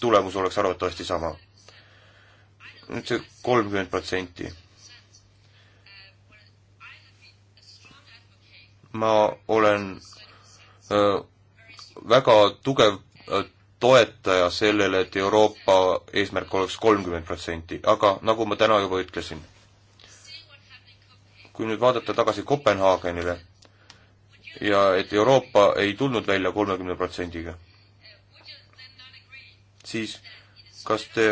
tulemus oleks arvatavasti sama. nüüd see kolmkümmend protsenti ma olen väga tugev toetaja sellele, et Euroopa eesmärk oleks kolmkümmend protsenti, aga nagu ma täna juba ütlesin, kui nüüd vaadata tagasi Kopenhaagenile ja et Euroopa ei tulnud välja kolmekümne protsendiga, siis kas te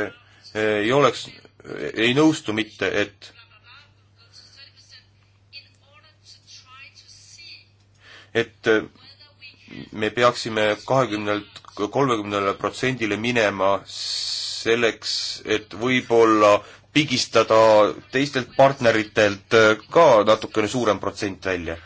e, ei oleks, e, ei nõustu mitte, et et äh, me peaksime kahekümnelt kolmekümnele protsendile minema selleks, et võib-olla pigistada teistelt partneritelt äh, ka natukene suurem protsent välja.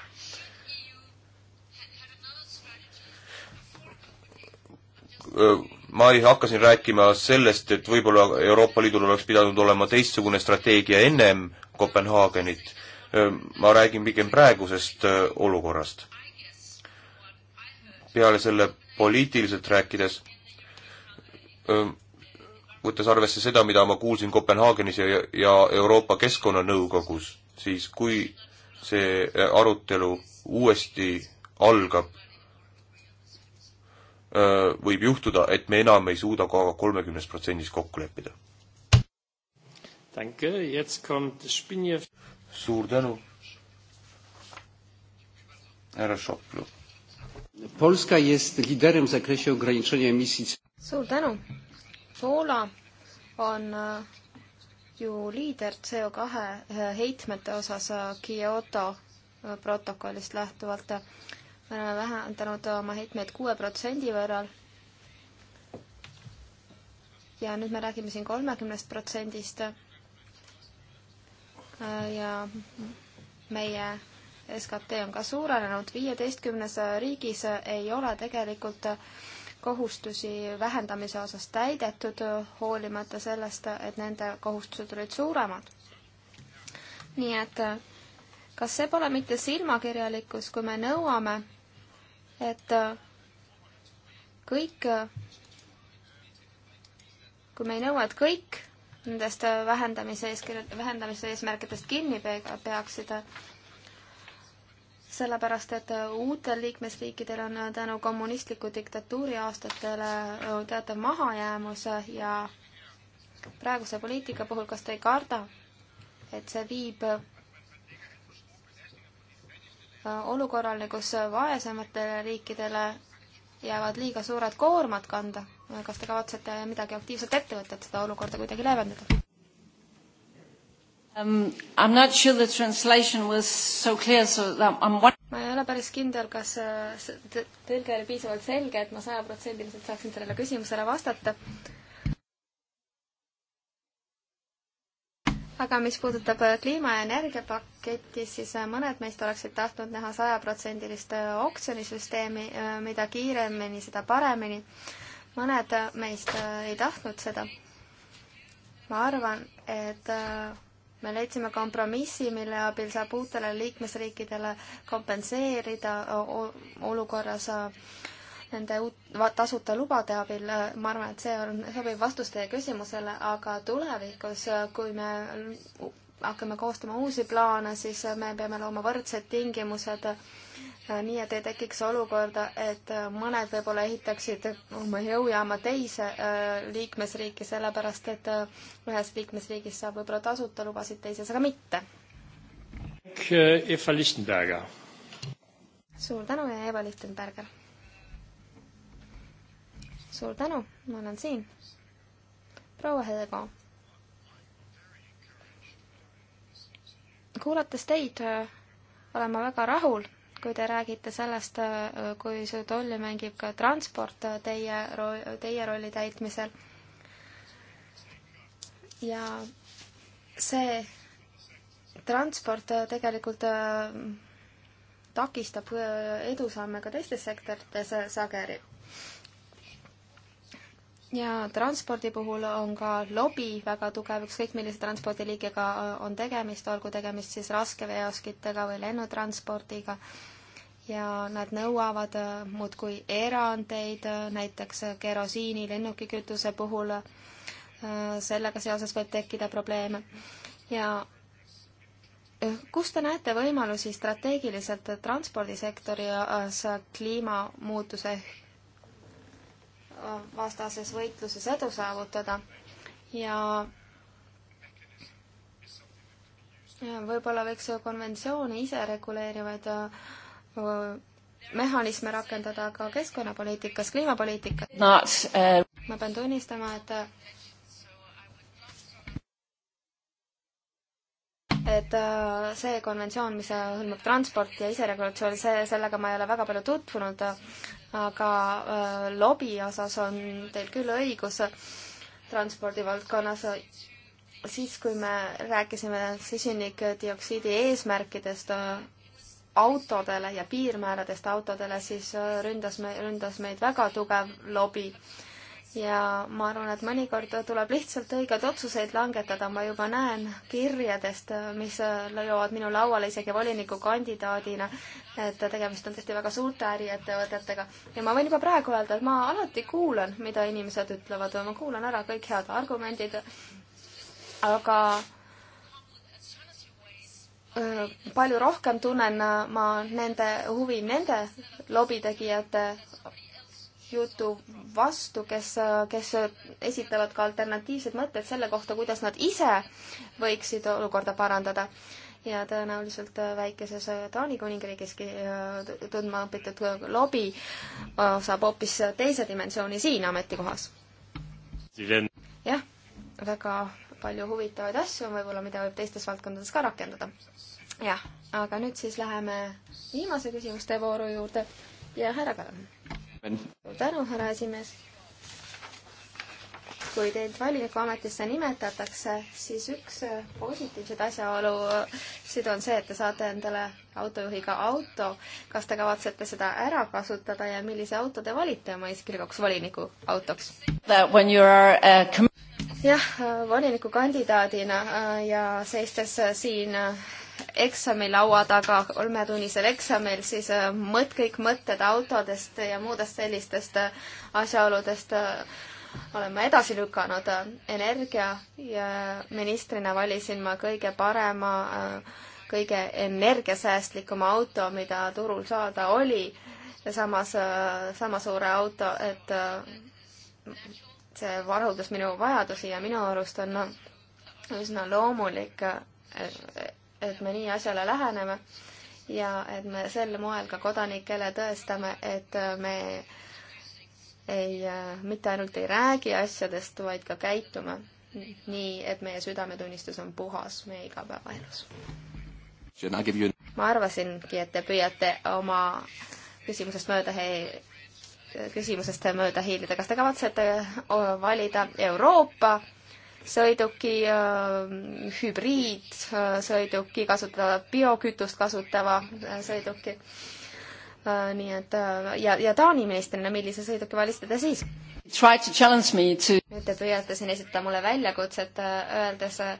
Äh, ma hakkasin rääkima sellest, et võib-olla Euroopa Liidul oleks pidanud olema teistsugune strateegia ennem Kopenhaagenit. ma räägin pigem praegusest olukorrast peale selle poliitiliselt rääkides, võttes arvesse seda, mida ma kuulsin Kopenhaagenis ja, ja Euroopa Keskkonnanõukogus, siis kui see arutelu uuesti algab, võib juhtuda, et me enam ei suuda ka kolmekümnes protsendis kokku leppida. suur tänu, härra Šoplu Polska jest liderem w zakresie ograniczenia emisji. suur tänu. Poola on e, ju liider CO2 e, heitmete osas e, Kyoto protokollist lähtuvalt. me oleme vähendanud oma heitmeid kuue protsendi võrra. ja nüüd me räägime siin kolmekümnest protsendist. ja meie SKT on ka suurenenud, viieteistkümnes riigis ei ole tegelikult kohustusi vähendamise osas täidetud, hoolimata sellest, et nende kohustused olid suuremad. nii et kas see pole mitte silmakirjalikkus, kui me nõuame, et kõik, kui me ei nõua, et kõik nendest vähendamise eeskirja, vähendamise eesmärkidest kinni peaksid, sellepärast, et uutel liikmesriikidel on tänu kommunistliku diktatuuri aastatele teatav mahajäämus ja praeguse poliitika puhul, kas te ei karda, et see viib olukorrale, kus vaesematele riikidele jäävad liiga suured koormad kanda. kas te kavatsete midagi aktiivselt ette võtta, et seda olukorda kuidagi leevendada? Um, I am not sure the translation was so clear, so I am ma ei ole päris kindel, kas äh, tõlge oli piisavalt selge, et ma sajaprotsendiliselt saaksin sellele küsimusele vastata. aga mis puudutab äh, kliima- ja energiapaketti, siis äh, mõned meist oleksid tahtnud näha sajaprotsendilist oksjonisüsteemi, mida kiiremini, seda paremini. mõned meist ei tahtnud seda. ma arvan, et me leidsime kompromissi, mille abil saab uutele liikmesriikidele kompenseerida olukorras äh, nende uut tasuta lubade abil, äh, ma arvan, et see on sobiv vastus teie küsimusele, aga tulevikus, äh, kui me hakkame koostama uusi plaane, siis me peame looma võrdsed tingimused nii et ei tekiks olukorda, et äh, mõned võib-olla ehitaksid oma jõujaama teise äh, liikmesriiki, sellepärast et äh, ühes liikmesriigis saab võib-olla tasuta lubasid, teises aga mitte. Eva Lichtenberger. suur tänu ja Eva Lichtenberger. suur tänu, ma olen siin. proua Hego. kuulates teid, olen ma väga rahul kui te räägite sellest, kui suurt rolli mängib ka transport teie, teie rolli täitmisel. ja see transport tegelikult äh, takistab äh, edusamme ka teistes sektorites äh, sageli. ja transpordi puhul on ka lobi väga tugev, ükskõik millise transpordiliigiga on tegemist, olgu tegemist siis raskeveoskitega või lennutranspordiga ja nad nõuavad äh, muudkui erandeid, äh, näiteks äh, kerosiini lennukikütuse puhul. sellega seoses võib tekkida probleeme ja kus te näete võimalusi strateegiliselt transpordisektori kliimamuutuse vastases võitluses edu saavutada ja võib-olla võiks ju konventsiooni ise reguleerivaid mehhanisme rakendada ka keskkonnapoliitikas, kliimapoliitikas no,. Uh... ma pean tunnistama, et et äh, see konventsioon, mis hõlmab transporti ja iseregulatsiooni, see, sellega ma ei ole väga palju tutvunud, aga äh, lobi osas on teil küll õigus transpordivaldkonnas siis, kui me rääkisime süsinikdioksiidi eesmärkidest, autodele ja piirmääradest autodele, siis äh, ründas me, ründas meid väga tugev lobi. ja ma arvan, et mõnikord tuleb lihtsalt õigeid otsuseid langetada, ma juba näen kirjadest, äh, mis jõuavad äh, minu lauale isegi volinikukandidaadina, et tegemist on tõesti väga suurte äriettevõtetega. ja ma võin juba praegu öelda, et ma alati kuulan, mida inimesed ütlevad, ma kuulan ära kõik head argumendid, aga palju rohkem tunnen ma nende huvi nende lobitegijate jutu vastu, kes, kes esitavad ka alternatiivsed mõtted selle kohta, kuidas nad ise võiksid olukorda parandada. ja tõenäoliselt väikeses Taani kuningriigiski tundma õpitud lobi saab hoopis teise dimensiooni siin ametikohas. jah, väga palju huvitavaid asju on võib-olla, mida võib teistes valdkondades ka rakendada. jah, aga nüüd siis läheme viimase küsimuste vooru juurde ja härra Kalm. suur tänu, härra esimees. kui teid valimikuametisse nimetatakse, siis üks positiivseid asjaolusid on see, et te saate endale autojuhiga auto. kas te kavatsete seda ära kasutada ja millise auto te valite oma eeskirjaks volinikuautoks? jah, volinikukandidaadina äh, ja seistes äh, siin äh, eksamilaua taga kolmetunnisel eksamil, siis mõt-, kõik mõtted autodest ja muudest sellistest asjaoludest olen ma edasi lükanud. energia ja ministrina valisin ma kõige parema, kõige energiasäästlikuma auto, mida turul saada oli ja samas, sama suure auto, et see varuldas minu vajadusi ja minu arust on üsna loomulik, et me nii asjale läheneme ja et me sel moel ka kodanikele tõestame, et me ei, mitte ainult ei räägi asjadest, vaid ka käitume nii, et meie südametunnistus on puhas meie igapäevaelus. ma arvasingi, et te püüate oma küsimusest mööda küsimusest mööda hiilida, kas te kavatsete äh, valida Euroopa sõiduki, äh, hübriidsõiduki, kasutada biokütust kasutava äh, sõiduki? nii et ja, ja Taani ministrina, millise sõiduki valisite te siis? To... nüüd te püüate siin esitada mulle väljakutset, öeldes äh,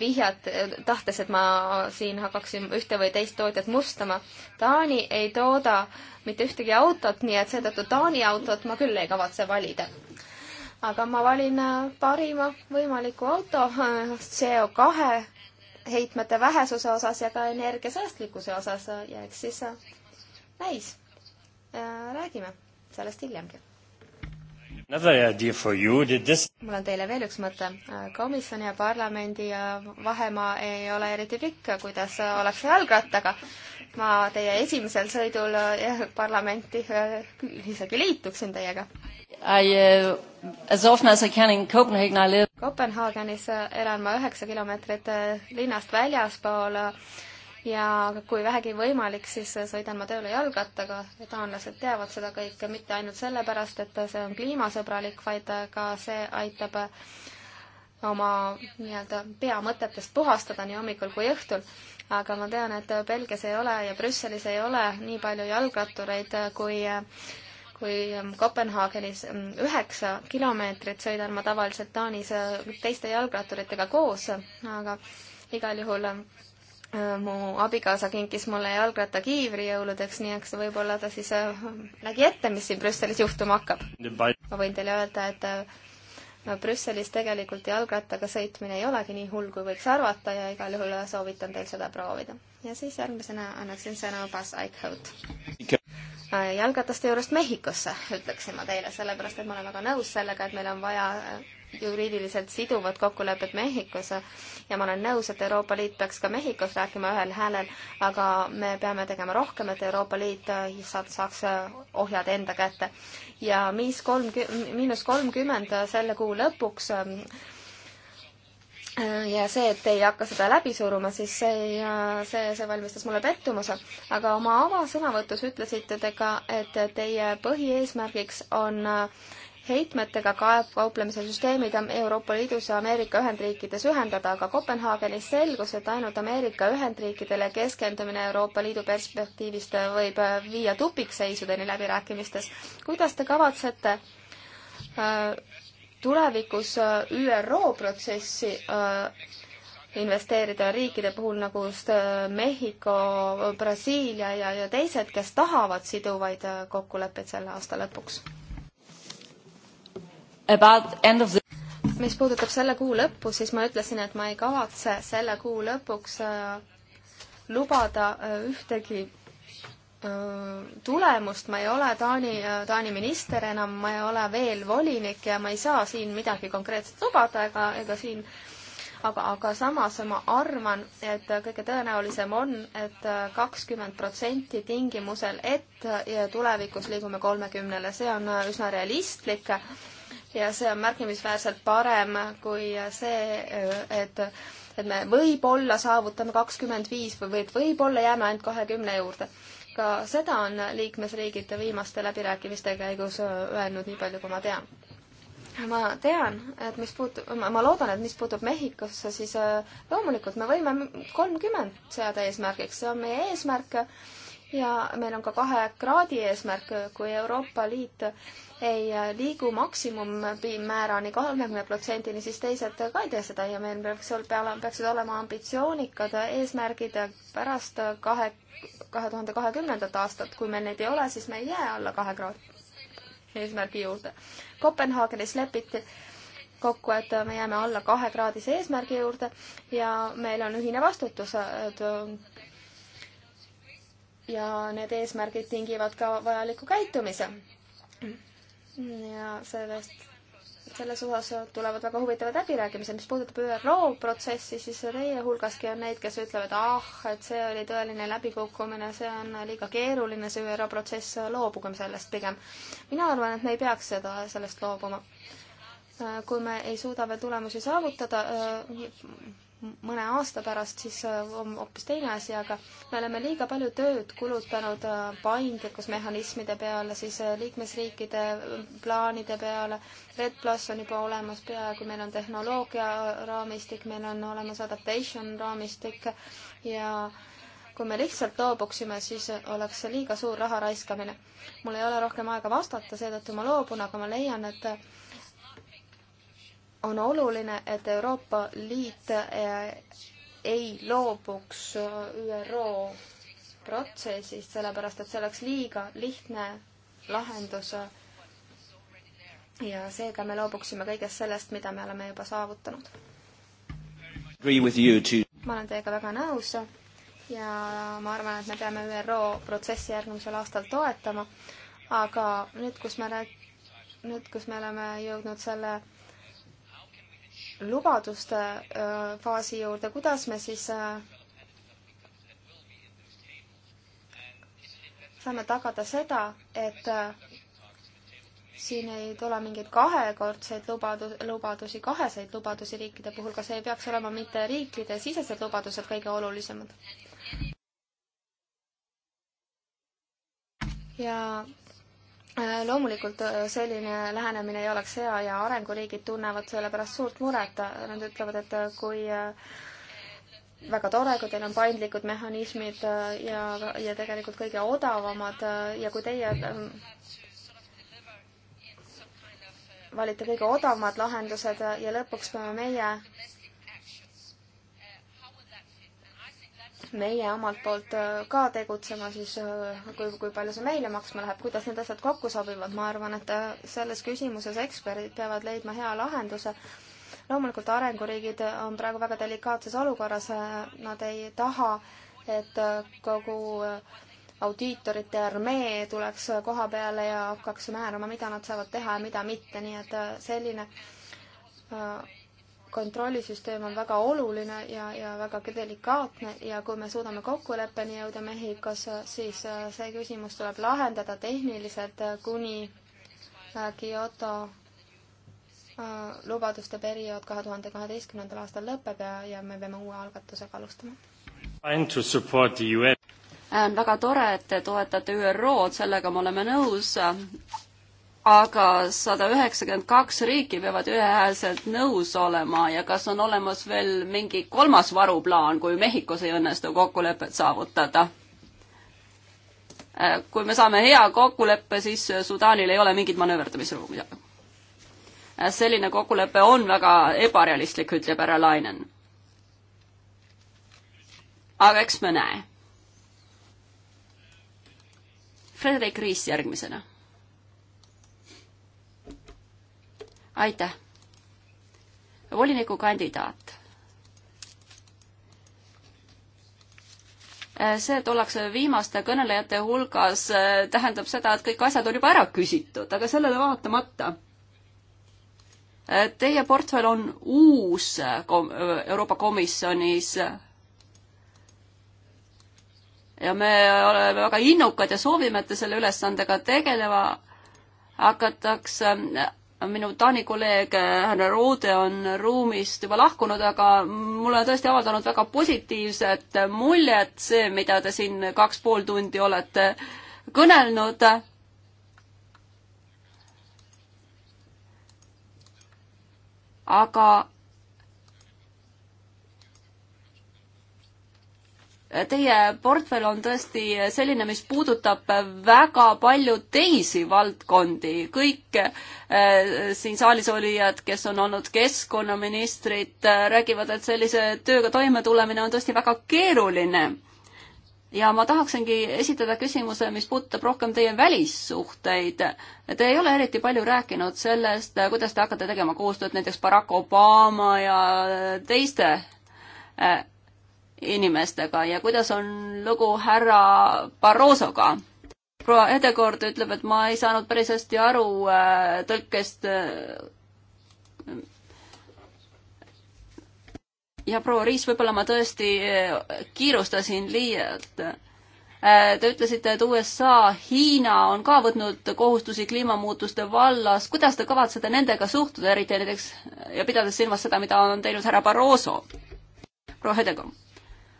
vihjad, tahtes, et ma siin hakkaksin ühte või teist tootjat mustama. Taani ei tooda mitte ühtegi autot, nii et seetõttu Taani autot ma küll ei kavatse valida. aga ma valin äh, parima võimaliku auto äh, CO2 heitmete vähesuse osas ja ka energiasäästlikkuse osas ja eks siis äh, näis. räägime sellest hiljemgi mul on teile veel üks mõte. komisjoni ja parlamendi vahemaa ei ole eriti pikk, kuidas ollakse jalgrattaga. ma teie esimesel sõidul eh, parlamenti eh, isegi liituksin teiega. Eh, Kopenhaagenis elan ma üheksa kilomeetrit linnast väljaspool ja kui vähegi võimalik, siis sõidan ma tööle jalgrattaga ja taanlased teavad seda kõike mitte ainult sellepärast, et see on kliimasõbralik, vaid ka see aitab oma nii-öelda peamõtetest puhastada nii hommikul kui õhtul. aga ma tean, et Belgias ei ole ja Brüsselis ei ole nii palju jalgrattureid kui kui Kopenhaagenis üheksa kilomeetrit sõidan ma tavaliselt Taanis teiste jalgratturitega koos, aga igal juhul Äh, mu abikaasa kinkis mulle jalgrattakiivri jõuludeks, nii eks võib-olla ta siis äh, nägi ette, mis siin Brüsselis juhtuma hakkab. ma võin teile öelda, et äh, Brüsselis tegelikult jalgrattaga sõitmine ei olegi nii hull, kui võiks arvata ja igal juhul soovitan teil seda proovida. ja siis järgmisena annaksin sõna Buzz Eichhout. jalgrataste juurest Mehhikosse, ütleksin ma teile, sellepärast et ma olen väga nõus sellega, et meil on vaja juriidiliselt siduvad kokkulepped Mehhikos ja ma olen nõus, et Euroopa Liit peaks ka Mehhikos rääkima ühel häälel, aga me peame tegema rohkem, et Euroopa Liit saaks ohjad enda kätte. ja miis kolm, miinus kolmkümmend selle kuu lõpuks ja see, et ei hakka seda läbi suruma, siis see, see, see valmistas mulle pettumuse. aga oma avasõnavõtus ütlesite te ka, et teie põhieesmärgiks on äh, heitmetega kaeb kauplemise süsteemid Euroopa Liidus ja Ameerika Ühendriikides ühendada, aga Kopenhaagenis selgus, et ainult Ameerika Ühendriikidele keskendumine Euroopa Liidu perspektiivist võib äh, viia tupikseisudeni läbirääkimistes. kuidas te kavatsete äh, tulevikus äh, ÜRO protsessi investeerida riikide puhul nagu just Mehhiko, Brasiilia ja, ja teised, kes tahavad siduvaid kokkuleppeid selle aasta lõpuks? the... mis puudutab selle kuu lõppu, siis ma ütlesin, et ma ei kavatse selle kuu lõpuks äh, lubada äh, ühtegi äh, tulemust, ma ei ole Taani, Taani minister enam, ma ei ole veel volinik ja ma ei saa siin midagi konkreetset lubada ega, ega siin aga, aga samas ma arvan, et kõige tõenäolisem on et, et kakskümmend protsenti tingimusel, et tulevikus liigume kolmekümnele, see on üsna realistlik ja see on märkimisväärselt parem kui see, et et me võib-olla saavutame kakskümmend viis või et võib-olla jääme ainult kahekümne juurde. ka seda on liikmesriigid viimaste läbirääkimiste käigus öelnud, nii palju kui ma tean. ma tean, et mis puutub, ma loodan, et mis puutub Mehhikosse, siis äh, loomulikult me võime kolmkümmend seada eesmärgiks, see on meie eesmärk ja meil on ka kahe kraadi eesmärk, kui Euroopa Liit ei liigu maksimumpiirmäärani kolmekümne protsendini, siis teised ka ei tee seda ja meil peaks ol-, peale, peaksid olema ambitsioonikad eesmärgid pärast kahe, kahe tuhande kahekümnendat aastat, kui meil neid ei ole, siis me ei jää alla kahe kraadi eesmärgi juurde. Kopenhaagenis lepiti kokku, et me jääme alla kahekraadise eesmärgi juurde ja meil on ühine vastutus, et ja need eesmärgid tingivad ka vajaliku käitumise. ja sellest, selles osas tulevad väga huvitavad läbirääkimised, mis puudutab ÜRO protsessi, siis teie hulgaski on neid, kes ütlevad, ah, et see oli tõeline läbikukkumine, see on liiga keeruline, see ÜRO protsess, loobugem sellest pigem. mina arvan, et me ei peaks seda, sellest loobuma. kui me ei suuda veel tulemusi saavutada, mõne aasta pärast, siis äh, on hoopis teine asi, aga me oleme liiga palju tööd kulutanud äh, paindlikkusmehhanismide peale, siis äh, liikmesriikide plaanide peale. Red Plus on juba olemas peaaegu, meil on tehnoloogia raamistik, meil on olemas adaptation raamistik ja kui me lihtsalt loobuksime, siis oleks see liiga suur raha raiskamine. mul ei ole rohkem aega vastata, seetõttu ma loobun, aga ma leian, et on oluline, et Euroopa Liit eh, ei loobuks eh, ÜRO protsessist, sellepärast et see oleks liiga lihtne lahendus. ja seega me loobuksime kõigest sellest, mida me oleme juba saavutanud. ma olen teiega väga nõus ja ma arvan, et me peame ÜRO protsessi järgmisel aastal toetama. aga nüüd, kus me, nüüd, kus me oleme jõudnud selle lubaduste faasi juurde, kuidas me siis saame tagada seda, et siin ei tule mingeid kahekordseid lubadus, lubadusi, kaheseid lubadusi riikide puhul, kas ei peaks olema mitte riikide sisesed lubadused kõige olulisemad? ja Äh, loomulikult äh, selline lähenemine ei oleks hea ja arenguriigid tunnevad selle pärast suurt muret. Nad ütlevad, et äh, kui väga tore, kui teil on paindlikud mehhanismid ja, ja tegelikult kõige odavamad ja kui teie ähm, valite kõige odavamad lahendused ja lõpuks peame meie meie omalt poolt äh, ka tegutsema, siis äh, kui, kui palju see meile maksma läheb, kuidas need asjad kokku sobivad, ma arvan, et äh, selles küsimuses eksperdid peavad leidma hea lahenduse. loomulikult arenguriigid on praegu väga delikaatses olukorras, nad ei taha, et kogu audiitorite armee tuleks koha peale ja hakkaks määrama, mida nad saavad teha ja mida mitte, nii et selline kontrollisüsteem on väga oluline ja, ja väga delikaatne ja kui me suudame kokkuleppeni jõuda Mehhikos, siis äh, see küsimus tuleb lahendada tehniliselt äh, kuni äh, Kyoto lubaduste periood kahe tuhande kaheteistkümnendal aastal lõpeb ja, ja me peame uue algatusega alustama. on väga tore, et te toetate ÜRO-d, sellega me oleme nõus, aga sada üheksakümmend kaks riiki peavad ühehäälselt nõus olema ja kas on olemas veel mingi kolmas varuplaan, kui Mehhikos ei õnnestu kokkulepet saavutada? Äh, kui me saame hea kokkuleppe, siis Sudaanil ei ole mingit manööverdamisruumi. Äh, selline kokkulepe on väga ebarealistlik, ütleb härra Lainen. aga eks me näe. Frederik Riis järgmisena aitäh. volinikukandidaat. Äh, see, et ollakse viimaste kõnelejate hulgas, äh, tähendab seda, et kõik asjad on juba ära küsitud, aga sellele vaatamata äh, Teie portfell on uus kom Euroopa Komisjonis ja me oleme väga innukad ja soovime, et te selle ülesandega tegelema hakatakse, minu Taani kolleeg äh, härra Roode on ruumist juba lahkunud, aga mulle on tõesti avaldanud väga positiivset muljet see, mida te siin kaks pool tundi olete kõnelnud. aga Teie portfell on tõesti selline, mis puudutab väga palju teisi valdkondi, kõik äh, siin saalis olijad, kes on olnud keskkonnaministrid äh,, räägivad, et sellise tööga toimetulemine on tõesti väga keeruline. ja ma tahaksingi esitada küsimuse, mis puudutab rohkem teie välissuhteid. Te ei ole eriti palju rääkinud sellest, äh, kuidas te hakkate tegema koostööd näiteks Barack Obama ja äh, teiste äh, inimestega ja kuidas on lugu härra Barrosoga? proua Edekord ütleb, et ma ei saanud päris hästi aru äh, tõlkest äh,. ja proua Riis, võib-olla ma tõesti äh, kiirustasin liialt äh,. Te ütlesite, et USA, Hiina on ka võtnud kohustusi kliimamuutuste vallas. kuidas te kavatsete nendega suhtuda, eriti näiteks ja pidades silmas seda, mida on teinud härra Barroso? proua Hedekord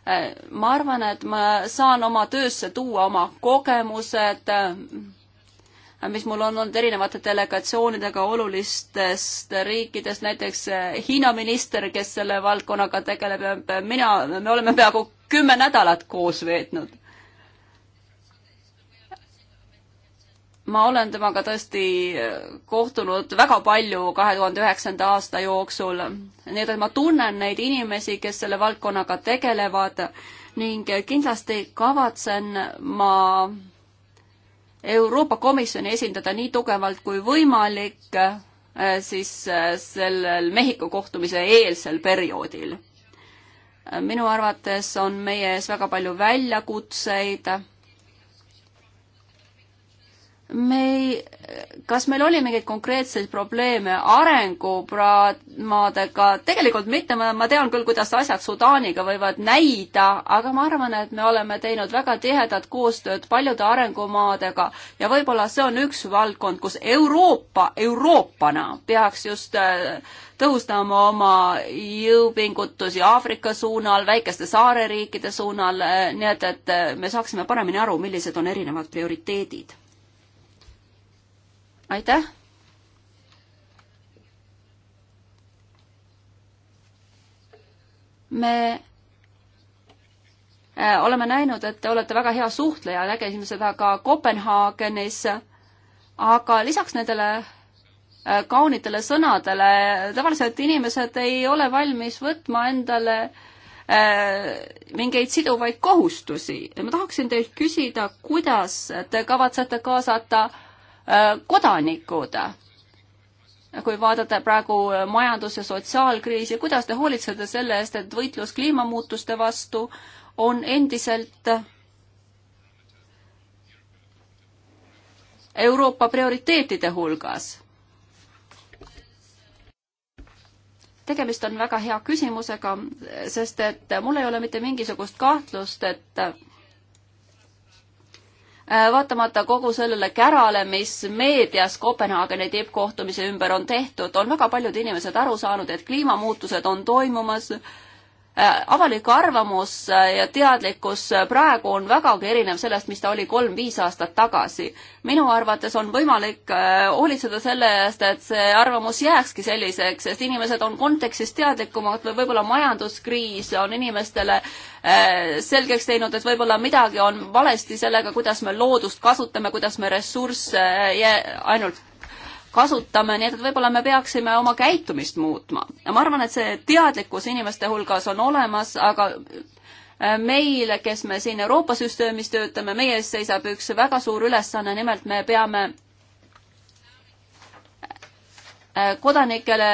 Äh, ma arvan, et ma saan oma töösse tuua oma kogemused, äh, mis mul on olnud erinevate delegatsioonidega olulistest riikidest, näiteks äh, Hiina minister, kes selle valdkonnaga tegeleb, mina, me oleme peaaegu kümme nädalat koos veetnud ma olen temaga tõesti äh, kohtunud väga palju kahe tuhande üheksanda aasta jooksul. nii et ma tunnen neid inimesi, kes selle valdkonnaga tegelevad ning kindlasti kavatsen ma Euroopa Komisjoni esindada nii tugevalt kui võimalik äh, siis äh, sellel Mehhiko kohtumise eelsel perioodil. minu arvates on meie ees väga palju väljakutseid me ei, kas meil oli mingeid konkreetseid probleeme arengumaadega, tegelikult mitte, ma, ma tean küll, kuidas asjad Sudaaniga võivad näida, aga ma arvan, et me oleme teinud väga tihedat koostööd paljude arengumaadega ja võib-olla see on üks valdkond, kus Euroopa Euroopana peaks just äh, tõhustama oma jõupingutusi Aafrika suunal, väikeste saareriikide suunal, äh, nii et, et äh, me saaksime paremini aru, millised on erinevad prioriteedid aitäh. me äh, oleme näinud, et te olete väga hea suhtleja, nägime seda ka Kopenhaagenis, aga lisaks nendele äh, kaunitele sõnadele, tavaliselt inimesed ei ole valmis võtma endale äh, mingeid siduvaid kohustusi. ma tahaksin teilt küsida, kuidas te kavatsete kaasata Äh, kodanikud. kui vaadata praegu majandus- ja sotsiaalkriisi, kuidas te hoolitsete selle eest, et võitlus kliimamuutuste vastu on endiselt Euroopa prioriteetide hulgas? tegemist on väga hea küsimusega, sest et mul ei ole mitte mingisugust kahtlust, et Äh, vaatamata kogu sellele kärale, mis meedias Kopenhaageni tippkohtumise ümber on tehtud, on väga paljud inimesed aru saanud, et kliimamuutused on toimumas Äh, avalik arvamus äh, ja teadlikkus äh, praegu on vägagi erinev sellest, mis ta oli kolm-viis aastat tagasi. minu arvates on võimalik hoolitseda selle eest, et see arvamus jääkski selliseks, sest inimesed on kontekstist teadlikumad või võib-olla majanduskriis on inimestele selgeks teinud, et võib-olla midagi on valesti sellega, kuidas me loodust kasutame, kuidas me ressursse ainult kasutame, nii et võib-olla me peaksime oma käitumist muutma. ma arvan, et see teadlikkus inimeste hulgas on olemas, aga äh, meil, kes me siin Euroopa süsteemis töötame, meie ees seisab üks väga suur ülesanne, nimelt me peame äh, kodanikele,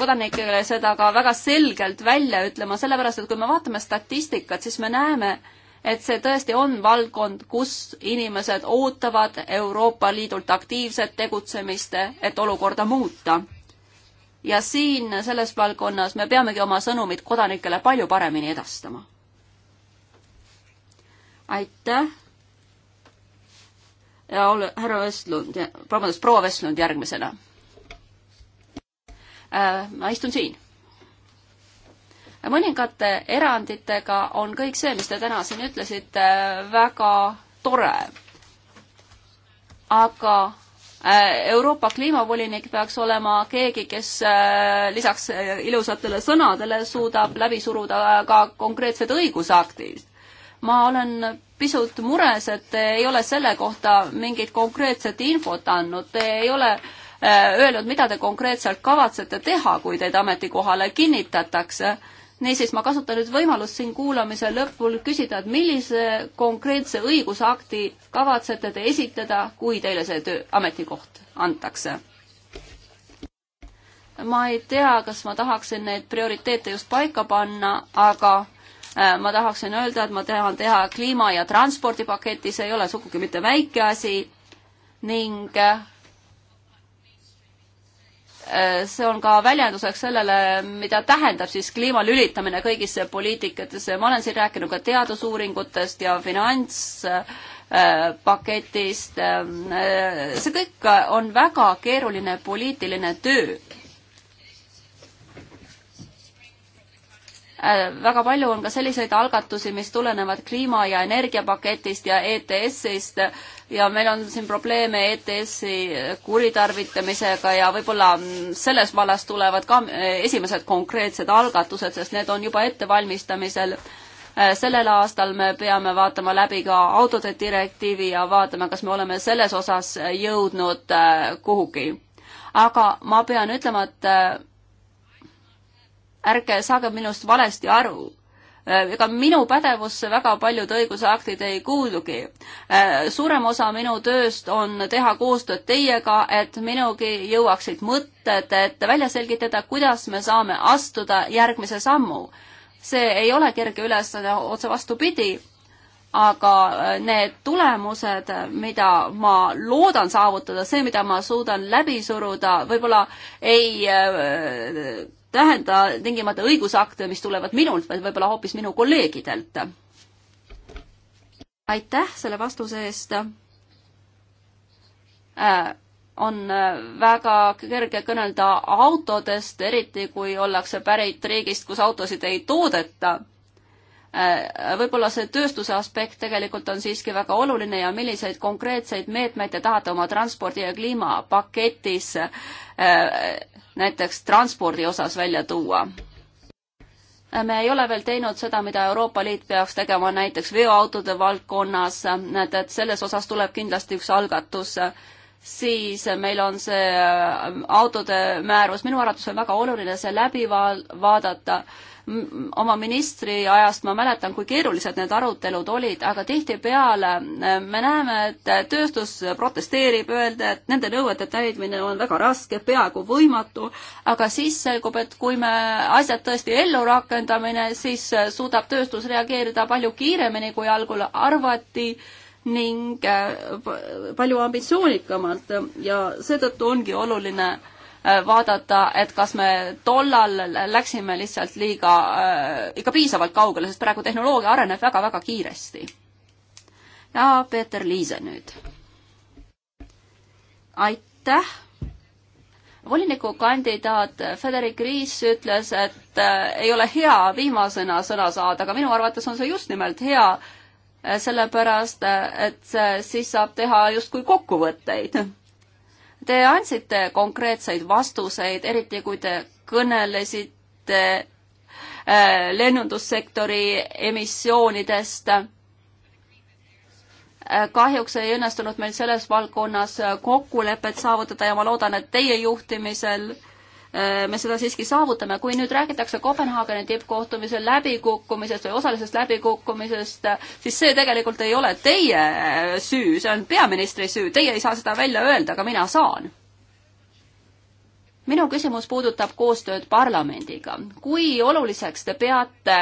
kodanikele seda ka väga selgelt välja ütlema, sellepärast et kui me vaatame statistikat, siis me näeme, et see tõesti on valdkond, kus inimesed ootavad Euroopa Liidult aktiivset tegutsemist, et olukorda muuta. ja siin selles valdkonnas me peamegi oma sõnumit kodanikele palju paremini edastama. aitäh. ja ole, härra Vestlund, vabandust, proua Vestlund järgmisena äh,. ma istun siin mõningate eranditega on kõik see, mis te täna siin ütlesite, väga tore. aga äh, Euroopa kliimavolinik peaks olema keegi, kes äh, lisaks äh, ilusatele sõnadele suudab läbi suruda ka konkreetsed õigusaktid. ma olen pisut mures, et te ei ole selle kohta mingit konkreetset infot andnud, te ei ole öelnud, mida te konkreetselt kavatsete teha, kui teid ametikohale kinnitatakse niisiis, ma kasutan nüüd võimalust siin kuulamise lõpul küsida, et millise konkreetse õigusakti kavatsete te esitada, kui teile see töö, ametikoht antakse? ma ei tea, kas ma tahaksin neid prioriteete just paika panna, aga äh, ma tahaksin öelda, et ma tahan teha kliima- ja transpordipaketi, see ei ole sugugi mitte väike asi ning äh, Äh, see on ka väljenduseks sellele, mida tähendab siis kliima lülitamine kõigisse poliitikatesse. ma olen siin rääkinud ka teadusuuringutest ja finantspaketist. Äh, äh, see kõik on väga keeruline poliitiline töö Äh, väga palju on ka selliseid algatusi, mis tulenevad kliima- ja energiapaketist ja ETS-ist ja meil on siin probleeme ETS-i kuritarvitamisega ja võib-olla mm, selles vallas tulevad ka äh, esimesed konkreetsed algatused, sest need on juba ettevalmistamisel. Äh, sellel aastal me peame vaatama läbi ka autode direktiivi ja vaatama, kas me oleme selles osas jõudnud kuhugi. aga ma pean ütlema, et ärge saage minust valesti aru äh, ega minu pädevusse väga paljud õigusaktid ei kuulugi. Äh, suurem osa minu tööst on teha koostööd teiega, et minugi jõuaksid mõtted, et välja selgitada, kuidas me saame astuda järgmise sammu. see ei ole kerge ülesanne, otse vastupidi, aga äh, need tulemused, mida ma loodan saavutada, see, mida ma suudan läbi suruda, võib-olla ei tähenda tingimata õigusakte, mis tulevad minult, vaid võib-olla hoopis minu kolleegidelt. aitäh selle vastuse eest äh,. on äh, väga kerge kõnelda autodest, eriti kui ollakse pärit riigist, kus autosid ei toodeta Äh, võib-olla see tööstuse aspekt tegelikult on siiski väga oluline ja milliseid konkreetseid meetmeid te tahate oma transpordi ja kliimapaketis äh, näiteks transpordi osas välja tuua? Äh, me ei ole veel teinud seda, mida Euroopa Liit peaks tegema näiteks veoautode valdkonnas, näed, et selles osas tuleb kindlasti üks algatus siis meil on see autode määrus, minu arvates on väga oluline see läbi vaadata oma ministri ajast ma mäletan, kui keerulised need arutelud olid, aga tihtipeale äh, me näeme, et tööstus protesteerib, öelda, et nende nõuete täidmine on väga raske, peaaegu võimatu, aga siis selgub, et kui me asjad tõesti ellu rakendame, siis äh, suudab tööstus reageerida palju kiiremini, kui algul arvati ning äh, palju ambitsioonikamalt ja seetõttu ongi oluline Äh, vaadata, et kas me tollal läksime lihtsalt liiga, äh, ikka piisavalt kaugele, sest praegu tehnoloogia areneb väga-väga kiiresti. ja Peeter Liise nüüd. aitäh. volinikukandidaat Federik Riis ütles, et äh, ei ole hea viimasena sõna saada, aga minu arvates on see just nimelt hea, sellepärast et siis saab teha justkui kokkuvõtteid Te andsite konkreetseid vastuseid, eriti kui te kõnelesite äh, lennundussektori emissioonidest. Äh, kahjuks ei õnnestunud meil selles valdkonnas kokkulepet saavutada ja ma loodan, et teie juhtimisel Äh, me seda siiski saavutame. kui nüüd räägitakse Kopenhaageni tippkohtumisel läbikukkumisest või osalisest läbikukkumisest, siis see tegelikult ei ole teie äh, süü, see on peaministri süü, teie ei saa seda välja öelda, aga mina saan minu küsimus puudutab koostööd parlamendiga. kui oluliseks te peate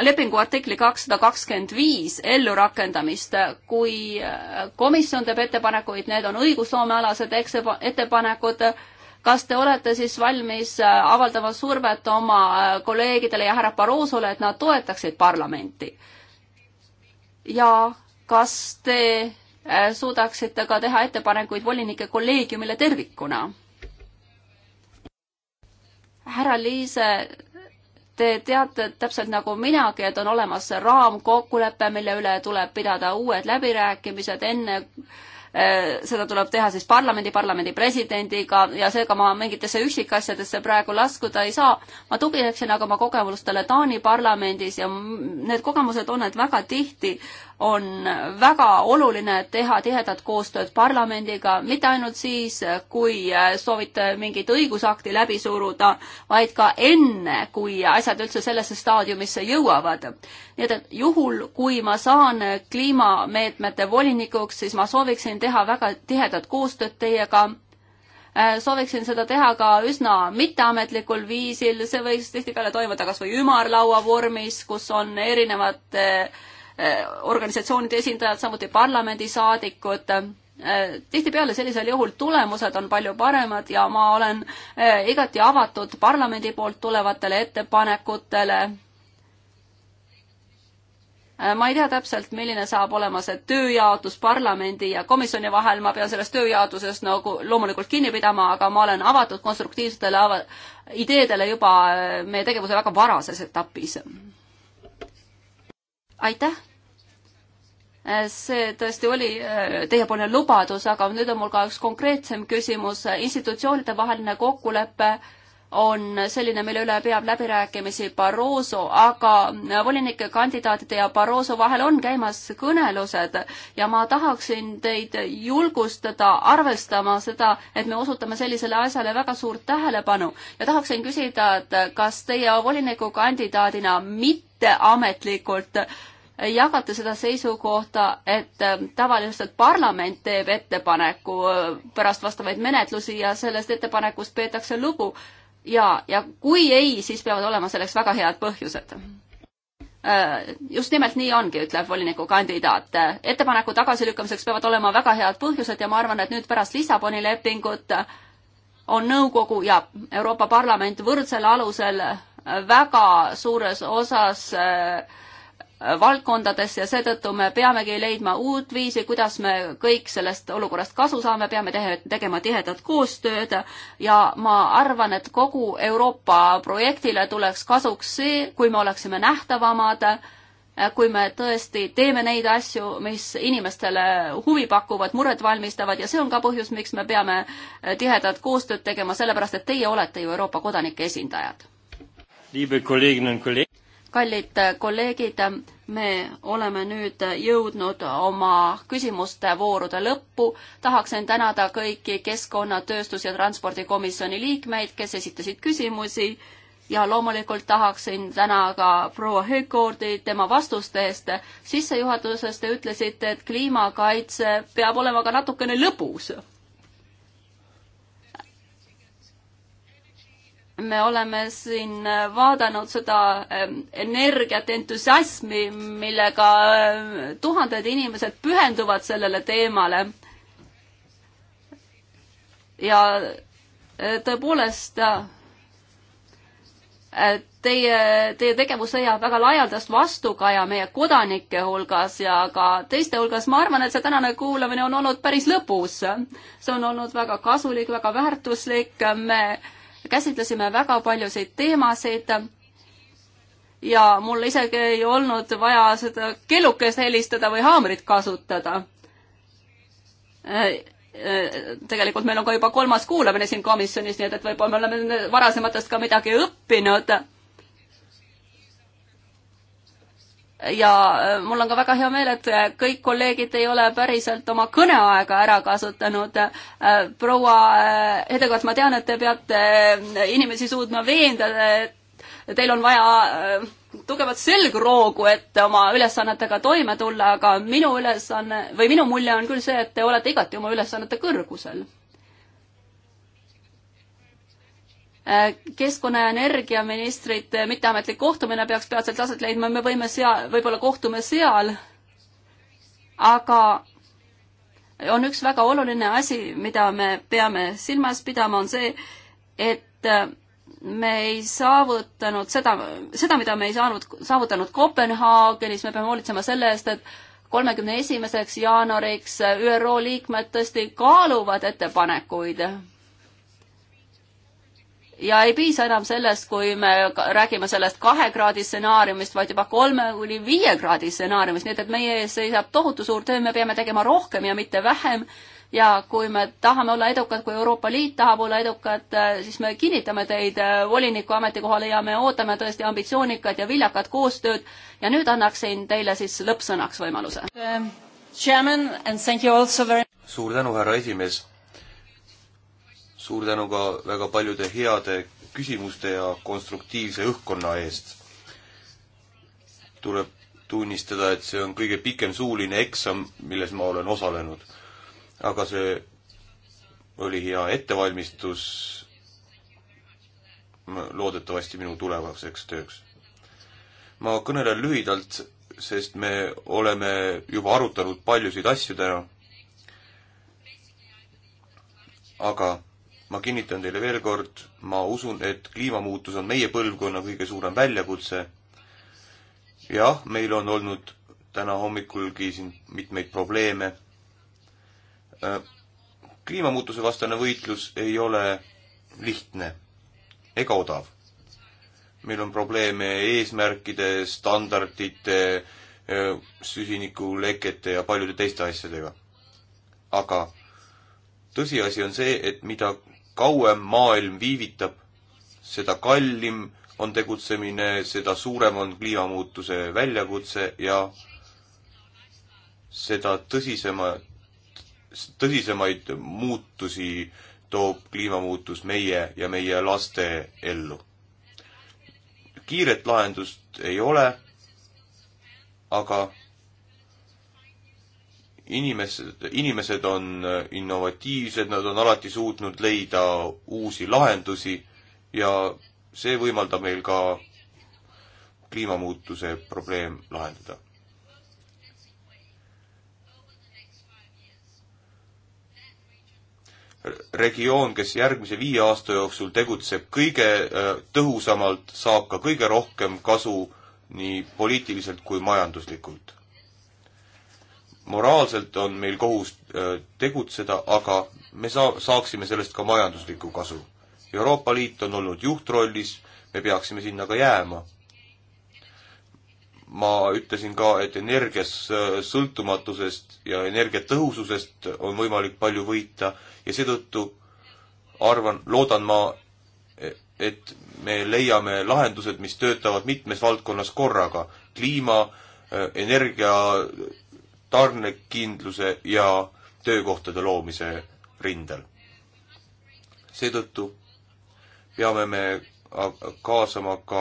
lepingu artikli kakssada kakskümmend viis ellurakendamist, kui äh, komisjon teeb ettepanekuid, need on õigusloomealased ettepanekud, kas te olete siis valmis äh, avaldama survet oma äh, kolleegidele ja härra Barrosole, et nad toetaksid parlamenti? ja kas te suudaksite ka teha ettepanekuid volinike kolleegiumile tervikuna? härra Liise Te teate täpselt nagu minagi, et on olemas raamkokkulepe, mille üle tuleb pidada uued läbirääkimised enne Äh, seda tuleb teha siis parlamendi, parlamendi presidendiga ja seega ma mingitesse üksikasjadesse praegu laskuda ei saa. ma tugineksin aga oma kogemustele Taani parlamendis ja need kogemused on, et väga tihti on väga oluline teha tihedat koostööd parlamendiga, mitte ainult siis, kui äh, soovite mingit õigusakti läbi suruda, vaid ka enne, kui asjad üldse sellesse staadiumisse jõuavad. nii et, et juhul, kui ma saan kliimameetmete volinikuks, siis ma sooviksin sooviksin teha väga tihedat koostööd teiega. Äh, sooviksin seda teha ka üsna mitteametlikul viisil, see võiks tihtipeale toimuda kas või ümarlaua vormis, kus on erinevate äh, äh, organisatsioonide esindajad, samuti parlamendisaadikud tihtipeale sellisel juhul tulemused on palju paremad ja ma olen igati avatud parlamendi poolt tulevatele ettepanekutele Äh, ma ei tea täpselt, milline saab olema see tööjaotus parlamendi ja komisjoni vahel, ma pean sellest tööjaotusest nagu loomulikult kinni pidama, aga ma olen avatud konstruktiivsetele ava ideedele juba äh, meie tegevuse väga varases etapis. aitäh! Äh, see tõesti oli teiepoolne lubadus, aga nüüd on mul ka üks konkreetsem küsimus, institutsioonide vaheline kokkulepe on selline, mille üle peab läbirääkimisi Barroso, aga volinike kandidaatide ja Barroso vahel on käimas kõnelused ja ma tahaksin teid julgustada arvestama seda, et me osutame sellisele asjale väga suurt tähelepanu ja tahaksin küsida, et kas teie voliniku kandidaadina mitteametlikult jagate seda seisukohta, et tavaliselt parlament teeb ettepaneku pärast vastavaid menetlusi ja sellest ettepanekust peetakse lugu ja, ja kui ei, siis peavad olema selleks väga head põhjused. Äh, just nimelt nii ongi, ütleb volinikukandidaat. ettepaneku tagasilükkamiseks peavad olema väga head põhjused ja ma arvan, et nüüd pärast Lissaboni lepingut on nõukogu ja Euroopa Parlament võrdsel alusel väga suures osas äh, valdkondades ja seetõttu me peamegi leidma uut viisi, kuidas me kõik sellest olukorrast kasu saame, peame tehe, tegema tihedat koostööd ja ma arvan, et kogu Euroopa projektile tuleks kasuks see, kui me oleksime nähtavamad, kui me tõesti teeme neid asju, mis inimestele huvi pakuvad, muret valmistavad ja see on ka põhjus, miks me peame tihedat koostööd tegema, sellepärast et teie olete ju Euroopa kodanike esindajad. Liebe Kolleginnen und Kollegen kallid kolleegid, me oleme nüüd jõudnud oma küsimuste voorude lõppu. tahaksin tänada kõiki Keskkonna, Tööstus- ja Transpordikomisjoni liikmeid, kes esitasid küsimusi ja loomulikult tahaksin täna ka proua Hökordi tema vastuste eest. sissejuhatuses te ütlesite, et kliimakaitse peab olema ka natukene lõbus me oleme siin vaadanud seda ehm, energiat, entusiasmi, millega ehm, tuhanded inimesed pühenduvad sellele teemale. ja ehm, tõepoolest teie, teie tegevus leiab väga laialdast vastukaja meie kodanike hulgas ja ka teiste hulgas. ma arvan, et see tänane kuulamine on olnud päris lõbus. see on olnud väga kasulik, väga väärtuslik. me äh, käsitlesime väga paljusid teemasid ja mul isegi ei olnud vaja seda kellukest helistada või haamrit kasutada. Äh, äh, tegelikult meil on ka juba kolmas kuulamine siin komisjonis, nii et, et võib-olla me oleme varasematest ka midagi õppinud ja äh, mul on ka väga hea meel, et äh, kõik kolleegid ei ole päriselt oma kõneaega ära kasutanud. Äh, proua Hedekat, ma tean, et te peate inimesi suutma veenda, teil on vaja tugevat selgroogu, et oma ülesannetega toime tulla, aga minu ülesanne või minu mulje on küll see, et te olete igati oma ülesannete kõrgusel Äh, keskkonna- ja energiaministrite äh, mitteametlik kohtumine peaks peatselt aset leidma, me võime seal, võib-olla kohtume seal, aga on üks väga oluline asi, mida me peame silmas pidama, on see, et äh, me ei saavutanud seda, seda, mida me ei saanud, saavutanud Kopenhaagenis, me peame hoolitsema selle eest, et kolmekümne esimeseks jaanuariks ÜRO liikmed tõesti kaaluvad ettepanekuid ja ei piisa enam sellest, kui me räägime sellest kahe kraadi stsenaariumist, vaid juba kolme kuni viie kraadi stsenaariumist, nii et, et meie ees seisab tohutu suur töö, me peame tegema rohkem ja mitte vähem. ja kui me tahame olla edukad, kui Euroopa Liit tahab olla edukad, äh, siis me kinnitame teid äh, voliniku ametikohale ja me ootame tõesti ambitsioonikat ja viljakat koostööd. ja nüüd annaksin teile siis lõppsõnaks võimaluse. Um, suur tänu, härra esimees suur tänu ka väga paljude heade küsimuste ja konstruktiivse õhkkonna eest. tuleb tunnistada, et see on kõige pikem suuline eksam, milles ma olen osalenud. aga see oli hea ettevalmistus loodetavasti minu tulevaseks tööks. ma kõnelen lühidalt, sest me oleme juba arutanud paljusid asju täna. aga ma kinnitan teile veel kord, ma usun, et kliimamuutus on meie põlvkonna kõige suurem väljakutse. jah, meil on olnud täna hommikulgi siin mitmeid probleeme. Äh, kliimamuutuse vastane võitlus ei ole lihtne ega odav. meil on probleeme eesmärkide, standardite, äh, süsinikulekete ja paljude teiste asjadega. aga tõsiasi on see, et mida kauem maailm viivitab, seda kallim on tegutsemine, seda suurem on kliimamuutuse väljakutse ja seda tõsisema, tõsisemaid muutusi toob kliimamuutus meie ja meie laste ellu. kiiret lahendust ei ole, aga inimesed, inimesed on äh, innovatiivsed, nad on alati suutnud leida uusi lahendusi ja see võimaldab meil ka kliimamuutuse probleem lahendada. regioon, kes järgmise viie aasta jooksul tegutseb kõige äh, tõhusamalt, saab ka kõige rohkem kasu nii poliitiliselt kui majanduslikult moraalselt on meil kohus äh, tegutseda, aga me saa-, saaksime sellest ka majanduslikku kasu. Euroopa Liit on olnud juhtrollis, me peaksime sinna ka jääma. ma ütlesin ka, et energias äh, sõltumatusest ja energiatõhususest on võimalik palju võita ja seetõttu arvan, loodan ma, et me leiame lahendused, mis töötavad mitmes valdkonnas korraga. kliima, äh, energia tarnekindluse ja töökohtade loomise rindel. seetõttu peame me kaasama ka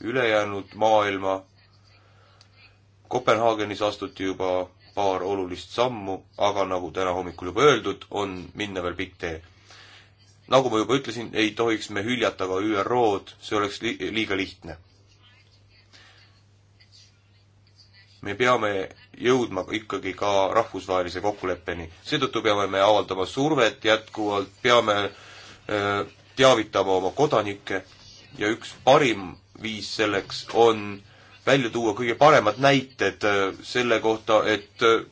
ülejäänud maailma. Kopenhaagenis astuti juba paar olulist sammu, aga nagu täna hommikul juba öeldud, on minna veel pikk tee. nagu ma juba ütlesin, ei tohiks me hüljata ka ÜRO-d, see oleks li liiga lihtne me peame jõudma ikkagi ka rahvusvahelise kokkuleppeni. seetõttu peame me avaldama survet jätkuvalt, peame öö, äh, teavitama oma kodanikke ja üks parim viis selleks on välja tuua kõige paremad näited äh, selle kohta, et äh,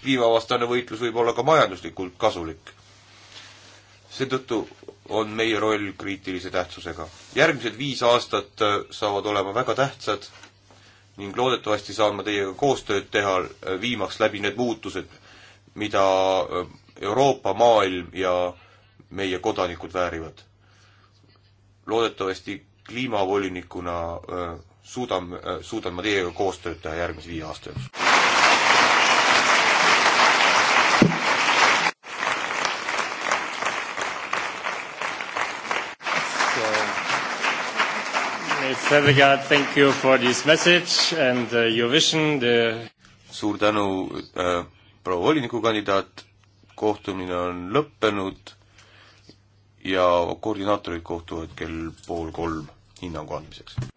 kliimavastane võitlus võib olla ka majanduslikult kasulik. seetõttu on meie roll kriitilise tähtsusega. järgmised viis aastat saavad olema väga tähtsad ning loodetavasti saan ma teiega koostööd teha, äh, viimaks läbi need muutused, mida äh, Euroopa, maailm ja meie kodanikud väärivad. loodetavasti kliimavolinikuna äh, suudan, suudan ma teiega koostööd teha järgmise viie aasta jooksul. Previga, thank you for this message and uh, your vision the.... suur tänu äh,, proua volinikukandidaat, kohtumine on lõppenud ja koordinaatorid kohtuvad kell pool kolm hinnangu andmiseks.